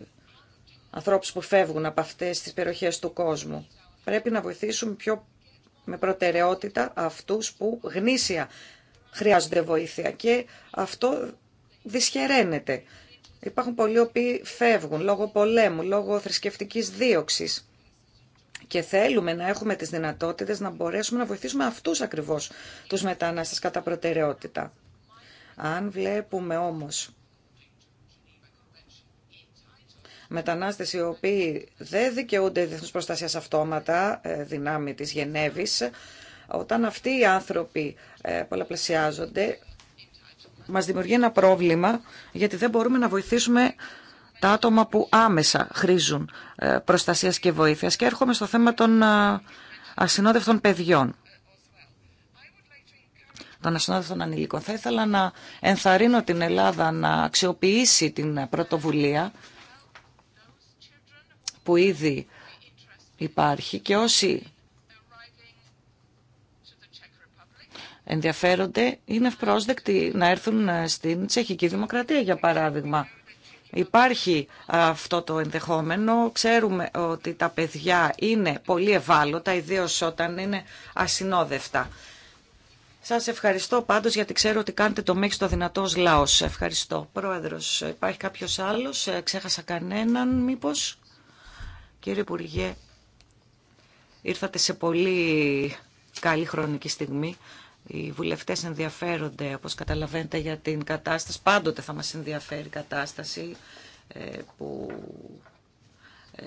ανθρώπους που φεύγουν από αυτές τις περιοχές του κόσμου. Πρέπει να βοηθήσουμε πιο με προτεραιότητα αυτούς που γνήσια χρειάζονται βοήθεια και αυτό δυσχεραίνεται. Υπάρχουν πολλοί οποίοι φεύγουν λόγω πολέμου, λόγω θρησκευτικής δίωξης και θέλουμε να έχουμε τις δυνατότητες να μπορέσουμε να βοηθήσουμε αυτούς ακριβώς τους μετανάστες κατά προτεραιότητα. Αν βλέπουμε όμως μετανάστες οι οποίοι δεν δικαιούνται διεθνούς προστασίας αυτόματα, ε, δυνάμει της Γενέβης, όταν αυτοί οι άνθρωποι ε, πολλαπλασιάζονται, μας δημιουργεί ένα πρόβλημα γιατί δεν μπορούμε να βοηθήσουμε τα άτομα που άμεσα χρήζουν ε, προστασίας και βοήθειας. Και έρχομαι στο θέμα των ασυνόδευτων παιδιών των ασυνόδευτων ανηλίκων. Θα ήθελα να ενθαρρύνω την Ελλάδα να αξιοποιήσει την πρωτοβουλία που ήδη υπάρχει και όσοι ενδιαφέρονται είναι ευπρόσδεκτοι να έρθουν στην Τσεχική Δημοκρατία για παράδειγμα. Υπάρχει αυτό το ενδεχόμενο. Ξέρουμε ότι τα παιδιά είναι πολύ ευάλωτα, ιδίως όταν είναι ασυνόδευτα. Σας ευχαριστώ πάντως γιατί ξέρω ότι κάνετε το μέχρι το δυνατός λαός. Ευχαριστώ. Πρόεδρος, υπάρχει κάποιος άλλος, ε, ξέχασα κανέναν μήπως. Κύριε Υπουργέ, ήρθατε σε πολύ καλή χρονική στιγμή. Οι βουλευτές ενδιαφέρονται, όπως καταλαβαίνετε, για την κατάσταση. Πάντοτε θα μας ενδιαφέρει η κατάσταση ε, που ε,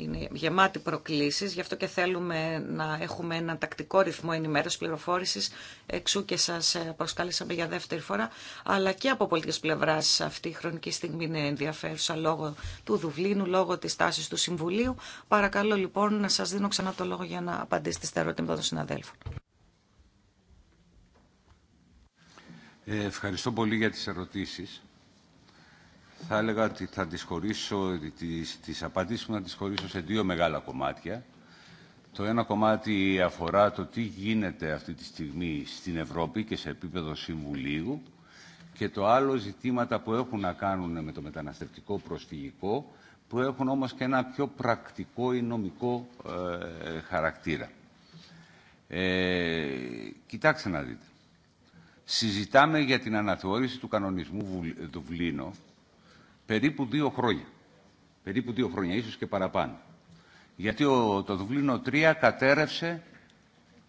είναι γεμάτη προκλήσεις, γι' αυτό και θέλουμε να έχουμε ένα τακτικό ρυθμό ενημέρωσης πληροφόρησης, εξού και σας ε, προσκάλεσαμε για δεύτερη φορά, αλλά και από πολιτικές πλευράς αυτή η χρονική στιγμή είναι ενδιαφέρουσα λόγω του Δουβλίνου, λόγω της τάσης του Συμβουλίου. Παρακαλώ λοιπόν να σας δίνω ξανά το λόγο για να απαντήσετε στα ερώτημα των συναδέλφων. Ε, ευχαριστώ πολύ για τις ερωτήσεις θα έλεγα ότι θα τις χωρίσω, τις, τις απαντήσεις μου να τις χωρίσω σε δύο μεγάλα κομμάτια. Το ένα κομμάτι αφορά το τι γίνεται αυτή τη στιγμή στην Ευρώπη και σε επίπεδο Συμβουλίου και το άλλο ζητήματα που έχουν να κάνουν με το μεταναστευτικό προσφυγικό που έχουν όμως και ένα πιο πρακτικό ή νομικό ε, χαρακτήρα. Ε, κοιτάξτε να δείτε. Συζητάμε για την αναθεώρηση του κανονισμού Δουβλίνο περίπου δύο χρόνια. Περίπου δύο χρόνια, ίσως και παραπάνω. Γιατί το Δουβλίνο 3 κατέρευσε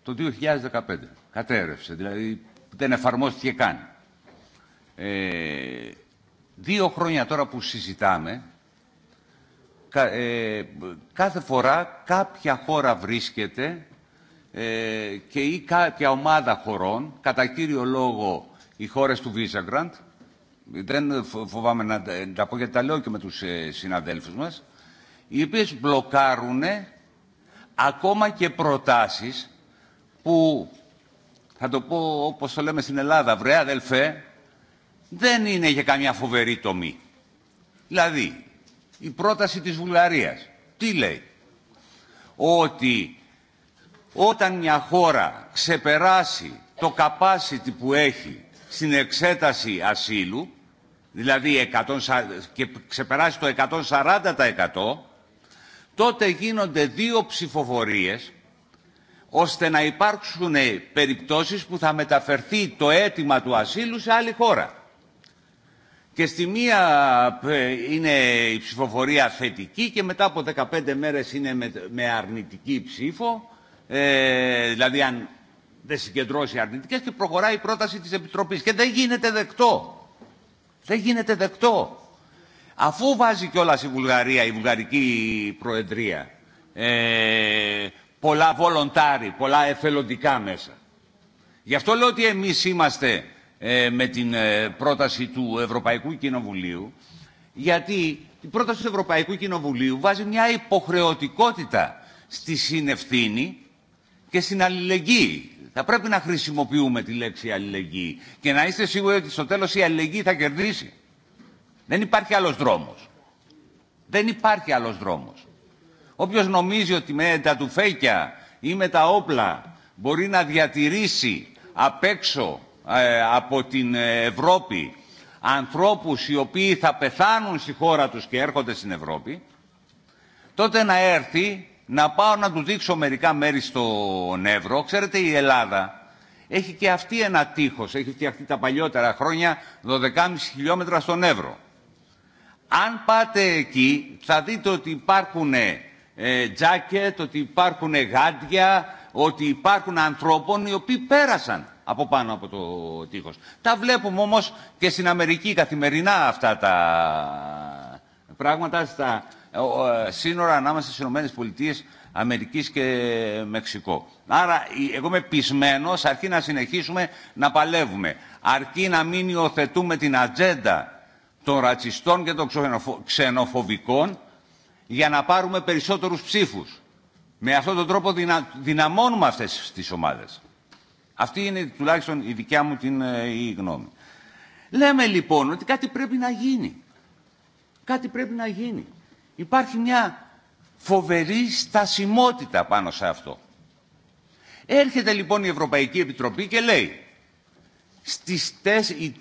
το 2015. Κατέρευσε, δηλαδή δεν εφαρμόστηκε καν. Ε, δύο χρόνια τώρα που συζητάμε, ε, κάθε φορά κάποια χώρα βρίσκεται ε, και ή κάποια ομάδα χωρών, κατά κύριο λόγο οι χώρες του Βίζαγκραντ, δεν φοβάμαι να τα πω γιατί τα λέω και με τους ε, συναδέλφους μας, οι οποίες μπλοκάρουν ακόμα και προτάσεις που, θα το πω όπως το λέμε στην Ελλάδα, βρε αδελφέ, δεν είναι για καμιά φοβερή τομή. Δηλαδή, η πρόταση της Βουλγαρίας, τι λέει, ότι όταν μια χώρα ξεπεράσει το capacity που έχει στην εξέταση ασύλου, δηλαδή 140, και ξεπεράσει το 140% τότε γίνονται δύο ψηφοφορίες ώστε να υπάρξουν περιπτώσεις που θα μεταφερθεί το αίτημα του ασύλου σε άλλη χώρα. Και στη μία ε, είναι η ψηφοφορία θετική και μετά από 15 μέρες είναι με αρνητική ψήφο, ε, δηλαδή αν δεν συγκεντρώσει αρνητικές και προχωράει η πρόταση της Επιτροπής και δεν γίνεται δεκτό. Δεν γίνεται δεκτό. Αφού βάζει κιόλα η Βουλγαρία, η Βουλγαρική Προεδρία, ε, πολλά βολοντάρι, πολλά εθελοντικά μέσα. Γι' αυτό λέω ότι εμείς είμαστε ε, με την ε, πρόταση του Ευρωπαϊκού Κοινοβουλίου, γιατί η πρόταση του Ευρωπαϊκού Κοινοβουλίου βάζει μια υποχρεωτικότητα στη συνευθύνη και στην αλληλεγγύη. Θα πρέπει να χρησιμοποιούμε τη λέξη αλληλεγγύη και να είστε σίγουροι ότι στο τέλος η αλληλεγγύη θα κερδίσει. Δεν υπάρχει άλλος δρόμος. Δεν υπάρχει άλλος δρόμος. Όποιος νομίζει ότι με τα τουφέκια ή με τα όπλα μπορεί να διατηρήσει απ' έξω ε, από την ε, Ευρώπη ανθρώπους οι οποίοι θα πεθάνουν στη χώρα τους και έρχονται στην Ευρώπη, τότε να έρθει να πάω να του δείξω μερικά μέρη στο Νεύρο. Ξέρετε, η Ελλάδα έχει και αυτή ένα τείχος. Έχει φτιαχτεί τα παλιότερα χρόνια 12,5 χιλιόμετρα στο Νεύρο. Αν πάτε εκεί, θα δείτε ότι υπάρχουν ε, τζάκετ, ότι υπάρχουν γάντια, ότι υπάρχουν ανθρώπων οι οποίοι πέρασαν από πάνω από το τείχος. Τα βλέπουμε όμως και στην Αμερική καθημερινά αυτά τα πράγματα στα ε, ε, σύνορα ανάμεσα στι ΗΠΑ Αμερικής και Μεξικό. Άρα εγώ είμαι πεισμένο, αρκεί να συνεχίσουμε να παλεύουμε. Αρκεί να μην υιοθετούμε την ατζέντα των ρατσιστών και των ξενοφοβικών για να πάρουμε περισσότερους ψήφους. Με αυτόν τον τρόπο δυναμώνουμε αυτές τις ομάδες. Αυτή είναι τουλάχιστον η δικιά μου την, ε, γνώμη. Λέμε λοιπόν ότι κάτι πρέπει να γίνει. Κάτι πρέπει να γίνει. Υπάρχει μια φοβερή στασιμότητα πάνω σε αυτό. Έρχεται λοιπόν η Ευρωπαϊκή Επιτροπή και λέει στις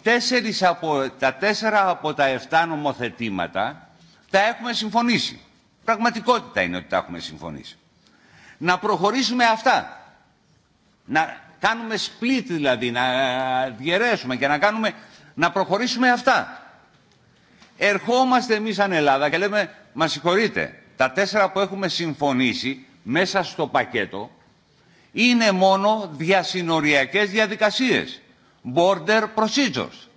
τέσσερις από... τα τέσσερα από τα εφτά νομοθετήματα τα έχουμε συμφωνήσει. Πραγματικότητα είναι ότι τα έχουμε συμφωνήσει. Να προχωρήσουμε αυτά. Να κάνουμε split δηλαδή, να διαιρέσουμε και να, κάνουμε... να προχωρήσουμε αυτά. Ερχόμαστε εμείς σαν Ελλάδα και λέμε Μα συγχωρείτε, τα τέσσερα που έχουμε συμφωνήσει μέσα στο πακέτο είναι μόνο διασυνοριακές διαδικασίες. Border procedures.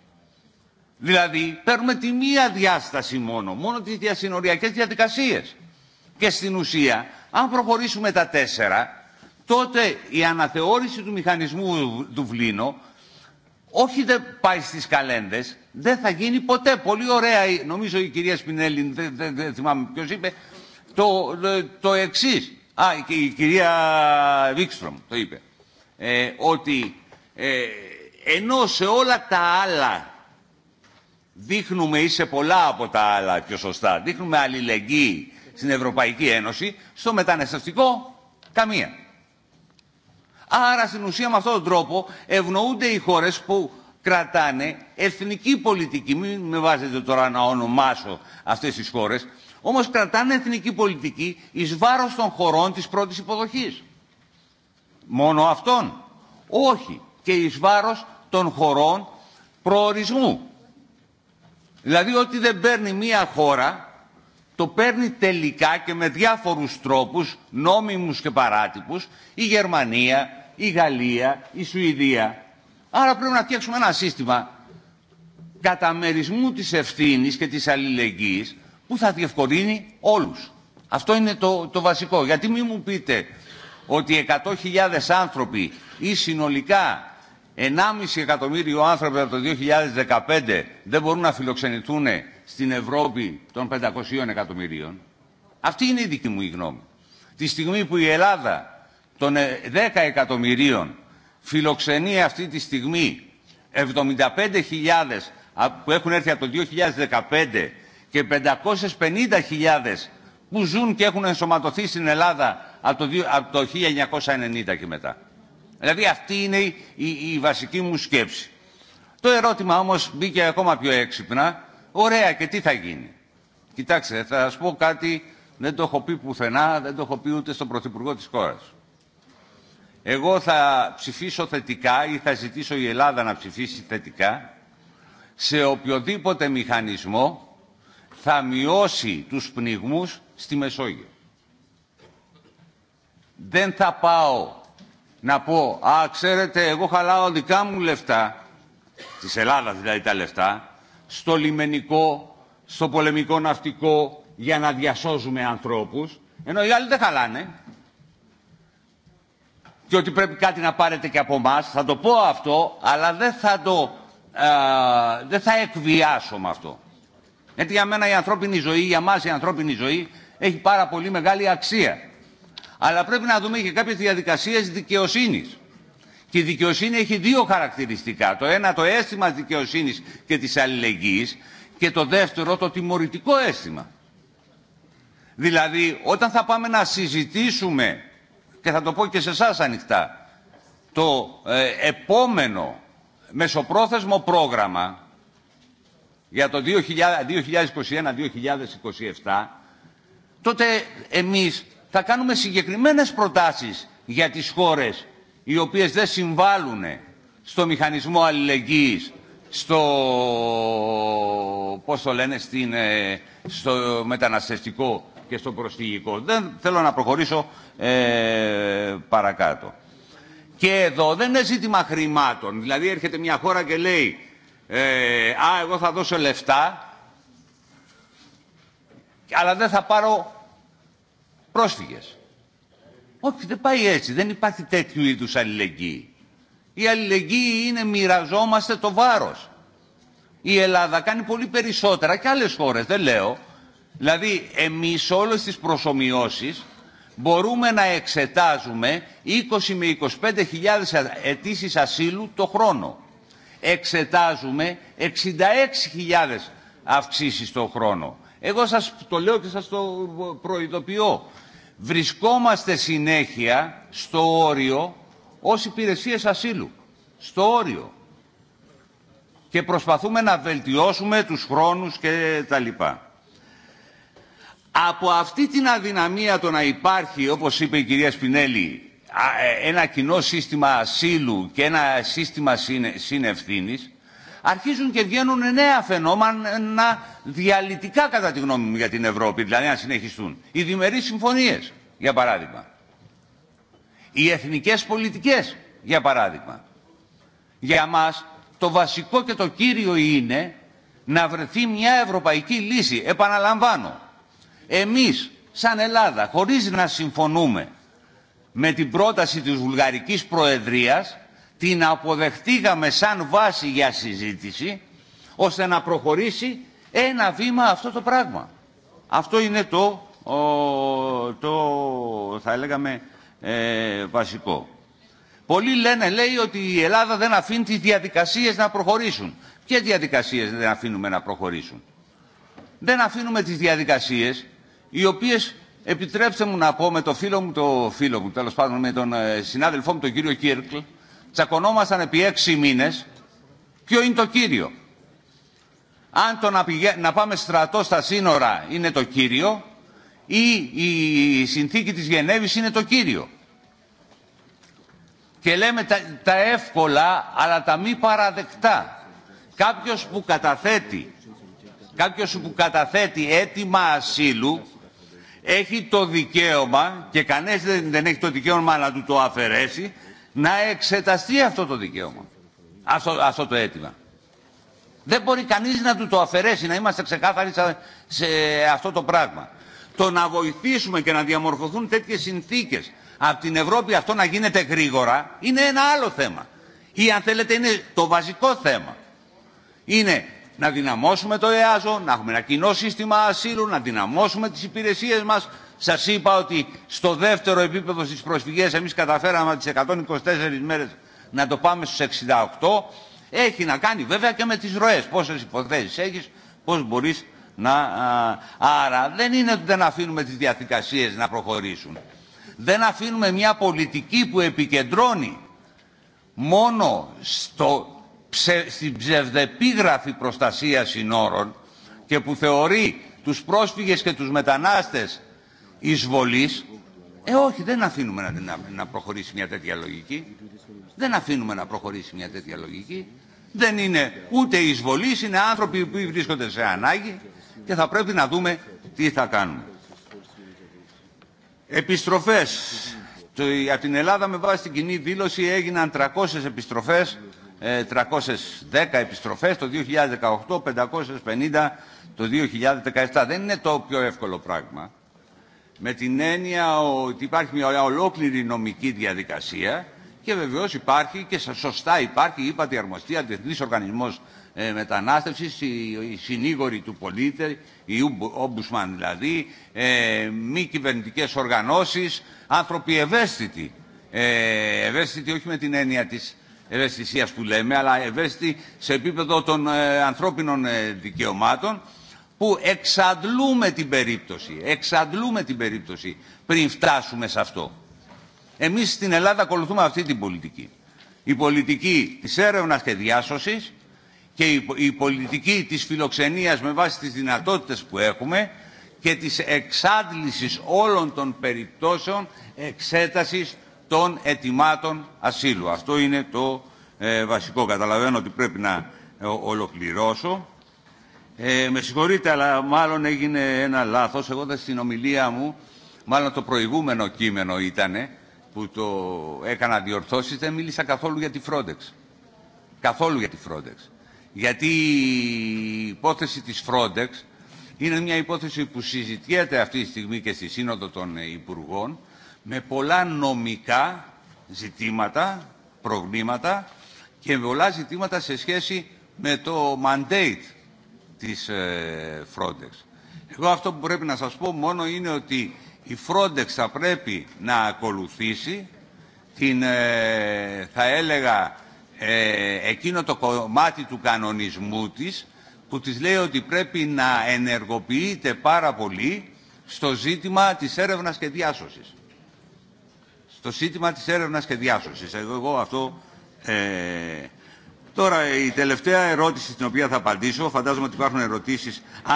Δηλαδή, παίρνουμε τη μία διάσταση μόνο, μόνο τις διασυνοριακές διαδικασίες. Και στην ουσία, αν προχωρήσουμε τα τέσσερα, τότε η αναθεώρηση του μηχανισμού του όχι δεν πάει στις καλένδες, δεν θα γίνει ποτέ. Πολύ ωραία, νομίζω η κυρία Σπινέλη, δεν, θυμάμαι ποιος είπε, το, το εξή. Α, η, κυρία Βίξτρομ το είπε. Ε, ότι ε, ενώ σε όλα τα άλλα δείχνουμε ή σε πολλά από τα άλλα πιο σωστά, δείχνουμε αλληλεγγύη στην Ευρωπαϊκή Ένωση, στο μεταναστευτικό καμία. Άρα στην ουσία με αυτόν τον τρόπο ευνοούνται οι χώρες που κρατάνε εθνική πολιτική. Μην με βάζετε τώρα να ονομάσω αυτές τις χώρες. Όμως κρατάνε εθνική πολιτική εις βάρος των χωρών της πρώτης υποδοχής. Μόνο αυτών. Όχι. Και εις βάρος των χωρών προορισμού. Δηλαδή ότι δεν παίρνει μία χώρα, το παίρνει τελικά και με διάφορους τρόπους, νόμιμους και παράτυπους, η Γερμανία, η Γαλλία, η Σουηδία. Άρα πρέπει να φτιάξουμε ένα σύστημα καταμερισμού της ευθύνης και της αλληλεγγύης που θα διευκολύνει όλους. Αυτό είναι το, το βασικό. Γιατί μην μου πείτε ότι 100.000 άνθρωποι ή συνολικά 1,5 εκατομμύριο άνθρωποι από το 2015 δεν μπορούν να φιλοξενηθούν στην Ευρώπη των 500 εκατομμυρίων. Αυτή είναι η δική μου γνώμη. Τη στιγμή που η Ελλάδα των 10 ε, εκατομμυρίων φιλοξενεί αυτή τη στιγμή 75.000 που έχουν έρθει από το 2015 και 550.000 που ζουν και έχουν ενσωματωθεί στην Ελλάδα από το, 1990 και μετά. Δηλαδή αυτή είναι η, η, η βασική μου σκέψη. Το ερώτημα όμως μπήκε ακόμα πιο έξυπνα. Ωραία και τι θα γίνει. Κοιτάξτε, θα σας πω κάτι, δεν το έχω πει πουθενά, δεν το έχω πει ούτε στον Πρωθυπουργό της χώρας. Εγώ θα ψηφίσω θετικά ή θα ζητήσω η Ελλάδα να ψηφίσει θετικά σε οποιοδήποτε μηχανισμό θα μειώσει τους πνιγμούς στη Μεσόγειο. Δεν θα πάω να πω «Α, ξέρετε, εγώ χαλάω δικά μου λεφτά, της Ελλάδας δηλαδή τα λεφτά, στο λιμενικό, στο πολεμικό ναυτικό για να διασώζουμε ανθρώπους, ενώ οι άλλοι δεν χαλάνε και ότι πρέπει κάτι να πάρετε και από εμά. Θα το πω αυτό, αλλά δεν θα το δεν θα εκβιάσω με αυτό. Γιατί για μένα η ανθρώπινη ζωή, για μας η ανθρώπινη ζωή έχει πάρα πολύ μεγάλη αξία. Αλλά πρέπει να δούμε και κάποιε διαδικασίες δικαιοσύνη. Και η δικαιοσύνη έχει δύο χαρακτηριστικά. Το ένα το αίσθημα τη και τη αλληλεγγύη και το δεύτερο το τιμωρητικό αίσθημα. Δηλαδή όταν θα πάμε να συζητήσουμε και θα το πω και σε εσά ανοιχτά. Το ε, επόμενο μεσοπρόθεσμο πρόγραμμα για το 2021-2027, τότε εμείς θα κάνουμε συγκεκριμένες προτάσεις για τις χώρες οι οποίες δεν συμβάλλουν στο μηχανισμό αλληλεγγύης, στο, πώς το λένε, στην, ε, στο μεταναστευτικό και στο προσφυγικό. Δεν θέλω να προχωρήσω ε, παρακάτω. Και εδώ δεν είναι ζήτημα χρημάτων. Δηλαδή έρχεται μια χώρα και λέει ε, «Α, εγώ θα δώσω λεφτά, αλλά δεν θα πάρω πρόσφυγες». Όχι, δεν πάει έτσι. Δεν υπάρχει τέτοιου είδους αλληλεγγύη. Η αλληλεγγύη είναι μοιραζόμαστε το βάρος. Η Ελλάδα κάνει πολύ περισσότερα και άλλες χώρες, δεν λέω, Δηλαδή, εμείς όλες τις προσωμιώσεις μπορούμε να εξετάζουμε 20 με 25 χιλιάδες αιτήσει ασύλου το χρόνο. Εξετάζουμε 66 χιλιάδες αυξήσεις το χρόνο. Εγώ σας το λέω και σας το προειδοποιώ. Βρισκόμαστε συνέχεια στο όριο ως υπηρεσίες ασύλου. Στο όριο. Και προσπαθούμε να βελτιώσουμε τους χρόνους και τα λοιπά. Από αυτή την αδυναμία το να υπάρχει, όπως είπε η κυρία Σπινέλη, ε, ένα κοινό σύστημα ασύλου και ένα σύστημα συνευθύνης, αρχίζουν και βγαίνουν νέα φαινόμενα διαλυτικά κατά τη γνώμη μου για την Ευρώπη, δηλαδή να συνεχιστούν. Οι διμερείς συμφωνίες, για παράδειγμα. Οι εθνικές πολιτικές, για παράδειγμα. Για μας το βασικό και το κύριο είναι να βρεθεί μια ευρωπαϊκή λύση. Επαναλαμβάνω, εμείς, σαν Ελλάδα, χωρίς να συμφωνούμε με την πρόταση της Βουλγαρικής Προεδρίας, την αποδεχτήκαμε σαν βάση για συζήτηση, ώστε να προχωρήσει ένα βήμα αυτό το πράγμα. Αυτό είναι το, το θα λέγαμε, ε, βασικό. Πολλοί λένε, λέει, ότι η Ελλάδα δεν αφήνει τις διαδικασίες να προχωρήσουν. Ποιες διαδικασίες δεν αφήνουμε να προχωρήσουν. Δεν αφήνουμε τις διαδικασίες οι οποίε επιτρέψτε μου να πω με το φίλο μου, το φίλο μου, πάντων με τον ε, συνάδελφό μου τον κύριο Κίρκλ, τσακωνόμασταν επί έξι μήνες ποιο είναι το κύριο. Αν το να, να πάμε στρατό στα σύνορα είναι το κύριο ή η συνθήκη της Γενέβης είναι το κύριο. Και λέμε τα, εύκολα αλλά τα μη παραδεκτά. Κάποιος που καταθέτει, κάποιος που καταθέτει αίτημα ασύλου έχει το δικαίωμα και κανένας δεν έχει το δικαίωμα να του το αφαιρέσει να εξεταστεί αυτό το δικαίωμα, αυτό, αυτό το αίτημα. Δεν μπορεί κανείς να του το αφαιρέσει, να είμαστε ξεκάθαροι σε αυτό το πράγμα. Το να βοηθήσουμε και να διαμορφωθούν τέτοιες συνθήκες από την Ευρώπη αυτό να γίνεται γρήγορα είναι ένα άλλο θέμα. Ή αν θέλετε είναι το βασικό θέμα. Είναι να δυναμώσουμε το ΕΑΖΟ, να έχουμε ένα κοινό σύστημα ασύλου, να δυναμώσουμε τις υπηρεσίες μας. Σας είπα ότι στο δεύτερο επίπεδο στις προσφυγές εμείς καταφέραμε τις 124 μέρες να το πάμε στους 68. Έχει να κάνει βέβαια και με τις ροές, πόσες υποθέσεις έχεις, πώς μπορείς να... Άρα δεν είναι ότι δεν αφήνουμε τις διαδικασίες να προχωρήσουν. Δεν αφήνουμε μια πολιτική που επικεντρώνει μόνο στο στην ψευδεπίγραφη προστασία συνόρων και που θεωρεί τους πρόσφυγες και τους μετανάστες εισβολής ε, όχι, δεν αφήνουμε να, να, προχωρήσει μια τέτοια λογική. Δεν αφήνουμε να προχωρήσει μια τέτοια λογική. Δεν είναι ούτε εισβολής, είναι άνθρωποι που βρίσκονται σε ανάγκη και θα πρέπει να δούμε τι θα κάνουμε. Επιστροφές. Το, από την Ελλάδα με βάση την κοινή δήλωση έγιναν 300 επιστροφές 310 ε, επιστροφές, το 2018 550 το 2017. Δεν είναι το πιο εύκολο πράγμα. Με την έννοια ότι υπάρχει μια ολόκληρη νομική διαδικασία και βεβαίως υπάρχει και σωστά υπάρχει, η αρμοστία, διεθνής οργανισμός ε, μετανάστευσης, οι, συνήγοροι του πολίτη, οι ομπουσμαν δηλαδή, ε, μη κυβερνητικέ οργανώσεις, άνθρωποι ευαίσθητοι. Ε, ευαίσθητοι όχι με την έννοια της ευαισθησία που λέμε, αλλά ευαίσθητη σε επίπεδο των ε, ανθρώπινων ε, δικαιωμάτων, που εξαντλούμε την περίπτωση. Εξαντλούμε την περίπτωση πριν φτάσουμε σε αυτό. Εμείς στην Ελλάδα ακολουθούμε αυτή την πολιτική. Η πολιτική της έρευνας και διάσωσης και η, η πολιτική της φιλοξενίας με βάση τις δυνατότητες που έχουμε και της εξάντλησης όλων των περιπτώσεων εξέτασης των ετοιμάτων ασύλου. Αυτό είναι το ε, βασικό. Καταλαβαίνω ότι πρέπει να ε, ολοκληρώσω. Ε, με συγχωρείτε, αλλά μάλλον έγινε ένα λάθος. Εγώ δεν στην ομιλία μου, μάλλον το προηγούμενο κείμενο ήτανε, που το έκανα διορθώσεις, δεν μίλησα καθόλου για τη Frontex. Καθόλου για τη Frontex. Γιατί η υπόθεση της Frontex είναι μια υπόθεση που συζητιέται αυτή τη στιγμή και στη Σύνοδο των Υπουργών με πολλά νομικά ζητήματα, προβλήματα και με πολλά ζητήματα σε σχέση με το mandate της ε, Frontex. Εγώ αυτό που πρέπει να σας πω μόνο είναι ότι η Frontex θα πρέπει να ακολουθήσει την, ε, θα έλεγα, ε, εκείνο το κομμάτι του κανονισμού της που της λέει ότι πρέπει να ενεργοποιείται πάρα πολύ στο ζήτημα της έρευνας και διάσωσης στο σύντημα της έρευνας και διάσωσης. Εγώ, εγώ αυτό... Ε... Τώρα η τελευταία ερώτηση στην οποία θα απαντήσω, φαντάζομαι ότι υπάρχουν ερωτήσεις... Α,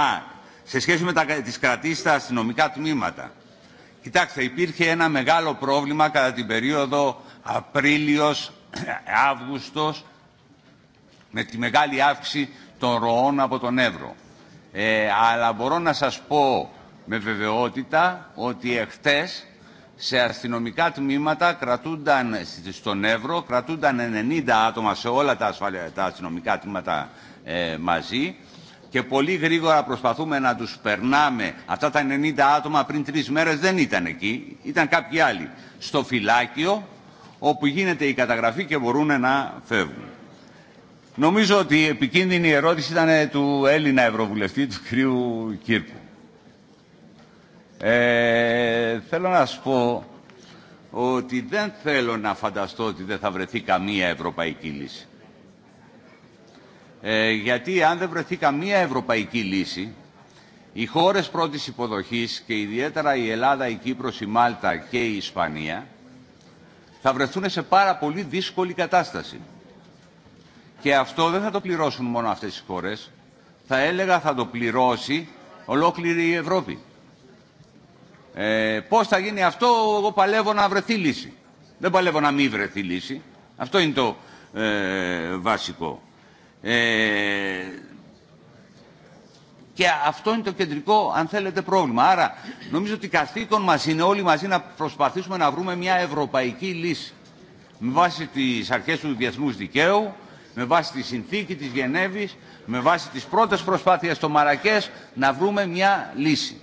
σε σχέση με τα, τις κρατήσεις στα αστυνομικά τμήματα. Κοιτάξτε, υπήρχε ένα μεγάλο πρόβλημα κατά την περίοδο Απρίλιος, (clears throat) Αύγουστος, με τη μεγάλη αύξηση των ροών από τον Εύρο. Ε, αλλά μπορώ να σας πω με βεβαιότητα ότι εχθές σε αστυνομικά τμήματα κρατούνταν στον Εύρο, κρατούνταν 90 άτομα σε όλα τα, ασφαλεια, τα αστυνομικά τμήματα ε, μαζί και πολύ γρήγορα προσπαθούμε να τους περνάμε. Αυτά τα 90 άτομα πριν τρεις μέρες δεν ήταν εκεί, ήταν κάποιοι άλλοι. Στο φυλάκιο όπου γίνεται η καταγραφή και μπορούν να φεύγουν. Νομίζω ότι η επικίνδυνη ερώτηση ήταν του Έλληνα Ευρωβουλευτή, του κ. Κύρκου. Ε, θέλω να σου πω ότι δεν θέλω να φανταστώ ότι δεν θα βρεθεί καμία ευρωπαϊκή λύση. Ε, γιατί αν δεν βρεθεί καμία ευρωπαϊκή λύση, οι χώρες πρώτης υποδοχής και ιδιαίτερα η Ελλάδα, η Κύπρος, η Μάλτα και η Ισπανία θα βρεθούν σε πάρα πολύ δύσκολη κατάσταση. Και αυτό δεν θα το πληρώσουν μόνο αυτές οι χώρες, θα έλεγα θα το πληρώσει ολόκληρη η Ευρώπη. Ε, πώς θα γίνει αυτό, εγώ παλεύω να βρεθεί λύση. Δεν παλεύω να μην βρεθεί λύση. Αυτό είναι το ε, βασικό. Ε, και αυτό είναι το κεντρικό, αν θέλετε, πρόβλημα. Άρα, νομίζω ότι καθήκον μας είναι όλοι μαζί να προσπαθήσουμε να βρούμε μια ευρωπαϊκή λύση. Με βάση τις αρχές του διεθνού δικαίου, με βάση τη συνθήκη της Γενέβης, με βάση τις πρώτες προσπάθειες στο Μαρακές, να βρούμε μια λύση.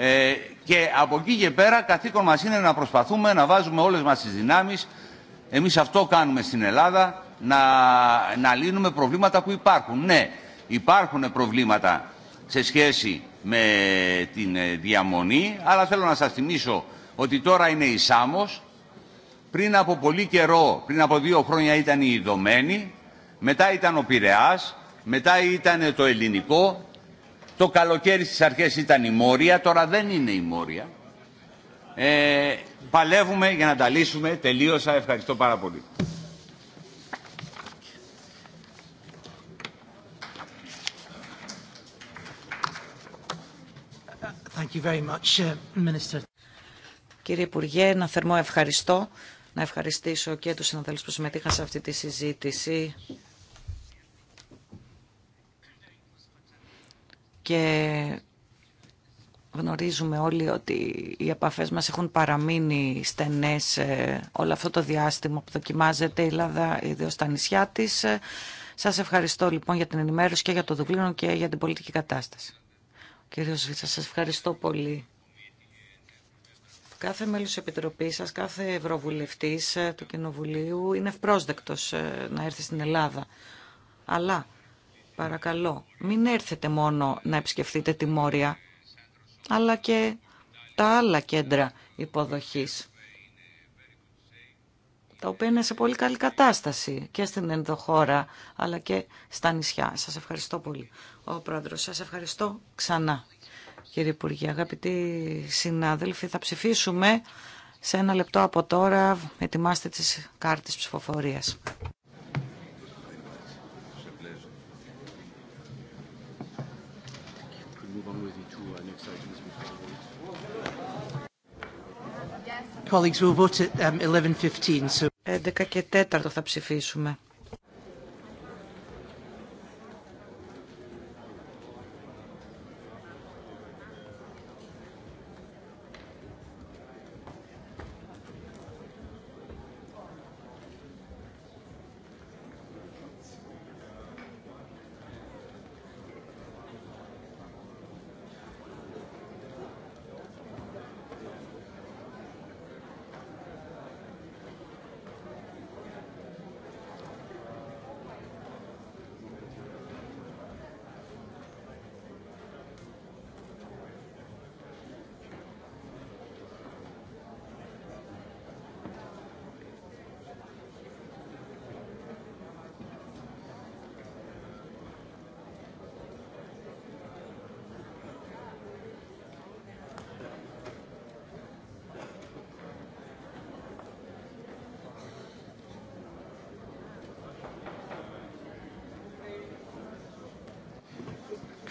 Ε, και από εκεί και πέρα καθήκον μας είναι να προσπαθούμε να βάζουμε όλες μας τις δυνάμεις. Εμείς αυτό κάνουμε στην Ελλάδα, να, να λύνουμε προβλήματα που υπάρχουν. Ναι, υπάρχουν προβλήματα σε σχέση με την ε, διαμονή, αλλά θέλω να σας θυμίσω ότι τώρα είναι η Σάμος, πριν από πολύ καιρό, πριν από δύο χρόνια ήταν η Ιδωμένη, μετά ήταν ο Πειραιάς, μετά ήταν το Ελληνικό, το καλοκαίρι στις αρχές ήταν η Μόρια, τώρα δεν είναι η Μόρια. Ε, παλεύουμε για να τα λύσουμε. Τελείωσα. Ευχαριστώ πάρα πολύ. Thank you very much, uh, Minister. Κύριε Υπουργέ, ένα θερμό ευχαριστώ. Να ευχαριστήσω και τους συναδέλφους που συμμετείχαν σε αυτή τη συζήτηση. και γνωρίζουμε όλοι ότι οι επαφές μας έχουν παραμείνει στενές ε, όλο αυτό το διάστημα που δοκιμάζεται η Ελλάδα, ιδίως στα νησιά της. Ε, σας ευχαριστώ λοιπόν για την ενημέρωση και για το Δουβλίνο και για την πολιτική κατάσταση. Κύριε Σβίτσα, σας ευχαριστώ πολύ. Κάθε μέλος της Επιτροπής σας, κάθε Ευρωβουλευτής ε, του Κοινοβουλίου είναι ευπρόσδεκτος να έρθει στην Ελλάδα. Αλλά Παρακαλώ, μην έρθετε μόνο να επισκεφθείτε τη Μόρια, αλλά και τα άλλα κέντρα υποδοχής, τα οποία είναι σε πολύ καλή κατάσταση και στην ενδοχώρα, αλλά και στα νησιά. Σας ευχαριστώ πολύ, ο Πρόεδρος. Σας ευχαριστώ ξανά, κύριε Υπουργέ. Αγαπητοί συνάδελφοι, θα ψηφίσουμε σε ένα λεπτό από τώρα. Ετοιμάστε τις κάρτες ψηφοφορίας. 11 um, και 4 θα ψηφίσουμε.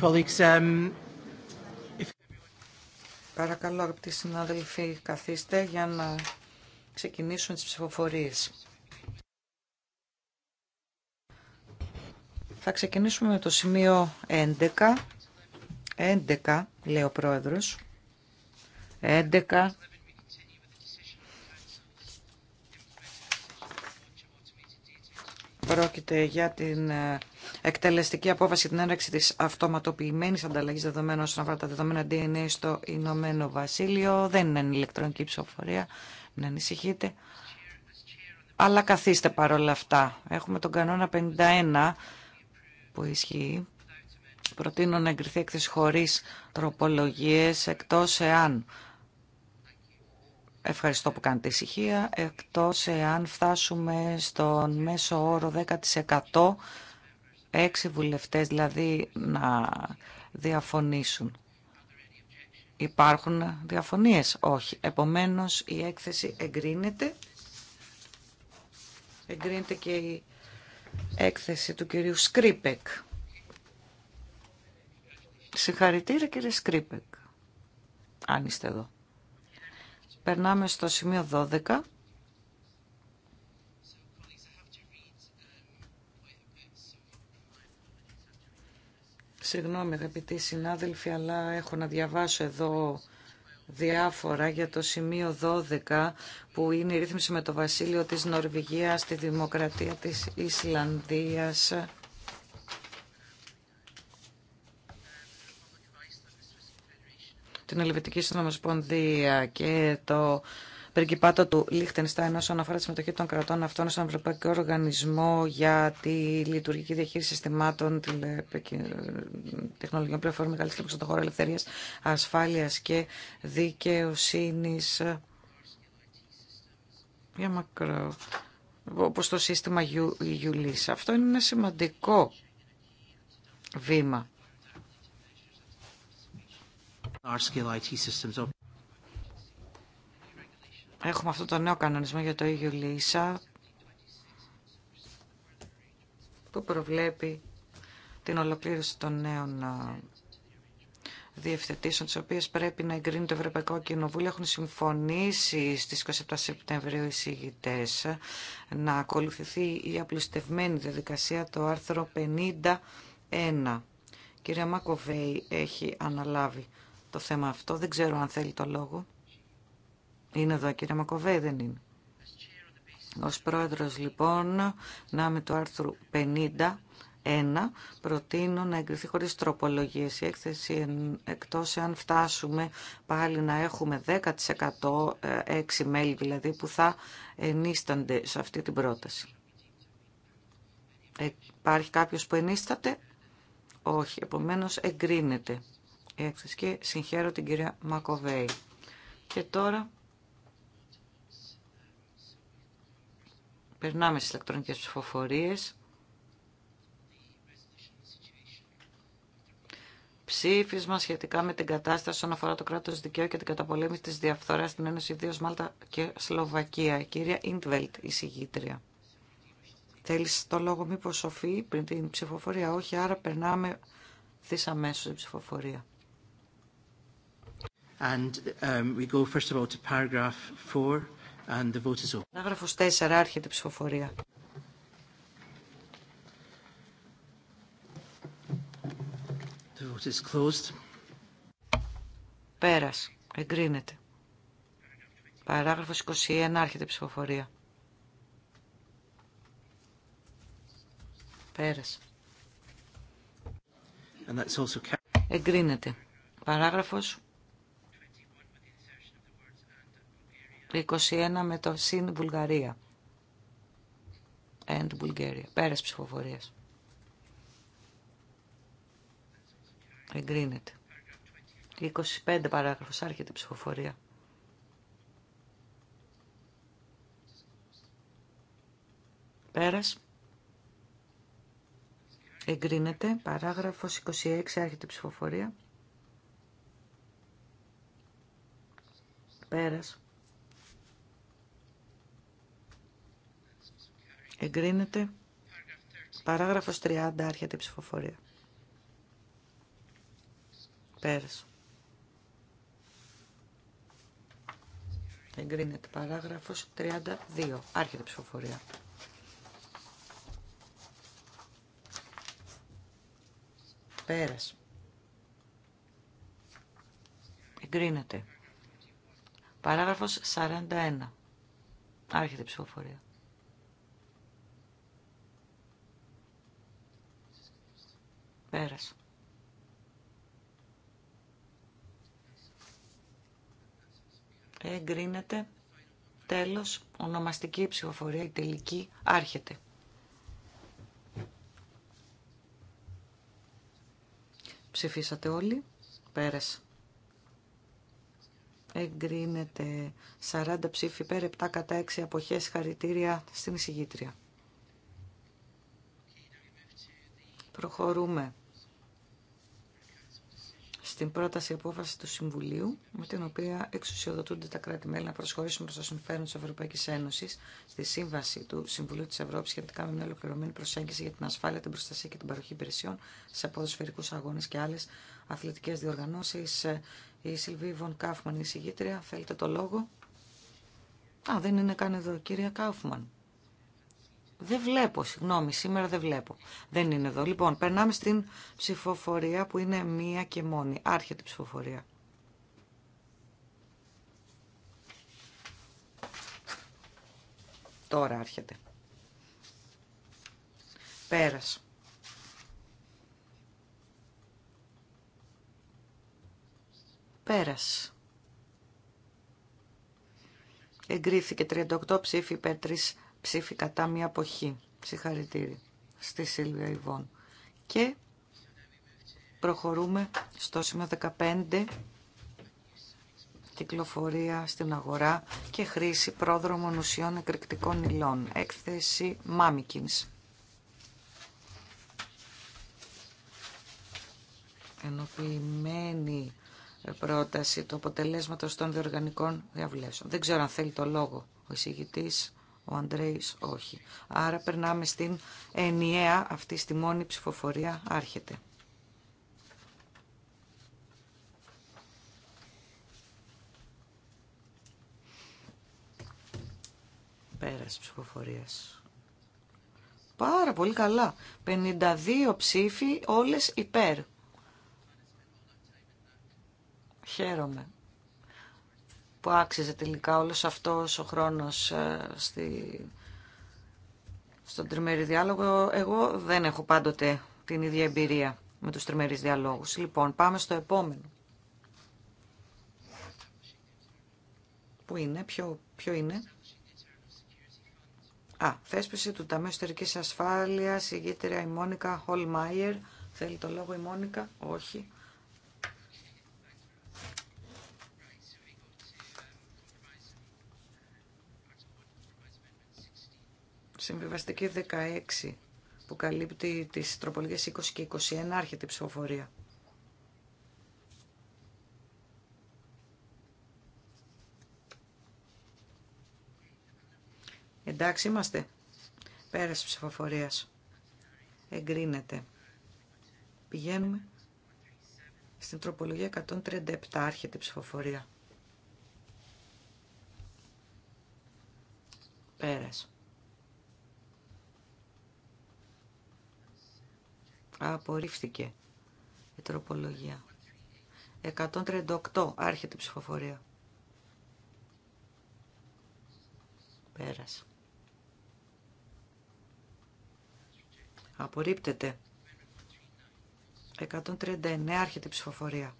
Um, Παρακαλώ αγαπητοί συνάδελφοι καθίστε για να ξεκινήσουν τις ψηφοφορίες. Θα ξεκινήσουμε με το σημείο 11. 11 λέει ο πρόεδρος. 11 Πρόκειται για την ε, εκτελεστική απόφαση την έναρξη της αυτοματοποιημένης ανταλλαγής δεδομένων όσον αφορά τα δεδομένα DNA στο Ηνωμένο Βασίλειο. Δεν είναι ηλεκτρονική ψηφοφορία, Μην ανησυχείτε. Αλλά καθίστε παρόλα αυτά. Έχουμε τον κανόνα 51 που ισχύει. Προτείνω να εγκριθεί έκθεση χωρίς τροπολογίες, εκτός εάν... Ευχαριστώ που κάνετε ησυχία, εκτός εάν φτάσουμε στον μέσο όρο 10% έξι βουλευτές δηλαδή να διαφωνήσουν. Υπάρχουν διαφωνίες, όχι. Επομένως η έκθεση εγκρίνεται. Εγκρίνεται και η έκθεση του κυρίου Σκρίπεκ. Συγχαρητήρια κύριε Σκρίπεκ, αν είστε εδώ. Περνάμε στο σημείο 12. Συγγνώμη αγαπητοί συνάδελφοι, αλλά έχω να διαβάσω εδώ διάφορα για το σημείο 12 που είναι η ρύθμιση με το βασίλειο της Νορβηγίας, τη δημοκρατία της Ισλανδίας. την Ελβετική Συνομοσπονδία και το πριγκιπάτο του Λίχτενστάιν όσον αφορά τη συμμετοχή των κρατών αυτών στον Ευρωπαϊκό Οργανισμό για τη λειτουργική διαχείριση συστημάτων ε, τεχνολογιών πληροφοριών μεγάλη κλίμακα στον χώρο ελευθερία, ασφάλεια και δικαιοσύνη. Για μακρό. Όπω το σύστημα Ιουλή. Αυτό είναι ένα σημαντικό βήμα έχουμε αυτό το νέο κανονισμό για το ίδιο Λίσα που προβλέπει την ολοκλήρωση των νέων διευθετήσεων, τις οποίες πρέπει να εγκρίνει το Ευρωπαϊκό Κοινοβούλιο. Έχουν συμφωνήσει στις 27 Σεπτεμβρίου οι να ακολουθηθεί η απλουστευμένη διαδικασία το άρθρο 51. Κυρία Μακοβέη έχει αναλάβει το θέμα αυτό. Δεν ξέρω αν θέλει το λόγο. Είναι εδώ κύριε Μακοβέη, δεν είναι. Ως πρόεδρος λοιπόν, να με το άρθρο 51 προτείνω να εγκριθεί χωρίς τροπολογίες η έκθεση εκτός εάν φτάσουμε πάλι να έχουμε 10% 6 ε, μέλη δηλαδή που θα ενίστανται σε αυτή την πρόταση. Ε, υπάρχει κάποιος που ενίσταται? Όχι. Επομένως εγκρίνεται η έκθεση και συγχαίρω την κυρία Μακοβέη. Και τώρα Περνάμε στις ηλεκτρονικές ψηφοφορίες. Ψήφισμα σχετικά με την κατάσταση όσον αφορά το κράτο δικαίου και την καταπολέμηση τη διαφθοράς στην Ένωση, ιδίω Μάλτα και Σλοβακία. Η κυρία Ιντβελτ, η συγγήτρια. Θέλει το λόγο, μήπω σοφή πριν την ψηφοφορία. Όχι, άρα περνάμε ευθύ αμέσω στην ψηφοφορία. And um, we go first of all to paragraph And the Παράγραφος 4. Άρχεται ψηφοφορία. The vote is closed. Πέρας. Εγκρίνεται. Παράγραφος 21. Άρχεται ψηφοφορία. Πέρας. And that's also... Εγκρίνεται. Παράγραφος 21 με το συν Βουλγαρία. And Bulgaria. Πέρας ψηφοφορίας. Εγκρίνεται. 25 παράγραφος. Άρχεται ψηφοφορία. Πέρας. Εγκρίνεται. Παράγραφος 26. Άρχεται ψηφοφορία. Πέρας. Εγκρίνεται. Παράγραφος 30. Άρχεται η ψηφοφορία. Πέρασε. Εγκρίνεται. Παράγραφος 32. Άρχεται η ψηφοφορία. Πέρασε. Εγκρίνεται. Παράγραφος 41. Άρχεται η ψηφοφορία. Πέρασε. Εγκρίνεται. Τέλος, ονομαστική ψηφοφορία, η τελική, άρχεται. Ψηφίσατε όλοι. Πέρασε. Εγκρίνεται 40 ψήφοι πέρα, 7 κατά 6 αποχές, χαρητήρια στην εισηγήτρια. Προχωρούμε στην πρόταση απόφαση του Συμβουλίου, με την οποία εξουσιοδοτούνται τα κράτη-μέλη να προσχωρήσουν προ το συμφέρον τη Ευρωπαϊκή Ένωση στη Σύμβαση του Συμβουλίου τη Ευρώπη σχετικά με μια ολοκληρωμένη προσέγγιση για την ασφάλεια, την προστασία και την παροχή υπηρεσιών σε ποδοσφαιρικού αγώνε και άλλε αθλητικέ διοργανώσει. Η Σιλβί Βον Κάφμαν, η συγγήτρια, θέλετε το λόγο. Α, δεν είναι καν εδώ, κυρία Κάφμαν. Δεν βλέπω, συγγνώμη, σήμερα δεν βλέπω. Δεν είναι εδώ. Λοιπόν, περνάμε στην ψηφοφορία που είναι μία και μόνη. Άρχεται η ψηφοφορία. Τώρα άρχεται. Πέρας. Πέρας. Εγκρίθηκε 38 ψήφοι υπέρ ψήφι κατά μία αποχή. Συγχαρητήρι στη Σίλβια Ιβών. Και προχωρούμε στο σημείο 15 κυκλοφορία στην αγορά και χρήση πρόδρομων ουσιών εκρηκτικών υλών. Έκθεση Μάμικινς. Ενοποιημένη πρόταση του αποτελέσματος των διοργανικών διαβουλεύσεων. Δεν ξέρω αν θέλει το λόγο ο εισηγητής. Ο Αντρέη όχι. Άρα περνάμε στην ενιαία αυτή στη μόνη ψηφοφορία άρχεται. Πέρας ψηφοφορία. Πάρα πολύ καλά. 52 ψήφοι, όλες υπέρ. Χαίρομαι που άξιζε τελικά όλος αυτός ο χρόνος ε, στη... στον τριμερή διάλογο. Εγώ δεν έχω πάντοτε την ίδια εμπειρία με τους τριμερείς διαλόγους. Λοιπόν, πάμε στο επόμενο. Πού είναι, ποιο, ποιο είναι. Α, θέσπιση του Ταμείου Ιστορικής Ασφάλειας, η γήτρια η Μόνικα Χολμάιερ. Θέλει το λόγο η Μόνικα, όχι. Συμβιβαστική 16 που καλύπτει τις τροπολογίες 20 και 21 άρχεται η ψηφοφορία. Εντάξει είμαστε. Πέρας ψηφοφορίας. Εγκρίνεται. Πηγαίνουμε στην τροπολογία 137 άρχεται η ψηφοφορία. Πέρας. Απορρίφθηκε η τροπολογία. 138 άρχεται η ψηφοφορία. Πέρασε. Απορρίπτεται. 139 άρχεται η ψηφοφορία.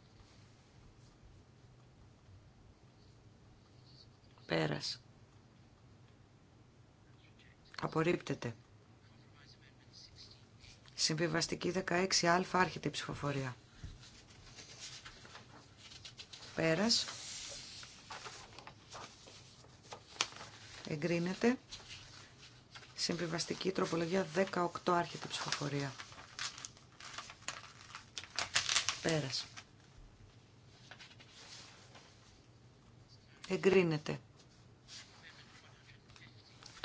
Πέρασε. Απορρίπτεται. Συμβιβαστική 16α άρχεται ψηφοφορία. Πέρας. Εγκρίνεται. Συμβιβαστική τροπολογία 18 άρχεται η ψηφοφορία. Πέρας. Εγκρίνεται.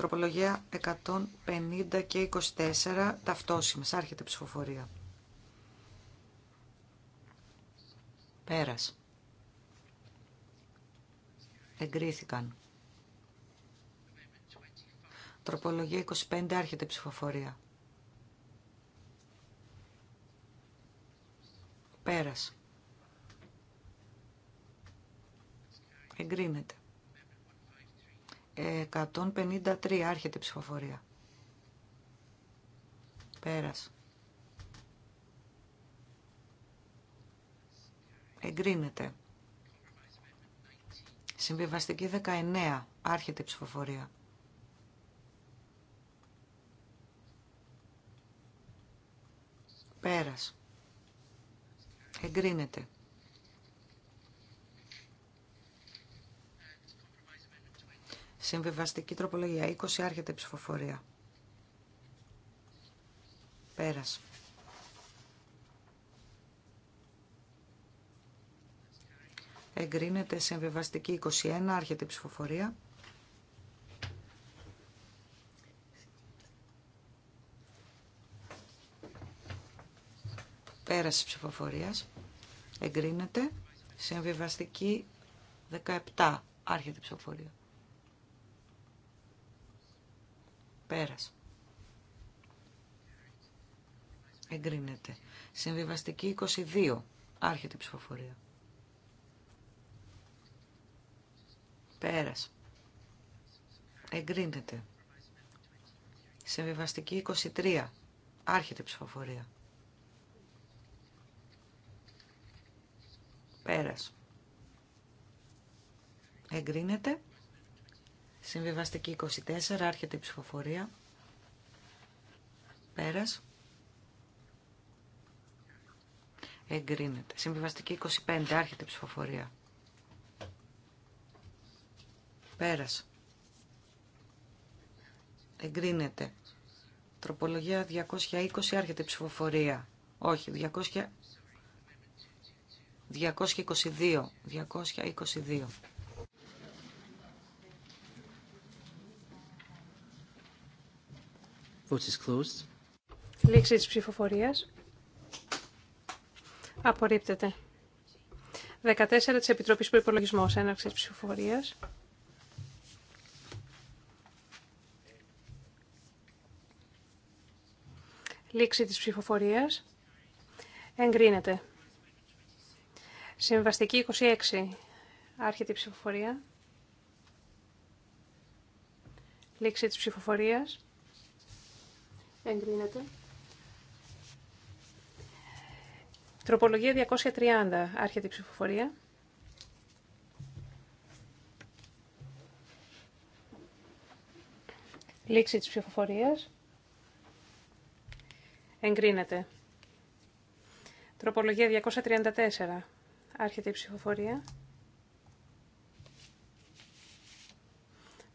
Τροπολογία 150 και 24 ταυτόσιμες. Άρχεται ψηφοφορία. Πέρας. Εγκρίθηκαν. Τροπολογία 25 άρχεται ψηφοφορία. Πέρας. Εγκρίνεται. 153 άρχεται η ψηφοφορία. Πέρας. Εγκρίνεται. Συμβιβαστική 19 άρχεται η ψηφοφορία. Πέρας. Εγκρίνεται. Συμβιβαστική τροπολογία 20 άρχεται η ψηφοφορία. Πέρας. Εγκρίνεται συμβιβαστική 21 άρχεται η ψηφοφορία. Πέραση ψηφοφορίας. Εγκρίνεται συμβιβαστική 17 άρχεται η ψηφοφορία. Πέρας. Εγκρίνεται. Συμβιβαστική 22. Άρχεται η ψηφοφορία. Πέρας. Εγκρίνεται. Συμβιβαστική 23. Άρχεται η ψηφοφορία. Πέρας. Εγκρίνεται. Συμβιβαστική 24, άρχεται η ψηφοφορία. Πέρας. Εγκρίνεται. Συμβιβαστική 25, άρχεται η ψηφοφορία. Πέρας. Εγκρίνεται. Τροπολογία 220, άρχεται η ψηφοφορία. Όχι, 200... 222. 222. Vote is closed. Λήξη της ψηφοφορίας. Απορρίπτεται. 14 της Επιτροπής Προϋπολογισμός. Έναρξη της ψηφοφορίας. Λήξη της ψηφοφορίας. Εγκρίνεται. Συμβαστική 26. Άρχεται η ψηφοφορία. Λήξη της ψηφοφορίας. Εγκρίνεται. Τροπολογία 230. Άρχεται η ψηφοφορία. Λήξη της ψηφοφορίας. Εγκρίνεται. Τροπολογία 234. Άρχεται η ψηφοφορία.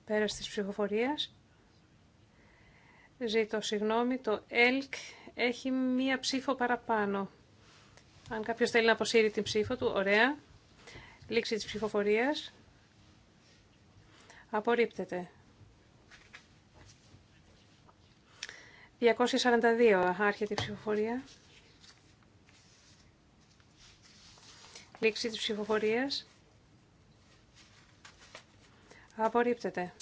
Πέρας της ψηφοφορίας. Ζήτω συγγνώμη, το ΕΛΚ έχει μία ψήφο παραπάνω. Αν κάποιος θέλει να αποσύρει την ψήφο του, ωραία. Λήξη της ψηφοφορίας. Απορρίπτεται. 242 άρχεται η ψηφοφορία. Λήξη της ψηφοφορίας. Απορρίπτεται.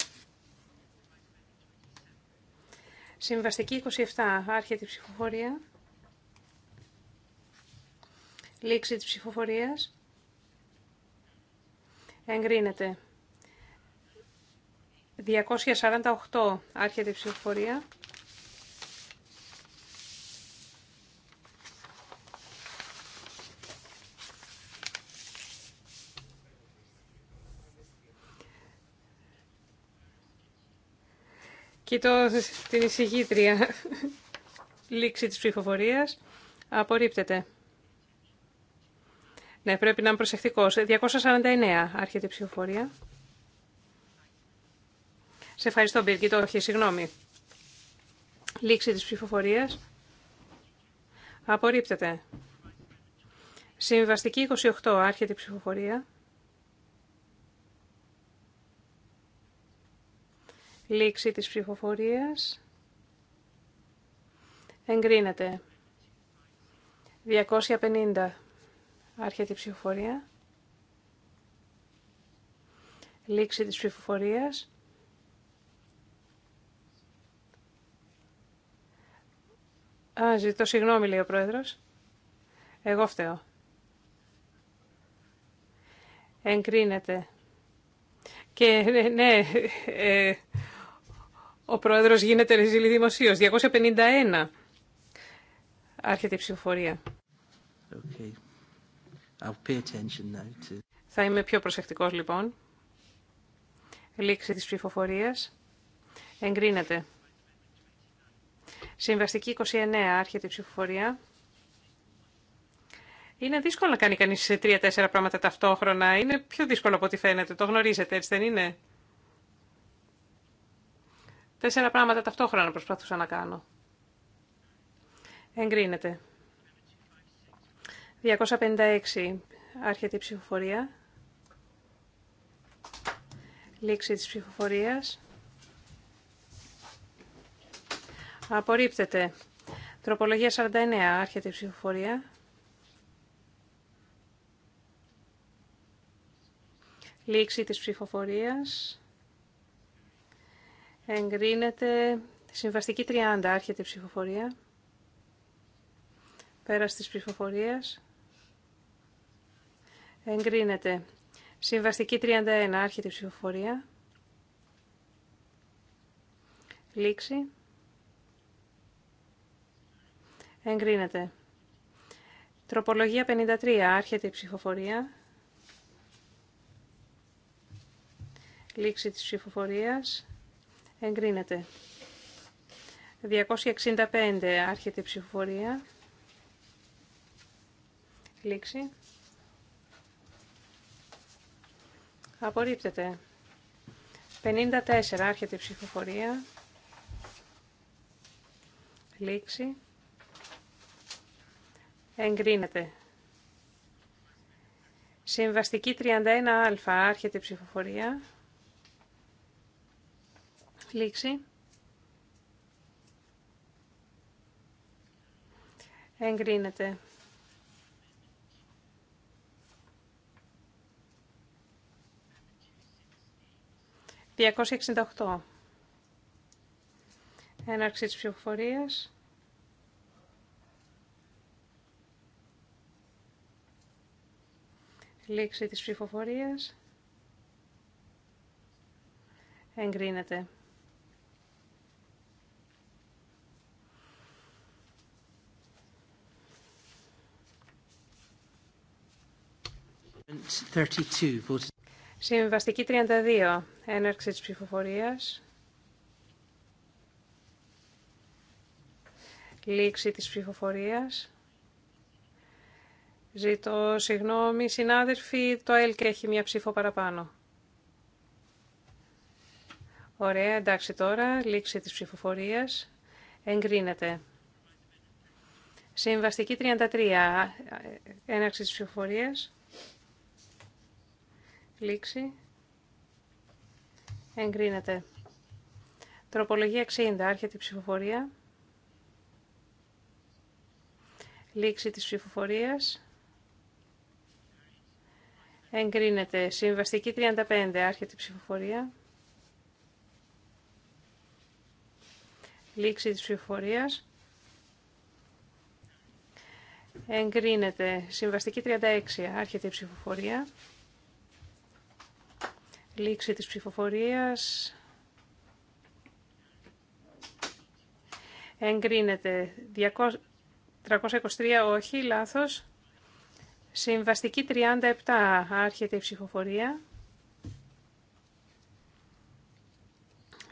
Συμβαστική 27. Άρχεται η ψηφοφορία. Λήξη της ψηφοφορίας. Εγκρίνεται. 248. Άρχεται η ψηφοφορία. Κοιτώ την εισηγήτρια. Λήξη της ψηφοφορία. Απορρίπτεται. Ναι, πρέπει να είμαι προσεκτικός. 249 άρχεται η ψηφοφορία. Σε ευχαριστώ, το Όχι, συγγνώμη. Λήξη της ψηφοφορίας. Απορρίπτεται. Συμβαστική 28. Άρχεται η ψηφοφορία. Λήξη της ψηφοφορίας. Εγκρίνεται. 250. Άρχεται η ψηφοφορία. Λήξη της ψηφοφορίας. Α, ζητώ συγγνώμη, λέει ο πρόεδρος. Εγώ φταίω. Εγκρίνεται. Και ναι, ναι ε, ο πρόεδρος γίνεται ρεζίλη δημοσίως. 251. Άρχεται η ψηφοφορία. Okay. I'll Θα είμαι πιο προσεκτικός λοιπόν. Λήξη της ψηφοφορίας. Εγκρίνεται. Συμβαστική 29. Άρχεται η ψηφοφορία. Είναι δύσκολο να κάνει κανείς σε τρία-τέσσερα πράγματα ταυτόχρονα. Είναι πιο δύσκολο από ό,τι φαίνεται. Το γνωρίζετε, έτσι δεν είναι. Τέσσερα πράγματα ταυτόχρονα προσπαθούσα να κάνω. Εγκρίνεται. 256. Άρχεται η ψηφοφορία. Λήξη της ψηφοφορίας. Απορρίπτεται. Τροπολογία 49. Άρχεται η ψηφοφορία. Λήξη της ψηφοφορίας. Εγκρίνεται συμβαστική 30. Άρχεται η ψηφοφορία. Πέρας της ψηφοφορίας. Εγκρίνεται. Συμβαστική 31. Άρχεται η ψηφοφορία. Λήξη. Εγκρίνεται. Τροπολογία 53. Άρχεται η ψηφοφορία. Λήξη της ψηφοφορίας. Εγκρίνεται. 265 άρχεται η ψηφοφορία. Λήξη. Απορρίπτεται. 54 άρχεται η ψηφοφορία. Λήξη. Εγκρίνεται. Συμβαστική 31α άρχεται η ψηφοφορία. Λήξη. Εγκρίνεται. Διακόσια εξήντα Έναρξη της ψηφοφορίας. Λήξη της ψηφοφορίας. Εγκρίνεται. Συμβαστική 32. Έναρξη της ψηφοφορίας. Λήξη της ψηφοφορίας. Ζητώ συγγνώμη, συνάδελφοι, το ΕΛΚ έχει μια ψήφο παραπάνω. Ωραία, εντάξει τώρα, λήξη της ψηφοφορίας. Εγκρίνεται. Συμβαστική 33, έναρξη της ψηφοφορίας. Λήξη. Εγκρίνεται. Τροπολογία 60. Άρχεται η ψηφοφορία. Λήξη της ψηφοφορίας. Εγκρίνεται. Συμβαστική 35. Άρχεται η ψηφοφορία. Λήξη της ψηφοφορίας. Εγκρίνεται. Συμβαστική 36. Άρχεται η ψηφοφορία. Λήξη της ψηφοφορίας. Εγκρίνεται. 323 όχι, λάθος. Συμβαστική 37 άρχεται η ψηφοφορία.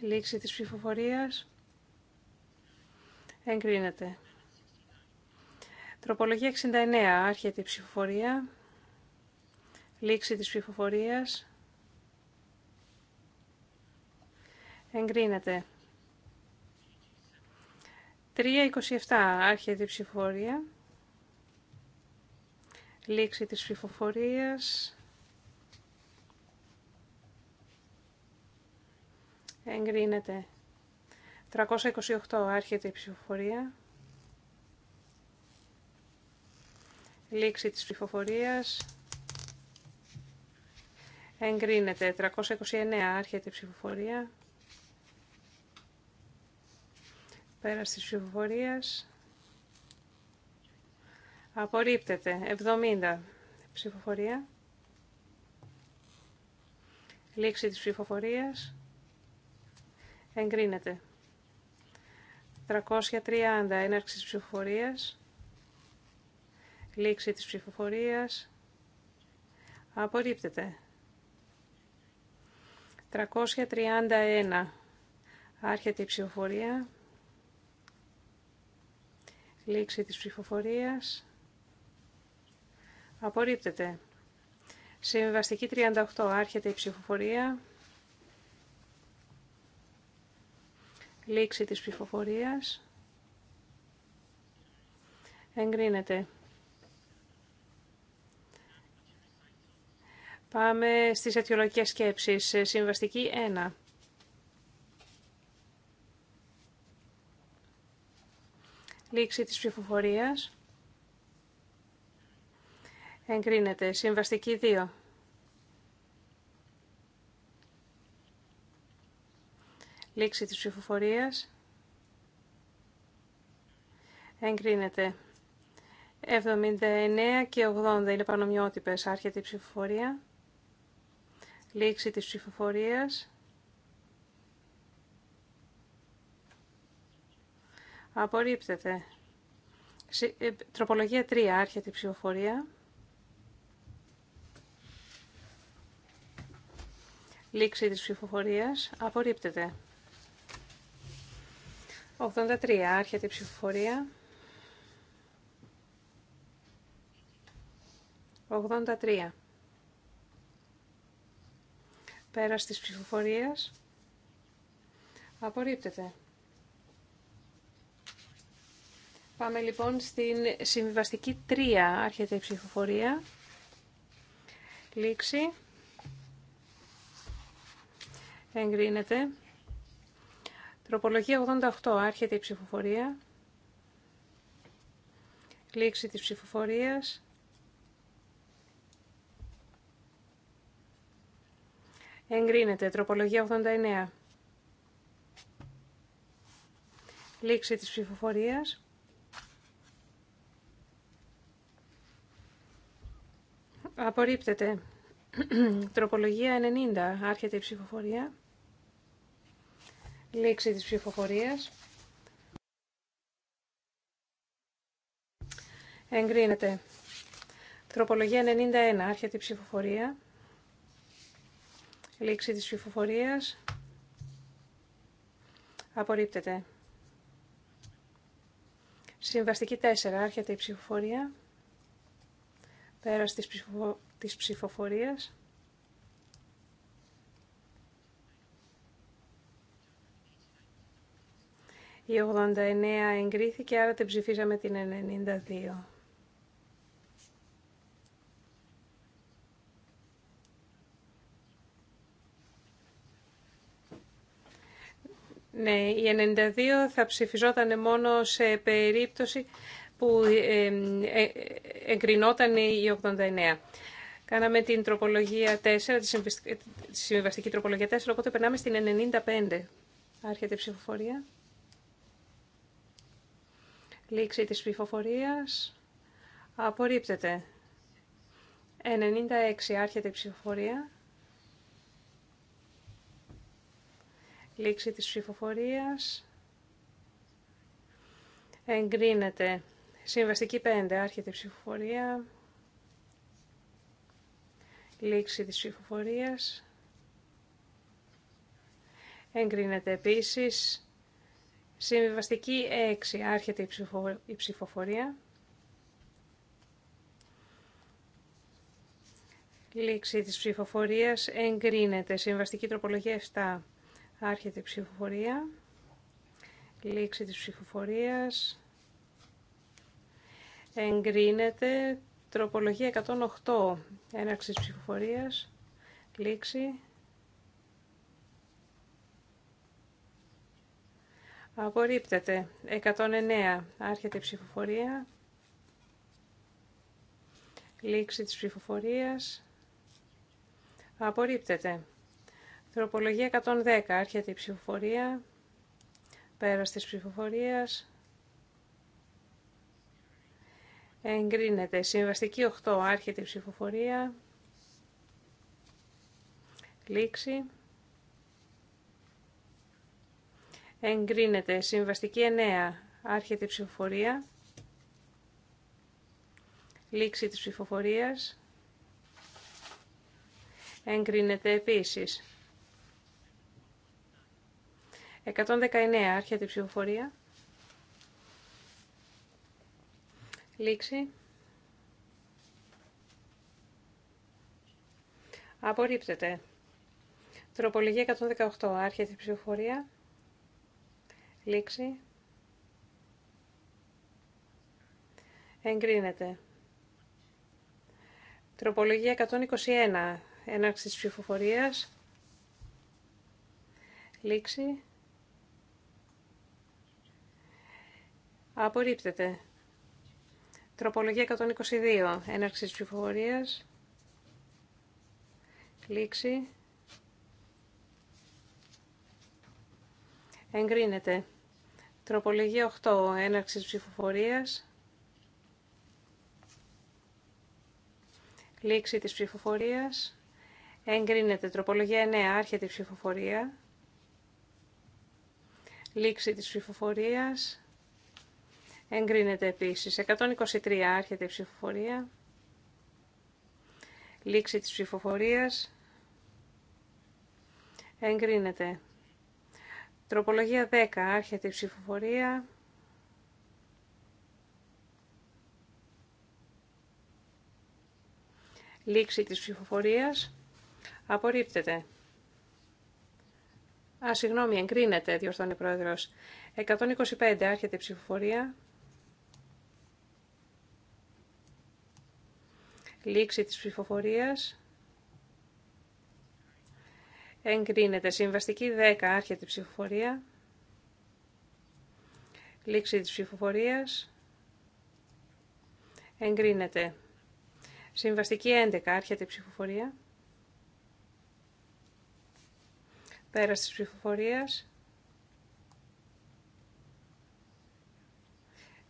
Λήξη της ψηφοφορίας. Εγκρίνεται. Τροπολογία 69 άρχεται η ψηφοφορία. Λήξη της ψηφοφορίας. Εγκρίνεται. 3.27. Άρχεται η ψηφοφορία. Λήξη της ψηφοφορίας. Εγκρίνεται. 328. Άρχεται η ψηφοφορία. Λήξη της ψηφοφορίας. Εγκρίνεται. 329. Άρχεται η ψηφοφορία. Πέρας της ψηφοφορίας. Απορρίπτεται. 70 ψηφοφορία. Λήξη της ψηφοφορίας. Εγκρίνεται. 330 έναρξη της ψηφοφορίας. Λήξη της ψηφοφορίας. Απορρίπτεται. 331. Άρχεται η ψηφοφορία. Λήξη της ψηφοφορίας. Απορρίπτεται. Συμβαστική 38. Άρχεται η ψηφοφορία. Λήξη της ψηφοφορίας. Εγκρίνεται. Πάμε στις αιτιολογικές σκέψεις. Συμβαστική 1. Λήξη της ψηφοφορίας. Εγκρίνεται. Συμβαστική 2. Λήξη της ψηφοφορίας. Εγκρίνεται. 79 και 80 είναι πανομοιότυπες. Άρχεται η ψηφοφορία. Λήξη της ψηφοφορίας. Απορρίπτεται. Ε, τροπολογία 3. Άρχεται η ψηφοφορία. Λήξη της ψηφοφορίας. Απορρίπτεται. 83. Άρχεται η ψηφοφορία. 83. Πέρας της ψηφοφορίας. Απορρίπτεται. Πάμε λοιπόν στην συμβιβαστική 3. Άρχεται η ψηφοφορία. Λήξη. Εγκρίνεται. Τροπολογία 88. Άρχεται η ψηφοφορία. Λήξη της ψηφοφορίας. Εγκρίνεται. Τροπολογία 89. Λήξη της ψηφοφορίας. Απορρίπτεται. (clears throat) Τροπολογία 90. Άρχεται η ψηφοφορία. Λήξη της ψηφοφορίας. Εγκρίνεται. Τροπολογία 91. Άρχεται η ψηφοφορία. Λήξη της ψηφοφορίας. Απορρίπτεται. Συμβαστική 4. Άρχεται η ψηφοφορία. Πέρας της, ψηφο... της ψηφοφορίας. Η 89 εγκρίθηκε, άρα την ψηφίσαμε την 92. Ναι, η 92 θα ψηφιζόταν μόνο σε περίπτωση που ε, εγκρινόταν η 89. Κάναμε την τροπολογία 4, ε, τη συμβιβαστική τροπολογία 4, οπότε περνάμε στην 95. Άρχεται η ψηφοφορία. Λήξη της ψηφοφορίας. Απορρίπτεται. 96. Άρχεται η ψηφοφορία. Λήξη της ψηφοφορίας. Εγκρίνεται. Συμβαστική 5. Άρχεται η ψηφοφορία. Λήξη της ψηφοφορίας. Εγκρίνεται επίσης. Συμβαστική 6. Άρχεται η, η ψηφοφορία. Λήξη της ψηφοφορίας εγκρίνεται. Συμβαστική τροπολογία 7. Άρχεται η ψηφοφορία. Λήξη της ψηφοφορίας Εγκρίνεται τροπολογία 108. Έναρξη ψηφοφορίας. Λήξη. Απορρίπτεται. 109. Άρχεται η ψηφοφορία. Λήξη της ψηφοφορίας. Απορρίπτεται. Τροπολογία 110. Άρχεται η ψηφοφορία. Πέρας της ψηφοφορίας. Εγκρίνεται. Συμβαστική 8. Άρχεται η ψηφοφορία. Λήξη. Εγκρίνεται. Συμβαστική 9. Άρχεται η ψηφοφορία. Λήξη της ψηφοφορίας. Εγκρίνεται επίσης. 119. Άρχεται η ψηφοφορία. Λήξη. Απορρίπτεται. Τροπολογία 118. Άρχεται η ψηφοφορία. Λήξη. Εγκρίνεται. Τροπολογία 121. Έναρξη της ψηφοφορίας. Λήξη. Απορρίπτεται. Τροπολογία 122. Έναρξη της ψηφοφορίας. Λήξη. Εγκρίνεται. Τροπολογία 8. Έναρξη της ψηφοφορίας. Λήξη της ψηφοφορίας. Εγκρίνεται. Τροπολογία 9. Άρχεται η ψηφοφορία. Λήξη της ψηφοφορίας. Εγκρίνεται επίσης. 123 άρχεται η ψηφοφορία. Λήξη της ψηφοφορίας. Εγκρίνεται. Τροπολογία 10 άρχεται η ψηφοφορία. Λήξη της ψηφοφορίας. Απορρίπτεται. Α, συγγνώμη, εγκρίνεται, διορθώνει ο πρόεδρος. 125 άρχεται η ψηφοφορία. Λήξη της ψηφοφορίας. Εγκρίνεται. Συμβαστική 10. Άρχεται η ψηφοφορία. Λήξη της ψηφοφορίας. Εγκρίνεται. Συμβαστική 11. Άρχεται η ψηφοφορία. Πέρας της ψηφοφορίας.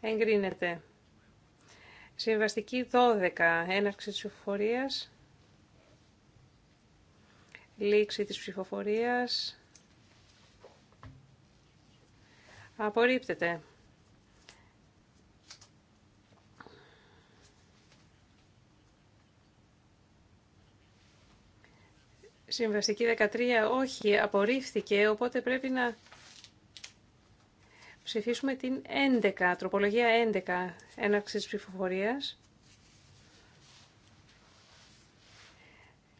Εγκρίνεται. Συμβαστική 12. Έναρξη της ψηφοφορίας. Λήξη της ψηφοφορίας. Απορρίπτεται. Συμβαστική 13 όχι, απορρίφθηκε, οπότε πρέπει να ψηφίσουμε την 11, τροπολογία 11, έναρξη της ψηφοφορίας.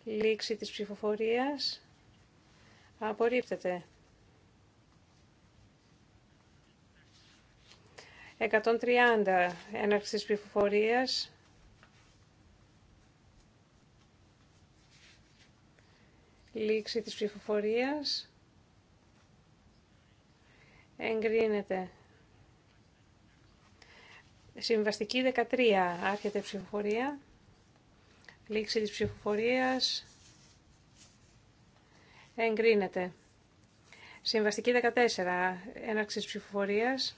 Λήξη της ψηφοφορίας. Απορρίπτεται. 130, έναρξη της ψηφοφορίας. Λήξη της ψηφοφορίας εγκρίνεται. Συμβαστική 13, άρχεται ψηφοφορία, λήξη της ψηφοφορίας, εγκρίνεται. Συμβαστική 14, έναρξη της ψηφοφορίας,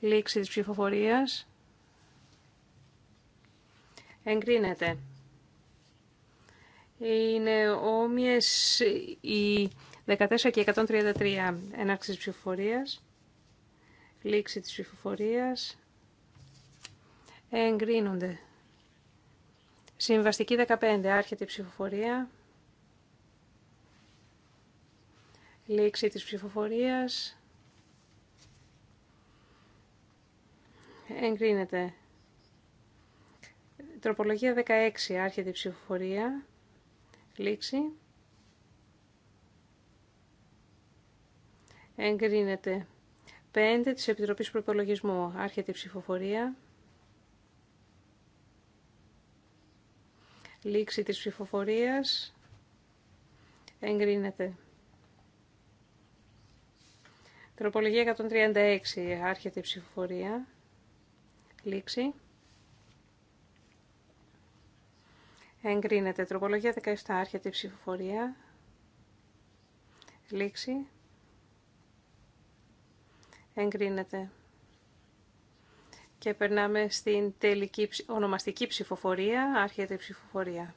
λήξη της ψηφοφορίας, εγκρίνεται. Είναι όμοιες οι 14 και 133 έναρξη ψηφοφορίας, λήξη της ψηφοφορίας, εγκρίνονται. Συμβαστική 15, άρχεται η ψηφοφορία, λήξη της ψηφοφορίας, εγκρίνεται. Τροπολογία 16, άρχεται η ψηφοφορία, λήξη. Εγκρίνεται. 5 της Επιτροπής Προπολογισμού. Άρχεται η ψηφοφορία. Λήξη της ψηφοφορίας. Εγκρίνεται. Τροπολογία 136. Άρχεται η ψηφοφορία. Λήξη. Εγκρίνεται. Τροπολογία 17. Άρχεται η ψηφοφορία. Λήξη εγκρίνεται. Και περνάμε στην τελική ονομαστική ψηφοφορία, άρχεται η ψηφοφορία.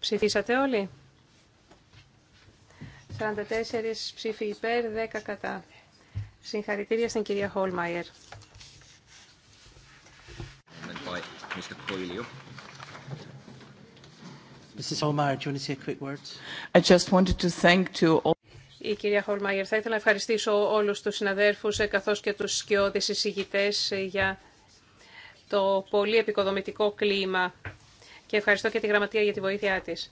Ψηφίσατε όλοι. 44 ψήφοι υπέρ, 10 κατά. Συγχαρητήρια στην κυρία Χόλμαϊερ. Η κυρία Χολμάγερ, θα ήθελα να ευχαριστήσω όλους τους συναδέρφους ε, καθώς και τους σκιώδεις εισηγητές ε, για το πολύ επικοδομητικό κλίμα και ευχαριστώ και τη Γραμματεία για τη βοήθειά της.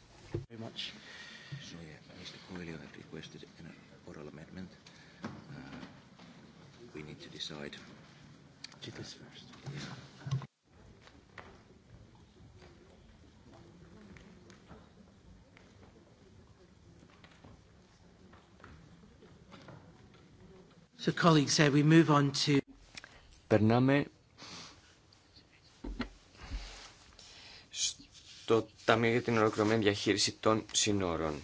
Uh, Περνάμε στο Ταμείο για την Ολοκληρωμένη Διαχείριση των Συνόρων.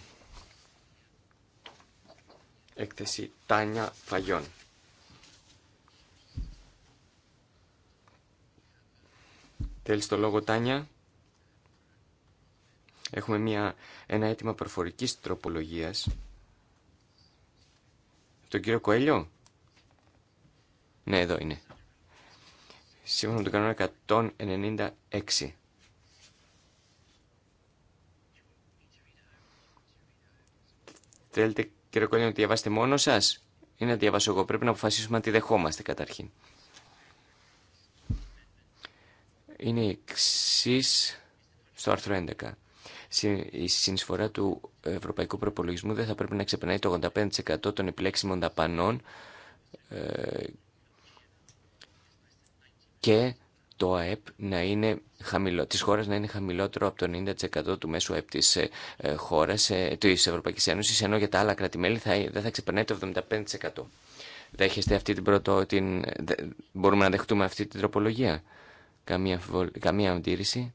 Έκθεση Τάνια Φαγιών. Θέλεις το λόγο, Τάνια. Έχουμε μια, ένα αίτημα προφορικής τροπολογίας. Τον κύριο Κοέλιο. Ναι, εδώ είναι. Σύμφωνα με τον κανόνα 196. Θέλετε, κύριε Κόλλη, να διαβάσετε μόνο σα ή να διαβάσω εγώ. Πρέπει να αποφασίσουμε αν τη δεχόμαστε καταρχήν. Είναι η εξή στο άρθρο 11. Η συνεισφορά του ευρωπαϊκού προπολογισμού δεν θα πρέπει να ξεπερνάει το 85% των επιλέξιμων δαπανών ε, και το ΑΕΠ να είναι χαμηλό, της χώρας να είναι χαμηλότερο από το 90% του μέσου ΑΕΠ της, ε, χώρας, ε, ε Ευρωπαϊκής Ένωσης, ενώ για τα άλλα θα, δεν θα ξεπερνάει το 75%. Δέχεστε αυτή την πρώτο, την, μπορούμε να δεχτούμε αυτή την τροπολογία. Καμία, καμία αντίρρηση.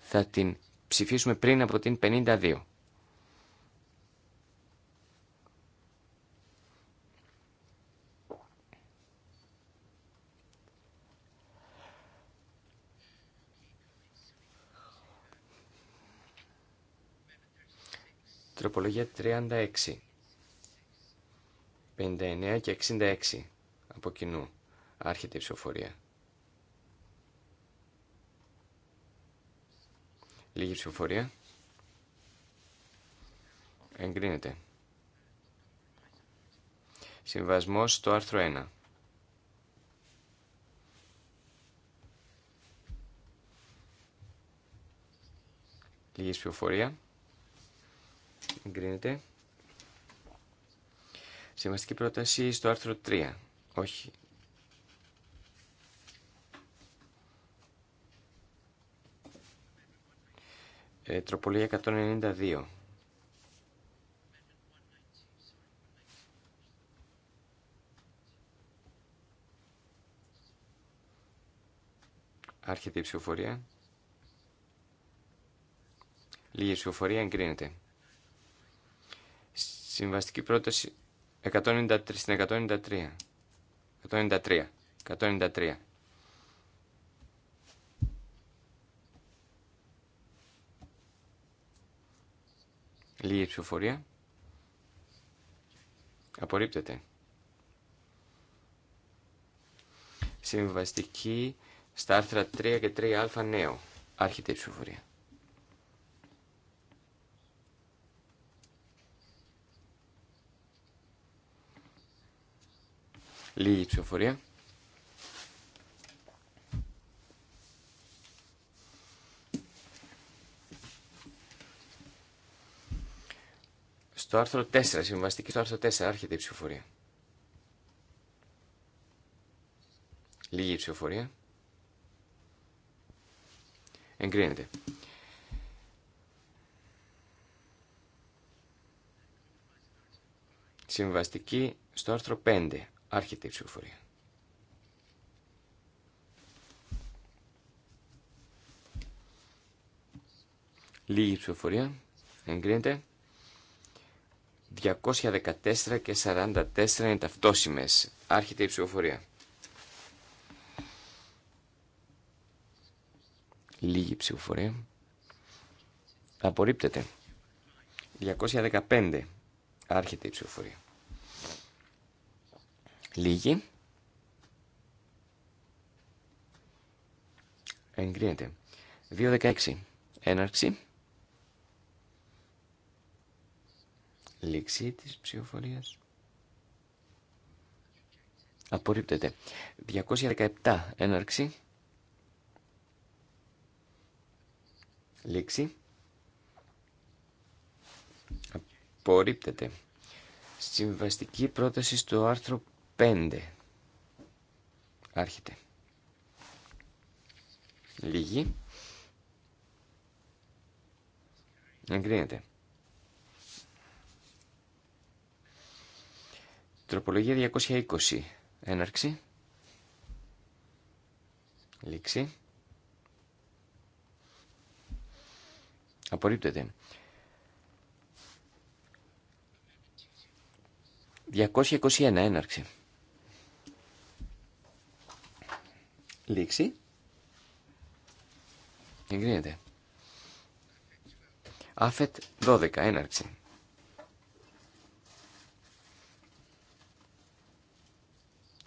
Θα την ψηφίσουμε πριν από την 52. Τροπολογία 36, 59 και 66 από κοινού. Άρχεται η ψηφοφορία. Λίγη ψηφοφορία. Εγκρίνεται. Συμβασμός στο άρθρο 1. Λίγη ψηφοφορία. Εγκρίνεται. Σημαντική πρόταση στο άρθρο 3. Όχι. Ε, τροπολογία 192. Άρχεται η ψηφοφορία. Λίγη ψηφοφορία εγκρίνεται. Συμβαστική πρόταση 193, στην 193. 193. 193. Λίγη ψηφοφορία. Απορρίπτεται. Συμβαστική στα άρθρα 3 και 3α νέο. Άρχεται η ψηφοφορία. Λίγη ψηφοφορία. Στο άρθρο 4, συμβαστική στο άρθρο 4, άρχεται η ψηφοφορία. Λίγη ψηφοφορία. Εγκρίνεται. Συμβαστική στο άρθρο 5. Άρχεται η ψηφοφορία. Λίγη ψηφοφορία. Εγκρίνεται. 214 και 44 είναι ταυτόσιμες. Άρχεται η ψηφοφορία. Λίγη ψηφοφορία. Απορρίπτεται. 215. Άρχεται η ψηφοφορία. Λίγη. Εγκρίνεται. 2.16. Έναρξη. Λήξη της ψηφοφορίας. Απορρίπτεται. 217. Έναρξη. Λήξη. Απορρίπτεται. Συμβαστική πρόταση στο άρθρο 5. Άρχεται. Λίγη. Εγκρίνεται. Τροπολογία 220. Έναρξη. Λήξη. Απορρίπτεται. 221. Έναρξη. Λήξη. Εγκρίνεται. Άφετ 12. Έναρξη.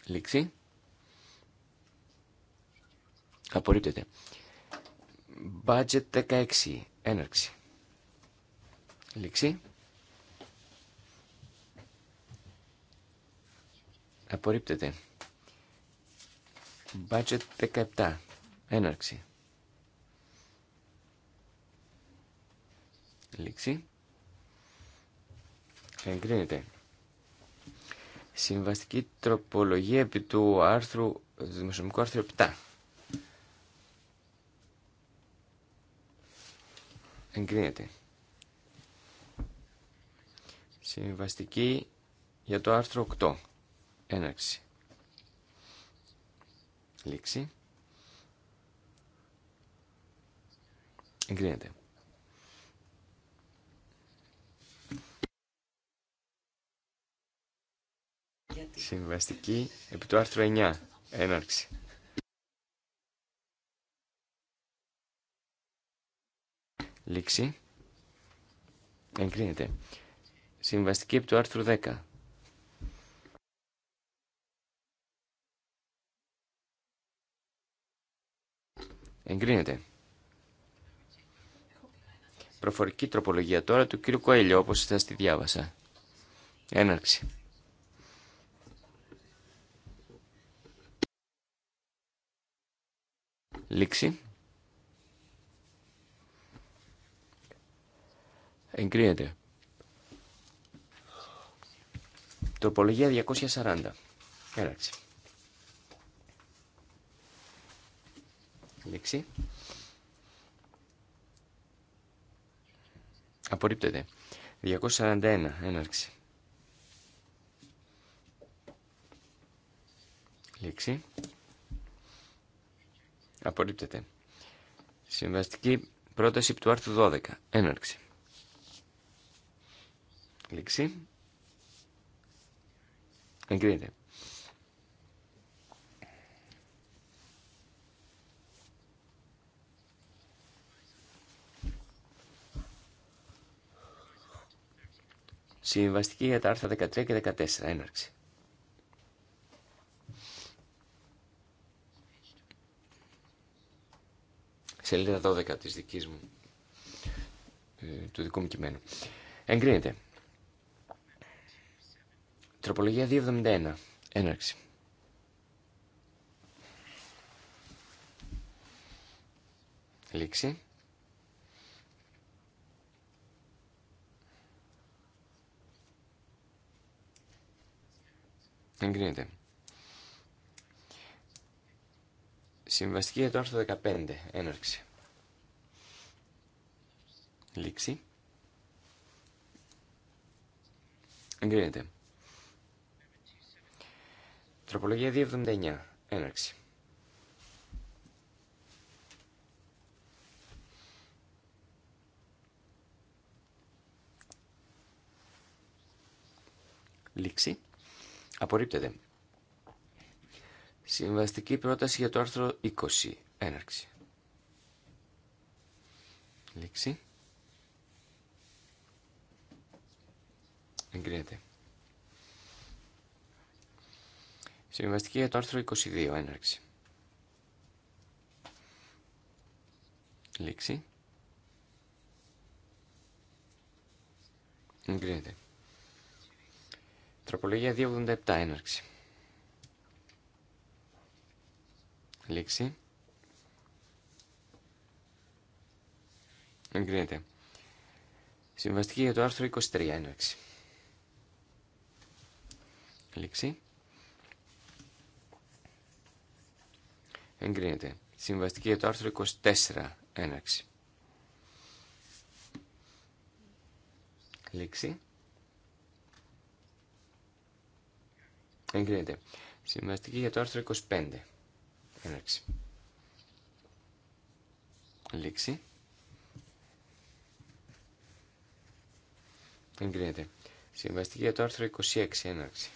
Λήξη. Απορρίπτεται. Budget 16. Έναρξη. Λήξη. Απορρίπτεται. Budget 17. Έναρξη. Λήξη. Εγκρίνεται. Συμβαστική τροπολογία επί του άρθρου, του δημοσιονομικού άρθρου 7. Εγκρίνεται. Συμβαστική για το άρθρο 8. Έναρξη. Λήξη. Εγκρίνεται. Συμβαστική επί του άρθρου 9. Έναρξη. Λήξη. Εγκρίνεται. Συμβαστική επί του άρθρου 10. Εγκρίνεται. Προφορική τροπολογία τώρα του κύριου Κοέλιο, όπως θα στη διάβασα. Έναρξη. Λήξη. Εγκρίνεται. Τροπολογία 240. Έναρξη. Λήξη. Απορρίπτεται. 241. Έναρξη. Λήξη. Απορρίπτεται. Συμβαστική πρόταση του άρθρου 12. Έναρξη. Λήξη. Εγκρίνεται. Συμβαστική για τα άρθρα 13 και 14. Έναρξη. Σελίδα 12 της δικής μου, ε, του δικού μου κειμένου. Εγκρίνεται. Τροπολογία 271. Έναρξη. Λήξη. Εγκρίνεται. Συμβαστική για το άρθρο 15. Έναρξη. Λήξη. Εγκρίνεται. Τροπολογία 279. Έναρξη. Λήξη. Απορρίπτεται. Συμβαστική πρόταση για το άρθρο 20. Έναρξη. Λήξη. Εγκρίνεται. Συμβαστική για το άρθρο 22. Έναρξη. Λήξη. Εγκρίνεται. Ανθρωπολογία 287 έναρξη. Λήξη. Εγκρίνεται. Συμβαστική για το άρθρο 23 έναρξη. Λήξη. Εγκρίνεται. Συμβαστική για το άρθρο 24 έναρξη. Λήξη. εγκρίνεται. Συμβαστική για το άρθρο 25. Έναρξη. Λήξη. Εγκρίνεται. Συμβαστική για το άρθρο 26. Έναρξη.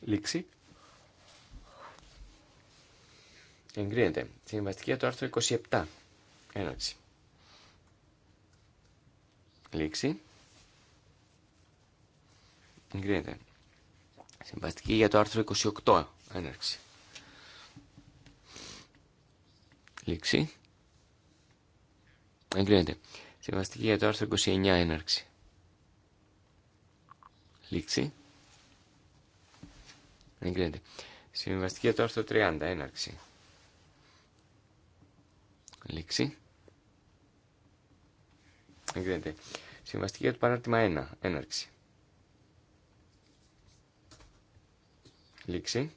Λήξη. Εγκρίνεται. Συμβαστική για το άρθρο 27. Έναρξη. Λήξη. Εγκρίνεται. Συμβαστική για το άρθρο 28. Έναρξη. Λήξη. Εγκρίνεται. Συμβαστική για το άρθρο 29. Έναρξη. Λήξη. Εγκρίνεται. Συμβαστική για το άρθρο 30. Έναρξη. Λήξη. Εγκρίνεται. Συμβαστική για το παράρτημα 1. Έναρξη. Λήξη.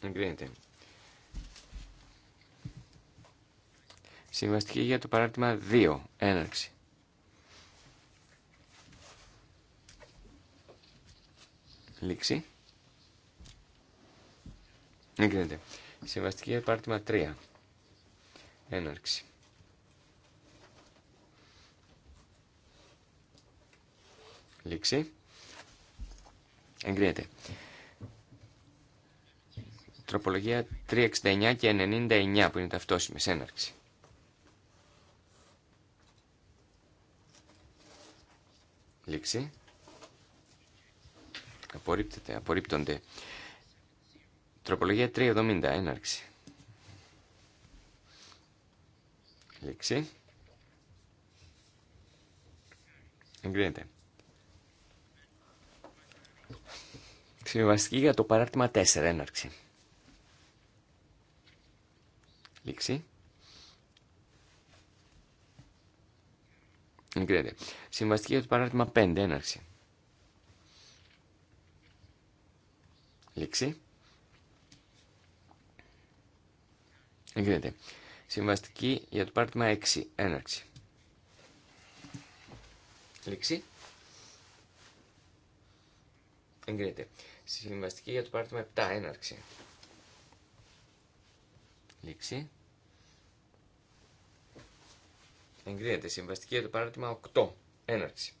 Εγκρίνεται. Συμβαστική για το παράρτημα 2. Έναρξη. Λήξη. Εγκρίνεται. Συμβαστική για το παράρτημα 3. Έναρξη. Λήξη. Εγκρίνεται. Τροπολογία 369 και 99 που είναι ταυτόσιμες έναρξη. Λήξη. Απορρίπτεται, απορρίπτονται. Τροπολογία 370 έναρξη. Λήξη. Εγκρίνεται. Συμβαστική για το παράρτημα 4, έναρξη. Λήξη. Εγκρίνεται. Συμβαστική για το παράρτημα 5, έναρξη. Λήξη. Εγκρίνεται. Συμβαστική για το παράρτημα 6, έναρξη. Λήξη. Εγκρίνεται. Συμβαστική για το παράδειγμα 7. Έναρξη. Λήξη. Εγκρίνεται. Συμβαστική για το παράδειγμα 8. Έναρξη.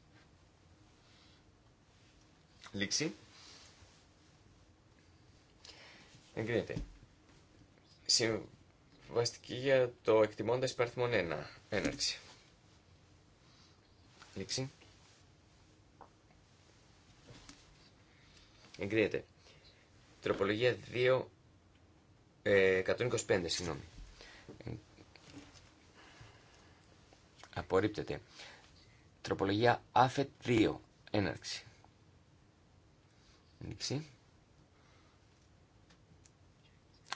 Λήξη. Εγκρίνεται. Συμβαστική για το εκτιμώντας υπαριθμόν 1. Έναρξη. Λήξη. Εγκρίνεται. Τροπολογία 2, 125, ε, συγγνώμη. Απορρίπτεται. Τροπολογία ΑΦΕΤ 2, έναρξη. Έναρξη.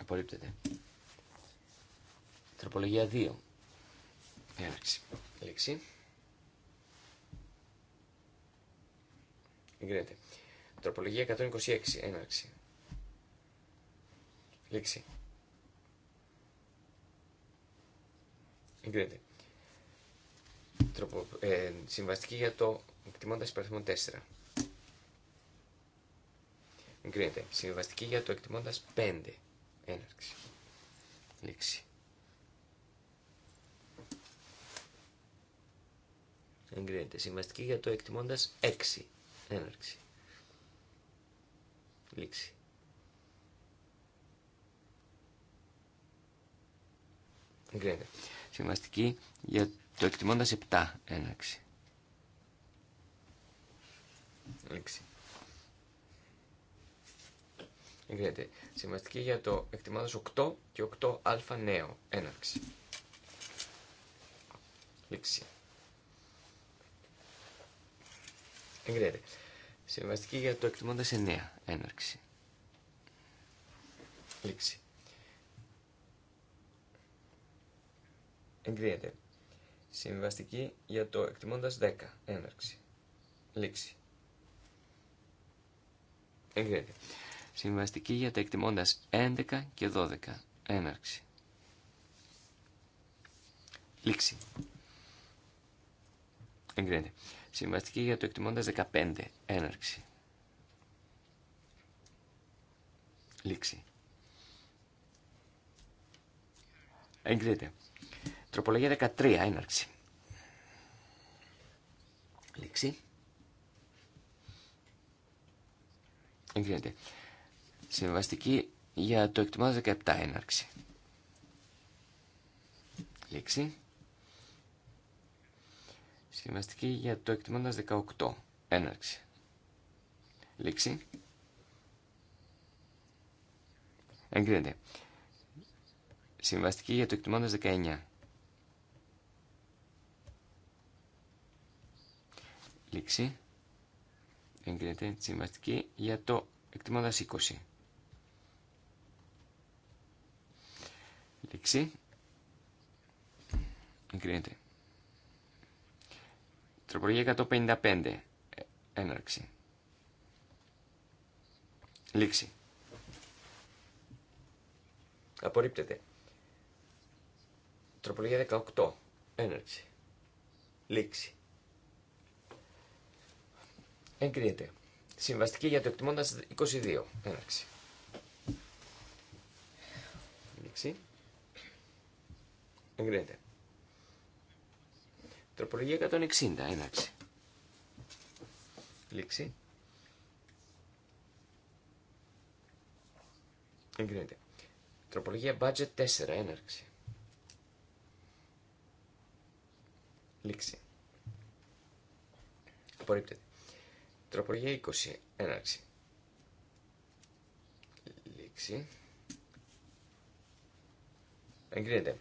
Απορρίπτεται. Τροπολογία 2. Έναρξη. Λέξη. Εγκρίνεται. Τροπολογία 126. Ε, Έναρξη. Λήξη. Εγκρίνεται. συμβαστική για το εκτιμώντα υπαριθμό 4. Εγκρίνεται. Συμβαστική για το εκτιμώντα 5. Έναρξη. Λήξη. Εγκρίνεται. Συμβαστική για το εκτιμώντα 6. Έναρξη. Λήξη. Εγκρίνεται. Συμβαστική για το εκτιμώντας 7 έναξη. Λήξη. Εγκρίνεται. Συμβαστική για το εκτιμώντας 8 και 8α νέο έναξη. Λήξη. Εγκρίνεται. Συμβαστική για το εκτιμώντας 9 Έναρξη. Λήξη. Εγκρίνεται. Συμβαστική για το εκτιμώντας 10. Έναρξη. Λήξη. Εγκρίνεται. Συμβαστική για τα εκτιμώντας 11 και 12. Έναρξη. Λήξη. Εγκρίνεται. Συμβαστική για το εκτιμώντας 15. Έναρξη. Λήξη. Εγκρίνεται. Τροπολογία 13. Έναρξη. Λήξη. Εγκρίνεται. Συμβαστική για το εκτιμάδο 17. Έναρξη. Λήξη. Συμβαστική για το εκτιμώντας 18. Έναρξη. Λήξη. Εγκρίνεται. Συμβαστική για το εκτιμώντα 19. Λήξη. Εγκρίνεται. Συμβαστική για το εκτιμώντα 20. Λήξη. Εγκρίνεται. Τροπολογία 155. Ε, έναρξη. Λήξη. Απορρίπτεται. Τροπολογία 18. Έναρξη. Λήξη. Εγκρίνεται. Συμβαστική για το εκτιμώντας 22. Έναρξη. Λήξη. Εγκρίνεται. Τροπολογία 160. Έναρξη. Λήξη. Εγκρίνεται. Τροπολογία budget 4, έναρξη. Λήξη. Απορρίπτεται. Τροπολογία 20, έναρξη. Λήξη. Εγκρίνεται.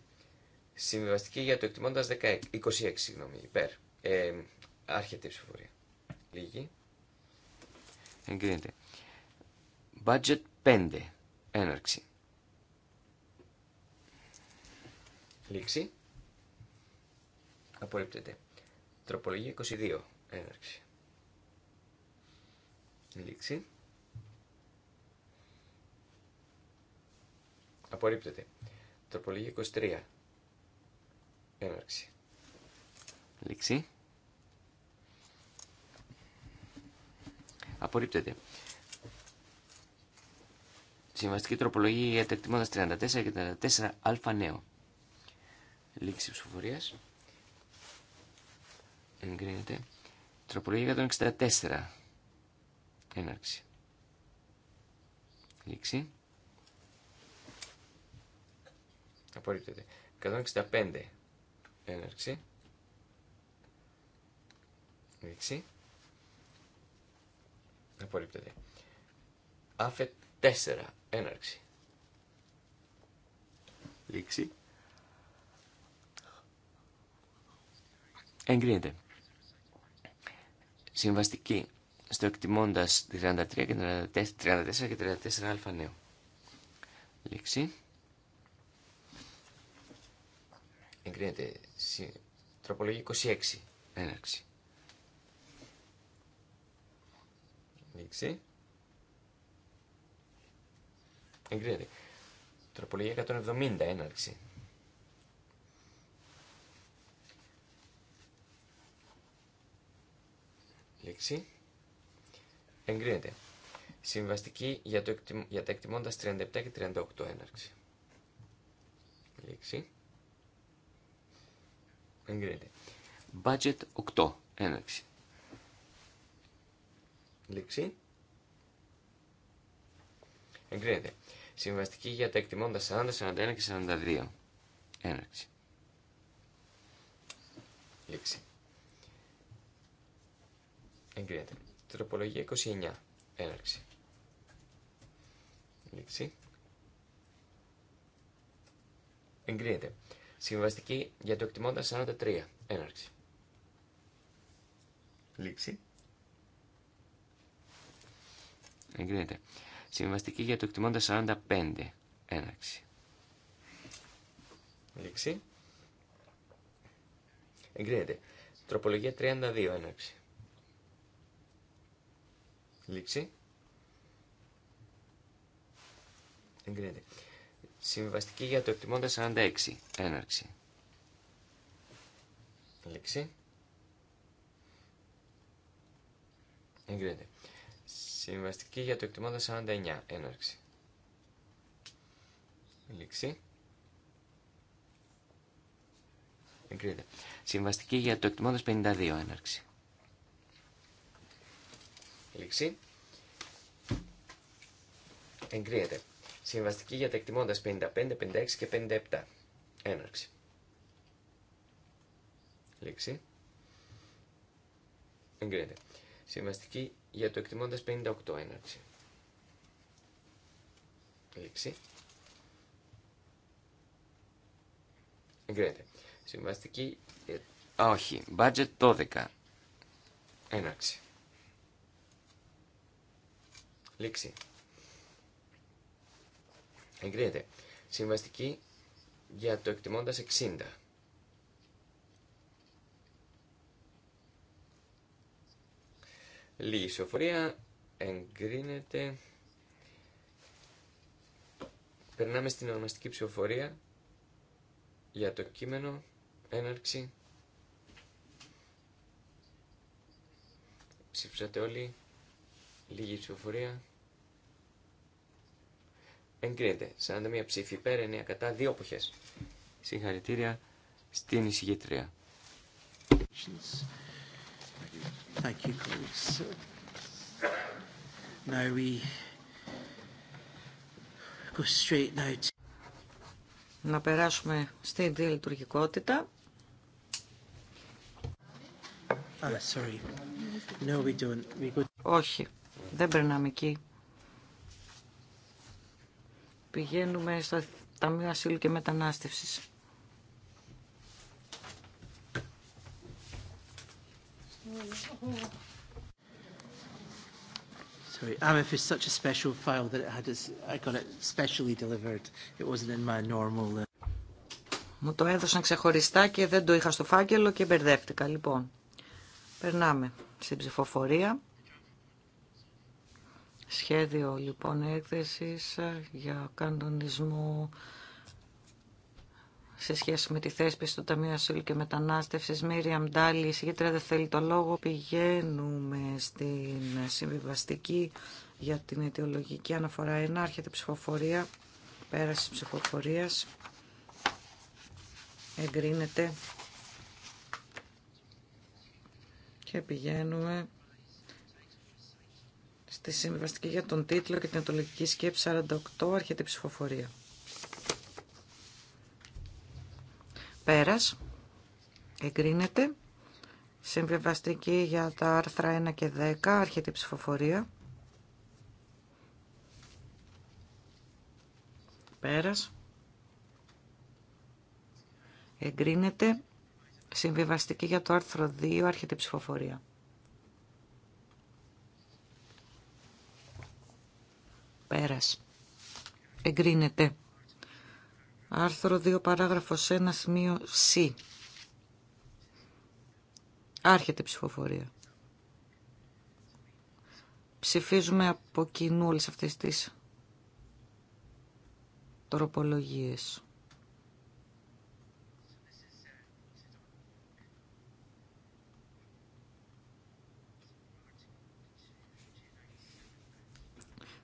Συμβιβαστική για το εκτιμώντας 16, 26, συγγνώμη, υπέρ. Ε, άρχεται η ψηφοφορία. Λίγη. Εγκρίνεται. Budget 5, έναρξη. Λήξη. Απορρίπτεται. Τροπολογία 22. Έναρξη. Λήξη. Απορρίπτεται. Τροπολογία 23. Έναρξη. Λήξη. Απορρίπτεται. Συμβαστική τροπολογία για τα 34 και 34α νέο. Λήξη ψηφοφορία. Εγκρίνεται. Τροπολογία 164. Έναρξη. Λήξη. Απορρίπτεται. 165. Έναρξη. Λήξη. Απορρίπτεται. Άφε 4. Έναρξη. Λήξη. Εγκρίνεται. Συμβαστική στο εκτιμώντα 33 και 34 και 34 αλφα νέο. Λήξη. Εγκρίνεται. Τροπολογία 26. Έναρξη. Λήξη. Εγκρίνεται. Τροπολογία 170. Έναρξη. Λήξη. Εγκρίνεται. Συμβαστική για, τα εκτιμώντας 37 και 38 έναρξη. Λήξη. Εγκρίνεται. Budget 8 έναρξη. Λήξη. Εγκρίνεται. Συμβαστική για τα εκτιμώντα 40, 41 και 42. Έναρξη. Λήξη. Εγκρίνεται. Τροπολογία 29. Έναρξη. Λήξη. Εγκρίνεται. Συμβαστική για το εκτιμώντα 43. Έναρξη. Λήξη. Εγκρίνεται. Συμβαστική για το εκτιμώντα 45. Έναρξη. Λήξη. Εγκρίνεται. Τροπολογία 32. Έναρξη. Λήξη. Εγκρίνεται. Συμβαστική για το εκτιμώντα 46. Έναρξη. Λήξη. Εγκρίνεται. Συμβαστική για το εκτιμώντα 49. Έναρξη. Λήξη. Εγκρίνεται. Συμβαστική για το εκτιμώντα 52. Έναρξη. Λήξη. Εγκρίνεται. Συμβαστική για το εκτιμώντας 55, 56 και 57. Έναρξη. Λήξη. Εγκρίνεται. Συμβαστική για το εκτιμώντας 58. Έναρξη. Λήξη. Εγκρίνεται. Συμβαστική... όχι. Budget 12. Έναρξη. Εγκρίνεται. Συμβαστική για το εκτιμώντας 60. Λίγη ισοφορία. Εγκρίνεται. Περνάμε στην ονομαστική ψηφοφορία για το κείμενο έναρξη. Ψήφισατε όλοι. Λίγη ψηφοφορία εγκρίνεται. 41 ψήφοι υπέρ, 9 κατά, 2 εποχέ. Συγχαρητήρια στην εισηγητρία. Thank you, colleagues. Now we go straight now to... Να περάσουμε στην διελειτουργικότητα. Ah, sorry. No, we don't. We go... Όχι, δεν περνάμε εκεί. Πηγαίνουμε στο Ταμείο Ασύλου και Μετανάστευσης. Sorry, AMIF is such a special file that it had I got it specially delivered. It wasn't in my normal. Uh, Μου το έδωσαν ξεχωριστά και δεν το είχα στο φάκελο και μπερδεύτηκα. Λοιπόν, περνάμε στην ψηφοφορία. Σχέδιο λοιπόν έκθεσης ε, για κανονισμό σε σχέση με τη θέσπιση του Ταμείου Ασύλου και Μετανάστευση. Μύρια Μτάλη, η δεν θέλει το λόγο. Πηγαίνουμε στην συμβιβαστική για την αιτιολογική αναφορά 1. Άρχεται ψηφοφορία. Πέραση ψηφοφορία. Εγκρίνεται. Και πηγαίνουμε Στη συμβιβαστική για τον τίτλο και την ατολική σκέψη 48 έρχεται ψηφοφορία. Πέρας. Εγκρίνεται. Συμβιβαστική για τα άρθρα 1 και 10 αρχιτεί ψηφοφορία. Πέρας. Εγκρίνεται. Συμβιβαστική για το άρθρο 2 αρχιτεί ψηφοφορία. Πέρας. Εγκρίνεται. Άρθρο 2 παράγραφος 1 σημείο C. Άρχεται ψηφοφορία. Ψηφίζουμε από κοινού όλες αυτές τις τροπολογίες.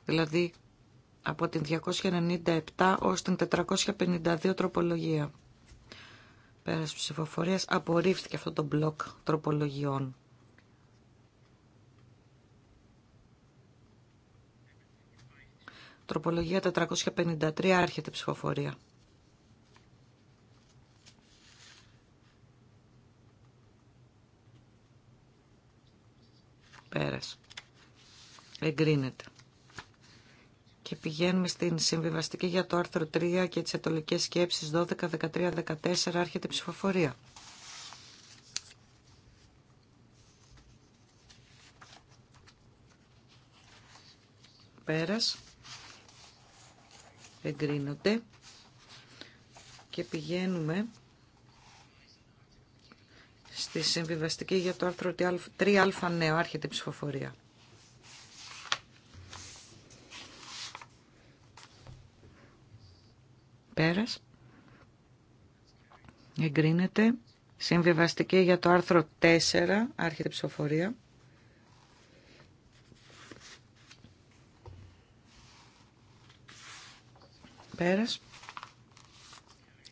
δηλαδή από την 297 ως την 452 τροπολογία. Πέρας ψηφοφορίας απορρίφθηκε αυτό το μπλοκ τροπολογιών. Τροπολογία 453 άρχεται ψηφοφορία. Πέρας. Εγκρίνεται και πηγαίνουμε στην συμβιβαστική για το άρθρο 3 και τις ατολικές σκέψεις 12, 13, 14 άρχεται η ψηφοφορία. Πέρας. Εγκρίνονται. Και πηγαίνουμε στη συμβιβαστική για το άρθρο 3α νέο άρχεται η ψηφοφορία. Πέρας. Εγκρίνεται. Συμβιβαστική για το άρθρο 4. Άρχεται ψηφοφορία. Πέρας.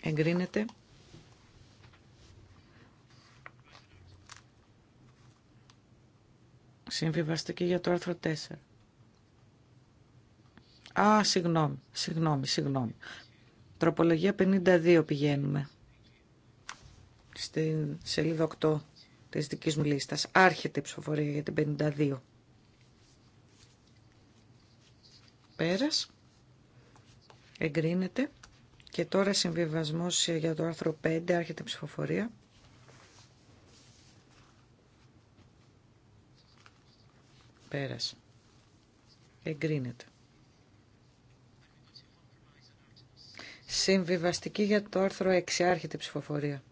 Εγκρίνεται. Συμβιβαστική για το άρθρο 4. Α, συγγνώμη, συγγνώμη, συγγνώμη. Τροπολογία 52 πηγαίνουμε. Στην σελίδα 8 της δικής μου λίστας. Άρχεται η ψηφοφορία για την 52. Πέρας. Εγκρίνεται. Και τώρα συμβιβασμός για το άρθρο 5. Άρχεται η ψηφοφορία. Πέρας. Εγκρίνεται. Συμβιβαστική για το άρθρο 6. Άρχεται η ψηφοφορία.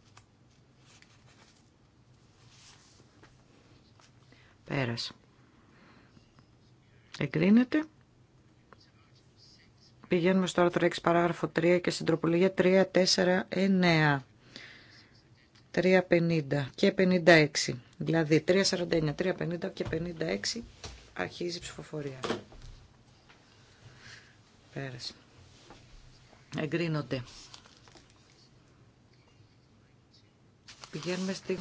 Πέρασε. Εγκρίνεται. Πηγαίνουμε στο άρθρο 6 παράγραφο 3 και στην τροπολογία 3, 4, 9. 3.50 και 56. Δηλαδή 3.49, 3.50 και 56 αρχίζει η ψηφοφορία. Πέρασε εγκρίνονται. Πηγαίνουμε στην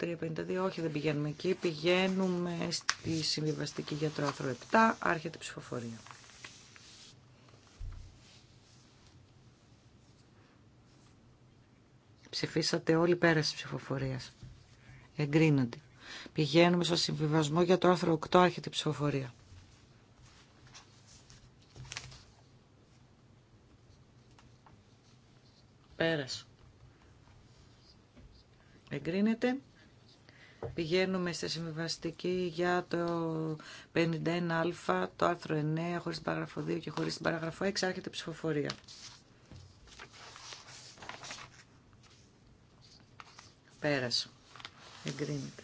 352, όχι δεν πηγαίνουμε εκεί, πηγαίνουμε στη συμβιβαστική για το άρθρο 7, άρχεται η ψηφοφορία. Ψηφίσατε όλοι πέρα της ψηφοφορίας. Εγκρίνονται. Πηγαίνουμε στο συμβιβασμό για το άρθρο 8, άρχεται η ψηφοφορία. Πέρας. Εγκρίνεται. Πηγαίνουμε στη συμβιβαστική για το 51α, το άρθρο 9, χωρίς την παράγραφο 2 και χωρίς την παράγραφο 6, άρχεται ψηφοφορία. Πέρασε. Εγκρίνεται.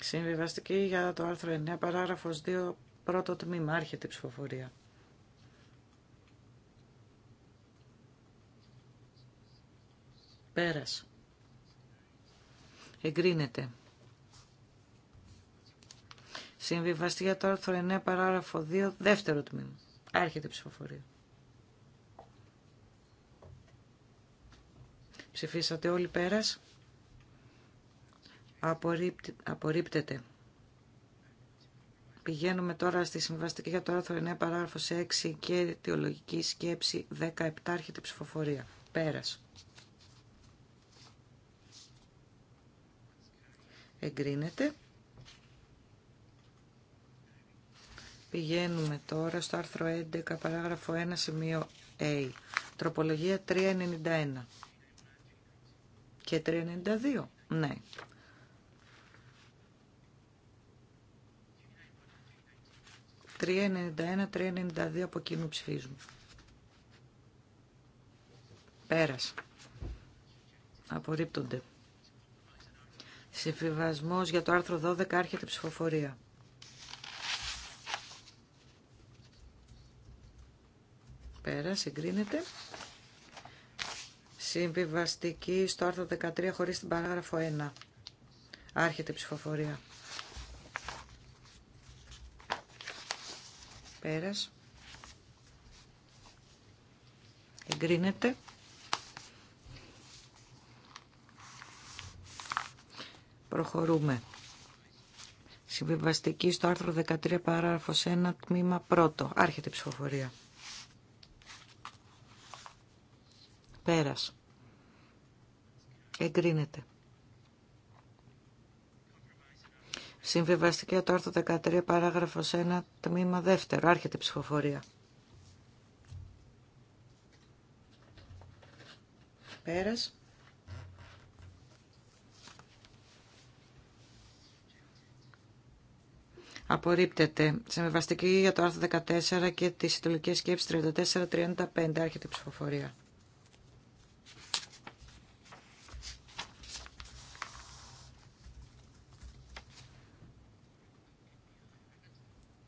Συμβιβαστική για το άρθρο 9, παράγραφος 2, πρώτο τμήμα, άρχεται η ψηφοφορία. Πέρας. Εγκρίνεται. Συμβιβαστή για το άρθρο 9 παράγραφο 2 δεύτερο τμήμα. Άρχεται η ψηφοφορία. Ψηφίσατε όλοι πέρας. Απορρίπτε, απορρίπτεται. Πηγαίνουμε τώρα στη συμβαστική για το άρθρο 9 παράγραφος 6 και αιτιολογική σκέψη 17 άρχεται ψηφοφορία. Πέρας. εγκρίνεται. Πηγαίνουμε τώρα στο άρθρο 11, παράγραφο 1, σημείο A. Τροπολογία 391 και 392. Ναι. ...391-392 από κοινού ψηφίζουν. Πέρασε. Απορρίπτονται. Συμφιβασμός για το άρθρο 12 άρχεται ψηφοφορία. Πέρα, συγκρίνεται. Συμβιβαστική στο άρθρο 13 χωρίς την παράγραφο 1. Άρχεται ψηφοφορία. Πέρας. Εγκρίνεται. Προχωρούμε. Συμβιβαστική στο άρθρο 13 παράγραφος 1 τμήμα 1. Άρχεται η ψηφοφορία. Πέρας. Εγκρίνεται. Συμβιβαστική το άρθρο 13 παράγραφος 1 τμήμα 2. Άρχεται η ψηφοφορία. Πέρας. Απορρίπτεται. μεβαστική για το άρθρο 14 και τη Συντολική Σκέψη σκέψεις 34-35. Άρχεται η ψηφοφορία.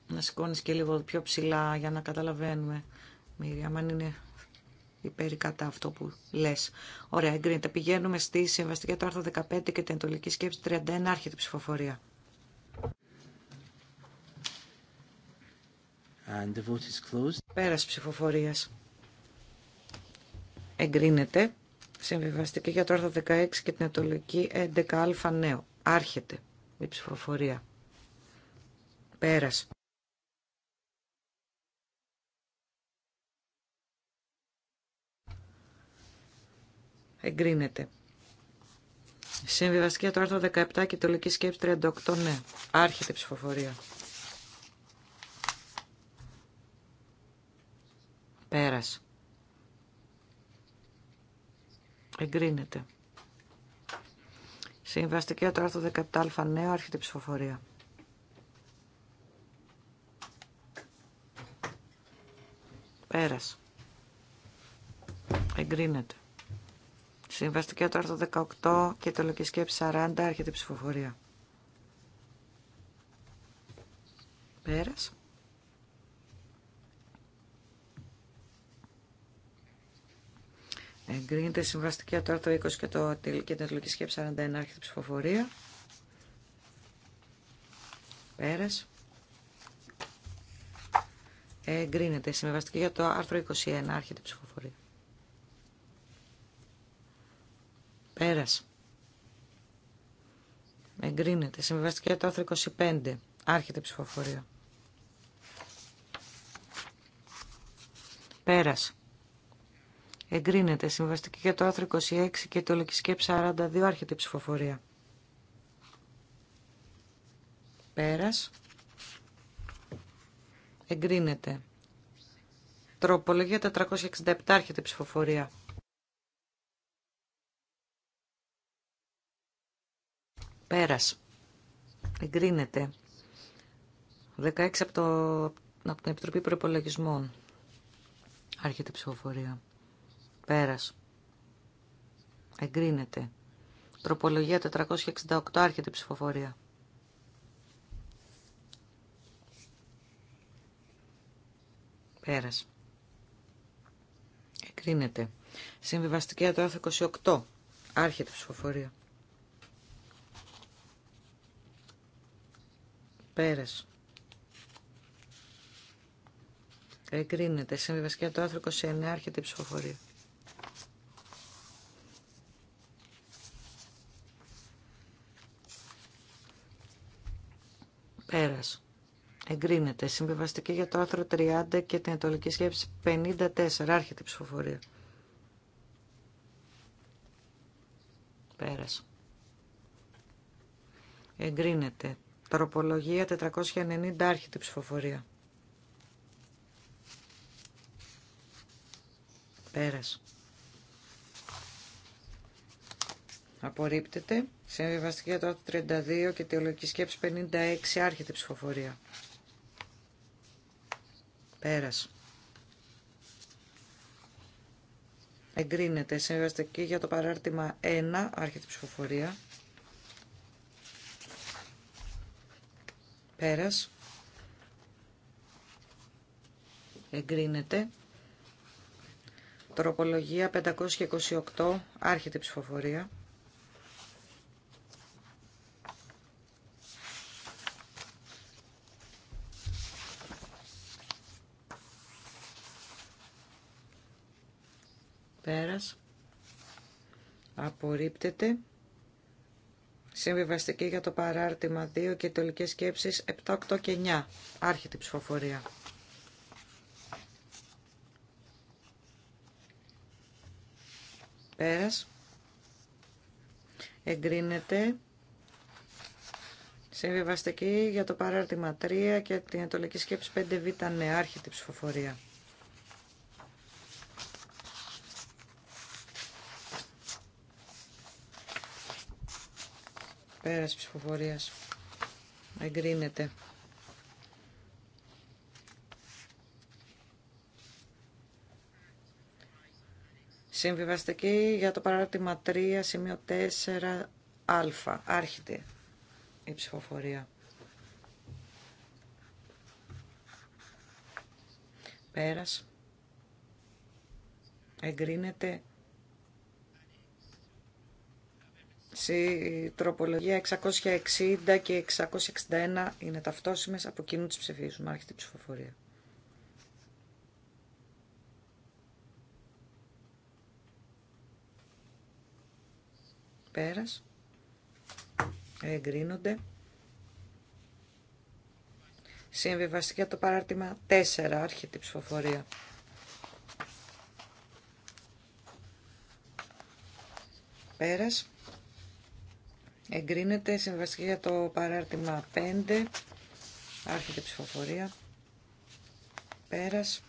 Να σηκώνει και λίγο πιο ψηλά για να καταλαβαίνουμε, Μύρια, αν είναι υπέρ ή κατά αυτό που λες. Ωραία, εγκρίνεται. Πηγαίνουμε στη συμβαστική το άρθρο 15 και την εντολική σκέψη 31. Άρχεται η ψηφοφορία. And the Πέρας ψηφοφορίας. Εγκρίνεται. Συμβιβαστική για το άρθρο 16 και την ατολική 11α νέο. Άρχεται η ψηφοφορία. Πέρας. Εγκρίνεται. Συμβιβαστική για το άρθρο 17 και η τολική σκέψη 38 ναι. Άρχεται η ψηφοφορία. Πέρας. Εγκρίνεται. Συμβαστική το άρθρο 17α νέο άρχεται ψηφοφορία. Πέρας. Εγκρίνεται. Συμβαστική το άρθρο 18 και το 40 άρχεται ψηφοφορία. Πέρας. Εγκρίνεται συμβαστική τώρα το 20 και, το, και την σκέψη 41 άρχεται ψηφοφορία. Πέρας. Εγκρίνεται συμβαστική για το άρθρο 21 άρχεται ψηφοφορία. Πέρας. Εγκρίνεται συμβαστική για το άρθρο 25 άρχεται ψηφοφορία. Πέρας. Εγκρίνεται. Συμβαστική για το άρθρο 26 και το σκέψη 42. Άρχεται η ψηφοφορία. Πέρας. Εγκρίνεται. Τροπολογία 467. Άρχεται η ψηφοφορία. Πέρας. Εγκρίνεται. 16 από, από την Επιτροπή Προπολογισμών. Άρχεται η ψηφοφορία. Πέρας. Εγκρίνεται. Τροπολογία 468. Άρχεται ψηφοφορία. Πέρας. Εγκρίνεται. Συμβιβαστική 28. Άρχεται ψηφοφορία. Πέρας. Εγκρίνεται. Συμβιβαστική άρθρο 29. Άρχεται ψηφοφορία. Πέρας. Εγκρίνεται. Συμβιβαστική για το άρθρο 30 και την ετολική σκέψη 54. Άρχεται η ψηφοφορία. Πέρας. Εγκρίνεται. Τροπολογία 490. Άρχεται η ψηφοφορία. Πέρας. απορρίπτεται. Σε για το 32 και τη σκέψη 56 άρχεται ψηφοφορία. Πέρας. Εγκρίνεται. Συμβιβαστική για το παράρτημα 1 άρχεται ψηφοφορία. Πέρας. Εγκρίνεται. Τροπολογία 528 άρχεται ψηφοφορία. πέρας απορρίπτεται. Συμβιβαστική για το παράρτημα 2 και τελικές σκέψεις 7, 8 και 9. Άρχεται ψηφοφορία. Πέρας. Εγκρίνεται. Συμβιβαστική για το παράρτημα 3 και την ετολική σκέψη 5β ναι, Άρχιτη ψηφοφορία. Πέρας ψηφοφορίας. Εγκρίνεται. Συμβιβαστική για το παράρτημα 3, σημείο 4α. Άρχεται η ψηφοφορία. Πέρας. Εγκρίνεται Η τροπολογία 660 και 661 είναι ταυτόσιμες. Από κοινού τις ψηφίζουμε. Άρχεται ψηφοφορία. Πέρας. Εγκρίνονται. Συμβιβαστή για το παράρτημα 4. Άρχεται ψηφοφορία. Πέρας Εγκρίνεται συμβιβαστική για το παράρτημα 5. Άρχεται ψηφοφορία. Πέρας.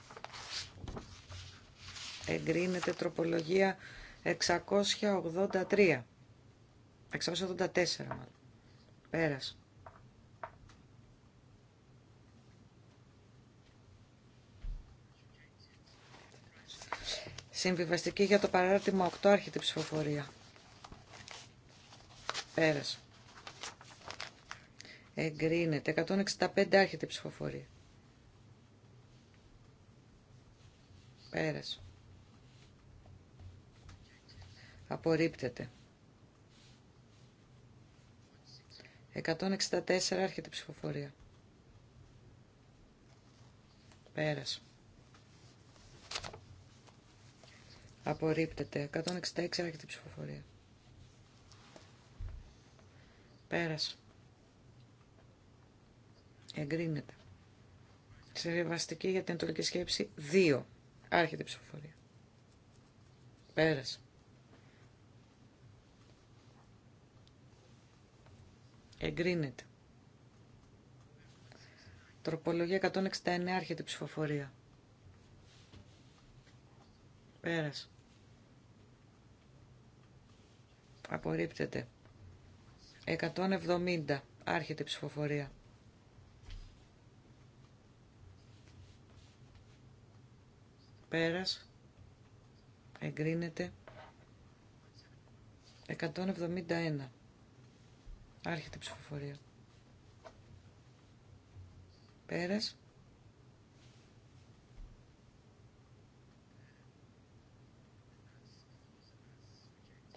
Εγκρίνεται τροπολογία 683. 684 μάλλον. Πέρας. Συμβιβαστική για το παράρτημα 8 άρχεται ψηφοφορία περασε Εγκρίνεται. 165 άρχεται η ψηφοφορία. Πέρασε. Απορρίπτεται. 164 άρχεται η ψηφοφορία. Πέρασε. Απορρίπτεται. 166 άρχεται η ψηφοφορία. Πέρας. Εγκρίνεται. Σερευαστική για την εντολική σκέψη 2. Άρχεται η ψηφοφορία. ψηφοφορία. Εγκρίνεται. Τροπολογία 169. Άρχεται η ψηφοφορία. Πέρασε. Απορρίπτεται. 170. Άρχεται η ψηφοφορία. Πέρας. Εγκρίνεται. 171. Άρχεται η ψηφοφορία. Πέρας.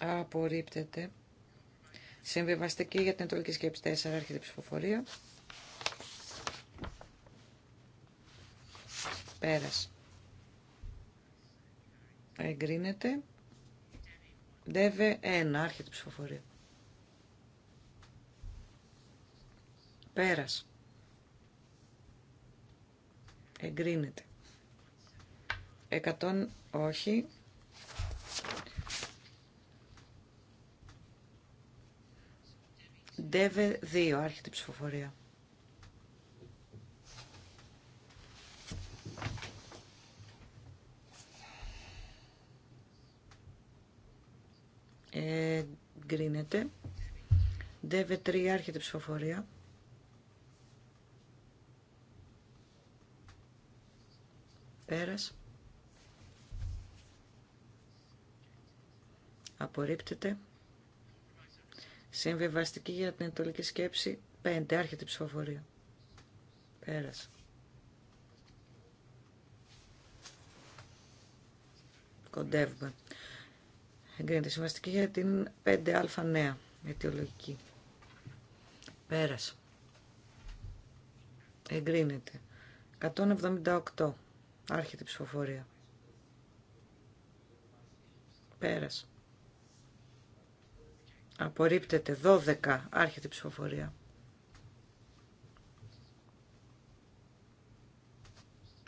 Απορρίπτεται. Συμβιβαστική για την Ανατολική Σκέψη 4, άρχεται η ψηφοφορία. Πέρας. Εγκρίνεται. ΔΕΒΕ 1, άρχεται η ψηφοφορία. Πέρας. Εγκρίνεται. 100 όχι. Ντεβε 2, άρχεται η ψηφοφορία. Ε, γκρίνεται. Ντεβε 3, άρχεται η ψηφοφορία. Πέρας. Απορρίπτεται. Συμβιβαστική για την εντολική σκέψη 5. Άρχεται η ψηφοφορία. Πέρασε. Κοντεύουμε. Εγκρίνεται συμβαστική για την 5α νέα αιτιολογική. Πέρασε. Εγκρίνεται. 178. Άρχεται η ψηφοφορία. Πέρασε. Απορρίπτεται 12. Άρχεται η ψηφοφορία.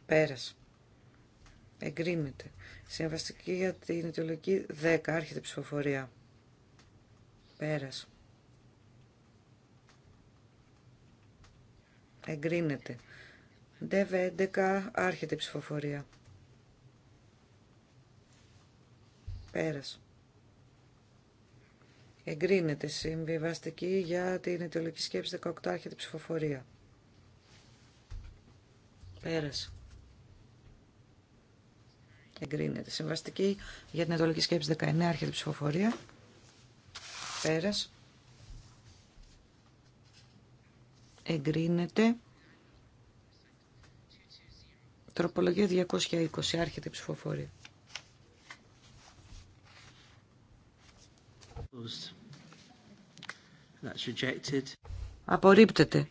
Πέρας. Εγκρίνεται. Συμβαστική για την αιτιολογική 10. Άρχεται η ψηφοφορία. Πέρας. Εγκρίνεται. ΔΕΒ 11. Άρχεται η ψηφοφορία. Πέρας. Εγκρίνεται συμβιβαστική για την αιτιολογική σκέψη 18 άρχεται ψηφοφορία. Πέρασε. Εγκρίνεται. Συμβαστική για την αιτιολογική σκέψη 19 άρχεται ψηφοφορία. Πέρασε. Εγκρίνεται. Τροπολογία 220 άρχεται ψηφοφορία. Απορρίπτεται.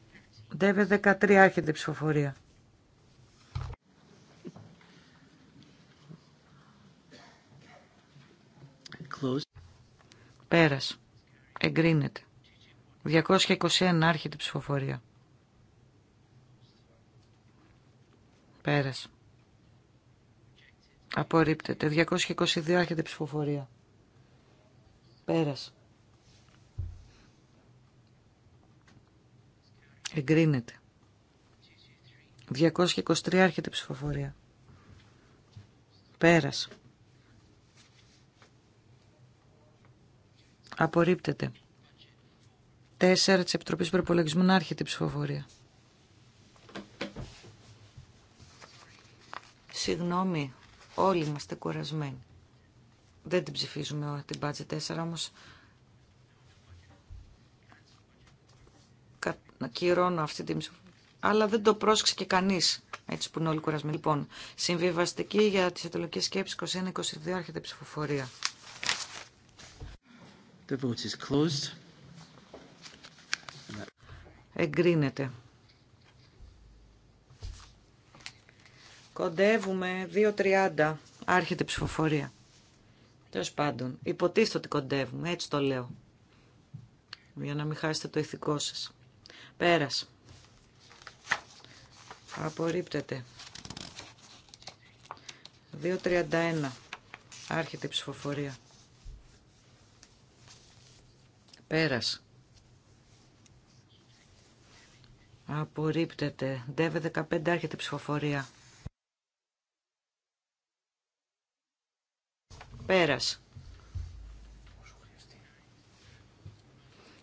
ΔΕΒΕ 13 άρχεται ψηφοφορία. Πέρας. Εγκρίνεται. 221 άρχεται ψηφοφορία. Πέρας. Απορρίπτεται. 222 άρχεται ψηφοφορία. Πέρας. Εγκρίνεται. 223 άρχεται η ψηφοφορία. Πέρας. Απορρίπτεται. 4 της Επιτροπής Προπολογισμού άρχεται η ψηφοφορία. Συγγνώμη, όλοι είμαστε κουρασμένοι. Δεν την ψηφίζουμε την budget 4, όμως να κυρώνω αυτή την αλλά δεν το πρόσεξε και κανεί. Έτσι που είναι όλοι κουρασμένοι. Λοιπόν, συμβιβαστική για τι αιτιολογικέ σκέψει 21-22 άρχεται ψηφοφορία. The vote is closed. Εγκρίνεται. Κοντεύουμε 2.30. Άρχεται ψηφοφορία. Τέλο πάντων, υποτίθεται ότι κοντεύουμε, έτσι το λέω. Για να μην χάσετε το ηθικό σας. Πέρας. Απορρίπτεται. 2.31. Άρχεται η ψηφοφορία. Πέρας. Απορρίπτεται. ΔΕΒΕ 15 άρχεται η ψηφοφορία. Πέρας.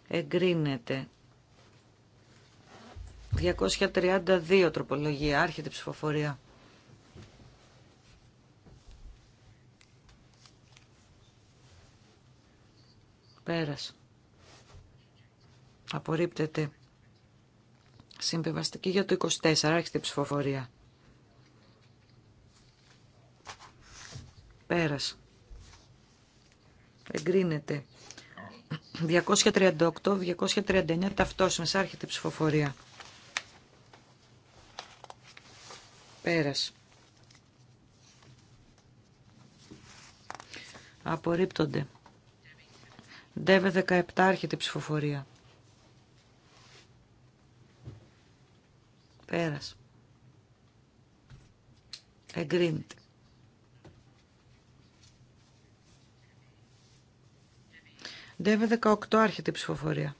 Εγκρίνεται. 232 τροπολογία, άρχεται ψηφοφορία. Πέρας. Απορρίπτεται. Συμβιβαστική για το 24, άρχεται ψηφοφορία. Πέρας. Εγκρίνεται. 238-239 ταυτόσιμες, άρχεται ψηφοφορία. Πέρας. Απορρίπτονται. ΔΕΒΕ 17 έρχεται ψηφοφορία. Πέρας. Εγκρίνεται. ΔΕΒΕ 18 έρχεται ψηφοφορία.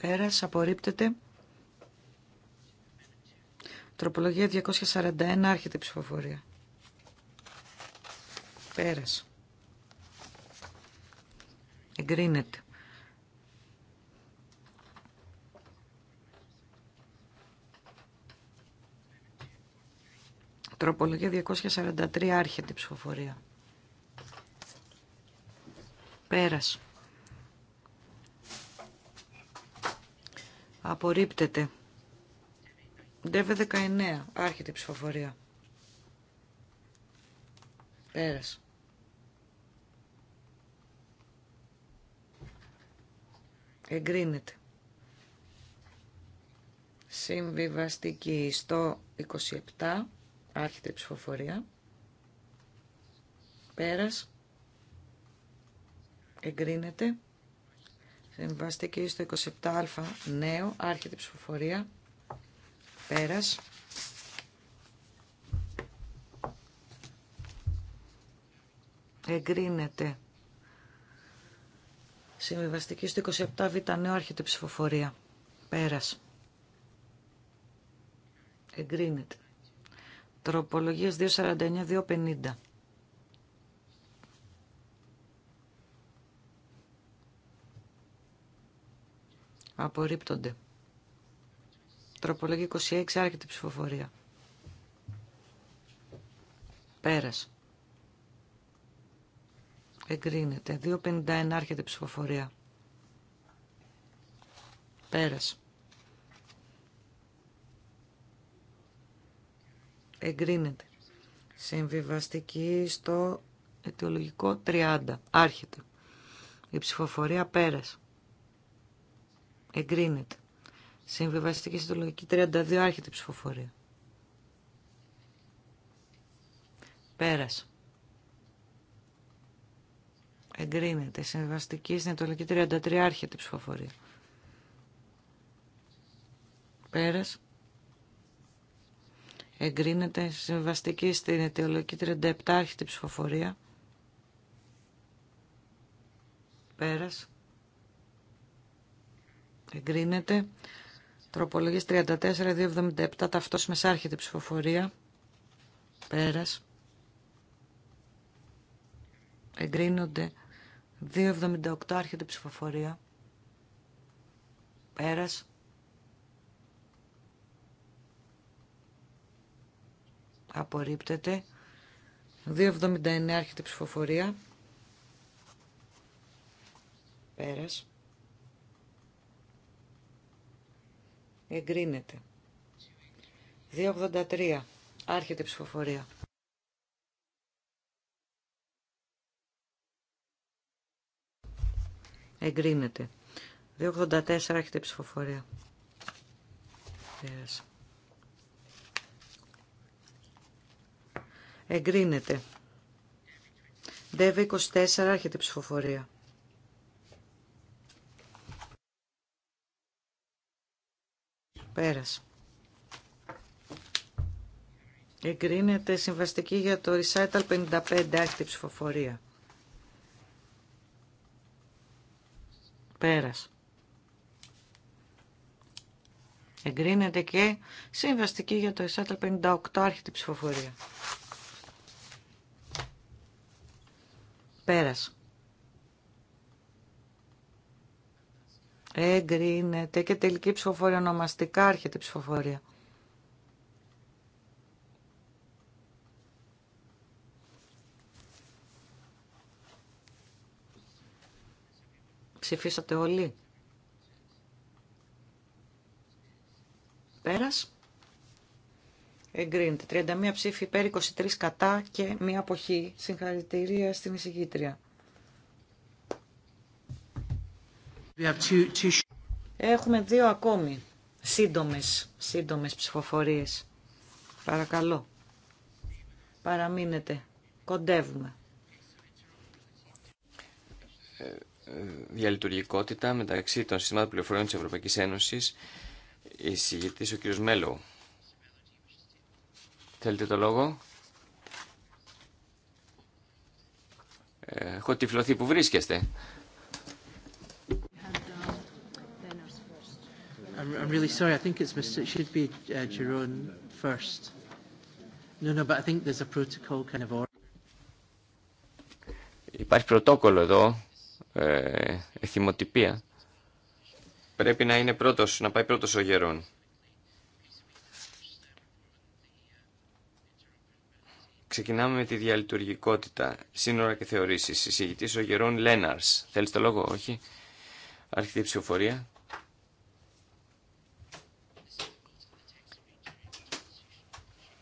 Πέρας, απορρίπτεται. Τροπολογία 241, άρχεται η ψηφοφορία. Πέρας. Εγκρίνεται. Τροπολογία 243, άρχεται η ψηφοφορία. Πέρας. Απορρίπτεται. ΔΕΒΕ 19. Άρχεται η ψηφοφορία. Πέρασε. Εγκρίνεται. Συμβιβαστική στο 27. Άρχεται η ψηφοφορία. Πέρας. Εγκρίνεται. Συμβαστική στο 27α νέο, άρχεται ψηφοφορία. Πέρας. Εγκρίνεται. Συμβιβαστική στο 27β νέο, άρχεται ψηφοφορία. Πέρας. Εγκρίνεται. Τροπολογίες 249-250. Απορρίπτονται. Τροπολογία 26, άρχεται η ψηφοφορία. Πέρας. Εγκρίνεται. 2.51, άρχεται η ψηφοφορία. Πέρας. Εγκρίνεται. Συμβιβαστική στο αιτιολογικό 30, άρχεται. Η ψηφοφορία πέρασε. Εγκρίνεται. Συμβιβαστική συντολογική 32 άρχεται ψηφοφορία. Πέρασε. Εγκρίνεται. Συμβιβαστική συντολογική 33 άρχεται ψηφοφορία. Πέρασε. Εγκρίνεται. Συμβιβαστική στην αιτιολογική 37 άρχεται ψηφοφορία. Πέρασε εγκρινεται τροπολογης Τροπολογίες 34-277. ταυτός μεσάρχεται ψηφοφορία. Πέρας. Εγκρίνονται. 278 άρχεται ψηφοφορία. Πέρας. Απορρίπτεται. 279 άρχεται ψηφοφορία. Πέρας. Εγκρίνεται. 283. Άρχεται η ψηφοφορία. Εγκρίνεται. 284. Άρχεται η ψηφοφορία. Πέρασε. Εγκρίνεται. ΔΕΒ 24. Άρχεται η ψηφοφορία. Πέρας. Εγκρίνεται συμβαστική για το Recital 55, άκτη ψηφοφορία. Πέρας. Εγκρίνεται και συμβαστική για το Recital 58, άρχιτη ψηφοφορία. Πέρας. Εγκρίνεται και τελική ψηφοφορία ονομαστικά έρχεται η ψηφοφορία. Ψηφίσατε όλοι. Πέρας. Εγκρίνεται. 31 ψήφοι υπέρ, 23 κατά και μία αποχή. Συγχαρητήρια στην εισηγήτρια. Έχουμε δύο ακόμη σύντομες, σύντομες ψηφοφορίες. Παρακαλώ. Παραμείνετε. Κοντεύουμε. Διαλειτουργικότητα μεταξύ των συστημάτων πληροφοριών της Ευρωπαϊκής Ένωσης εισηγητής ο κ. Μέλο. Θέλετε το λόγο. Ε, έχω τυφλωθεί που βρίσκεστε. I'm, I'm really sorry. I think it's it should be uh, Jerome first. No, no, but I think there's a protocol kind of order. Υπάρχει πρωτόκολλο εδώ, ε, εθιμοτυπία. Πρέπει να είναι πρώτος, να πάει πρώτος ο Γερόν. Ξεκινάμε με τη διαλειτουργικότητα, σύνορα και θεωρήσεις. Συζητητής ο Γερόν Λέναρς. Θέλεις το λόγο, όχι. Άρχεται η ψηφοφορία.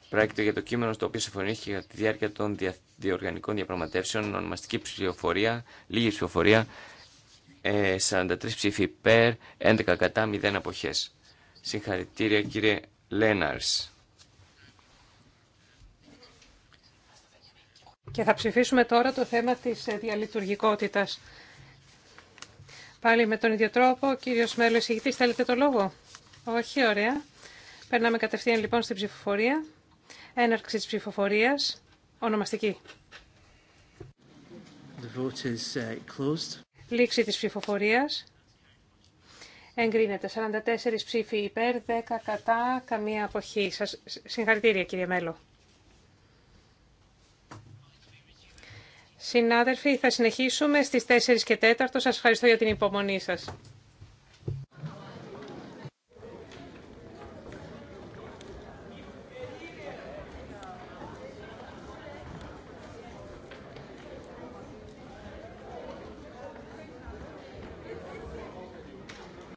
Πρόκειται για το κείμενο στο οποίο συμφωνήθηκε για τη διάρκεια των διοργανικών διαπραγματεύσεων ονομαστική ψηφοφορία, λίγη ψηφοφορία, 43 ε, ψήφοι υπέρ, 11 κατά, 0 απόχέ. Συγχαρητήρια κύριε Λέναρ. Και θα ψηφίσουμε τώρα το θέμα της ε, διαλειτουργικότητας. Πάλι με τον ίδιο τρόπο, κύριος Μέλος, ηγητή, θέλετε το λόγο. Όχι, ωραία. Περνάμε κατευθείαν λοιπόν στην ψηφοφορία. Έναρξη της ψηφοφορίας. Ονομαστική. The vote is uh, closed. Λήξη της ψηφοφορίας. Εγκρίνεται. 44 ψήφοι υπέρ, 10 κατά, καμία αποχή. Σα συγχαρητήρια κύριε Μέλο. Συνάδελφοι, θα συνεχίσουμε στις 4 και 4. Σας ευχαριστώ για την υπομονή σας.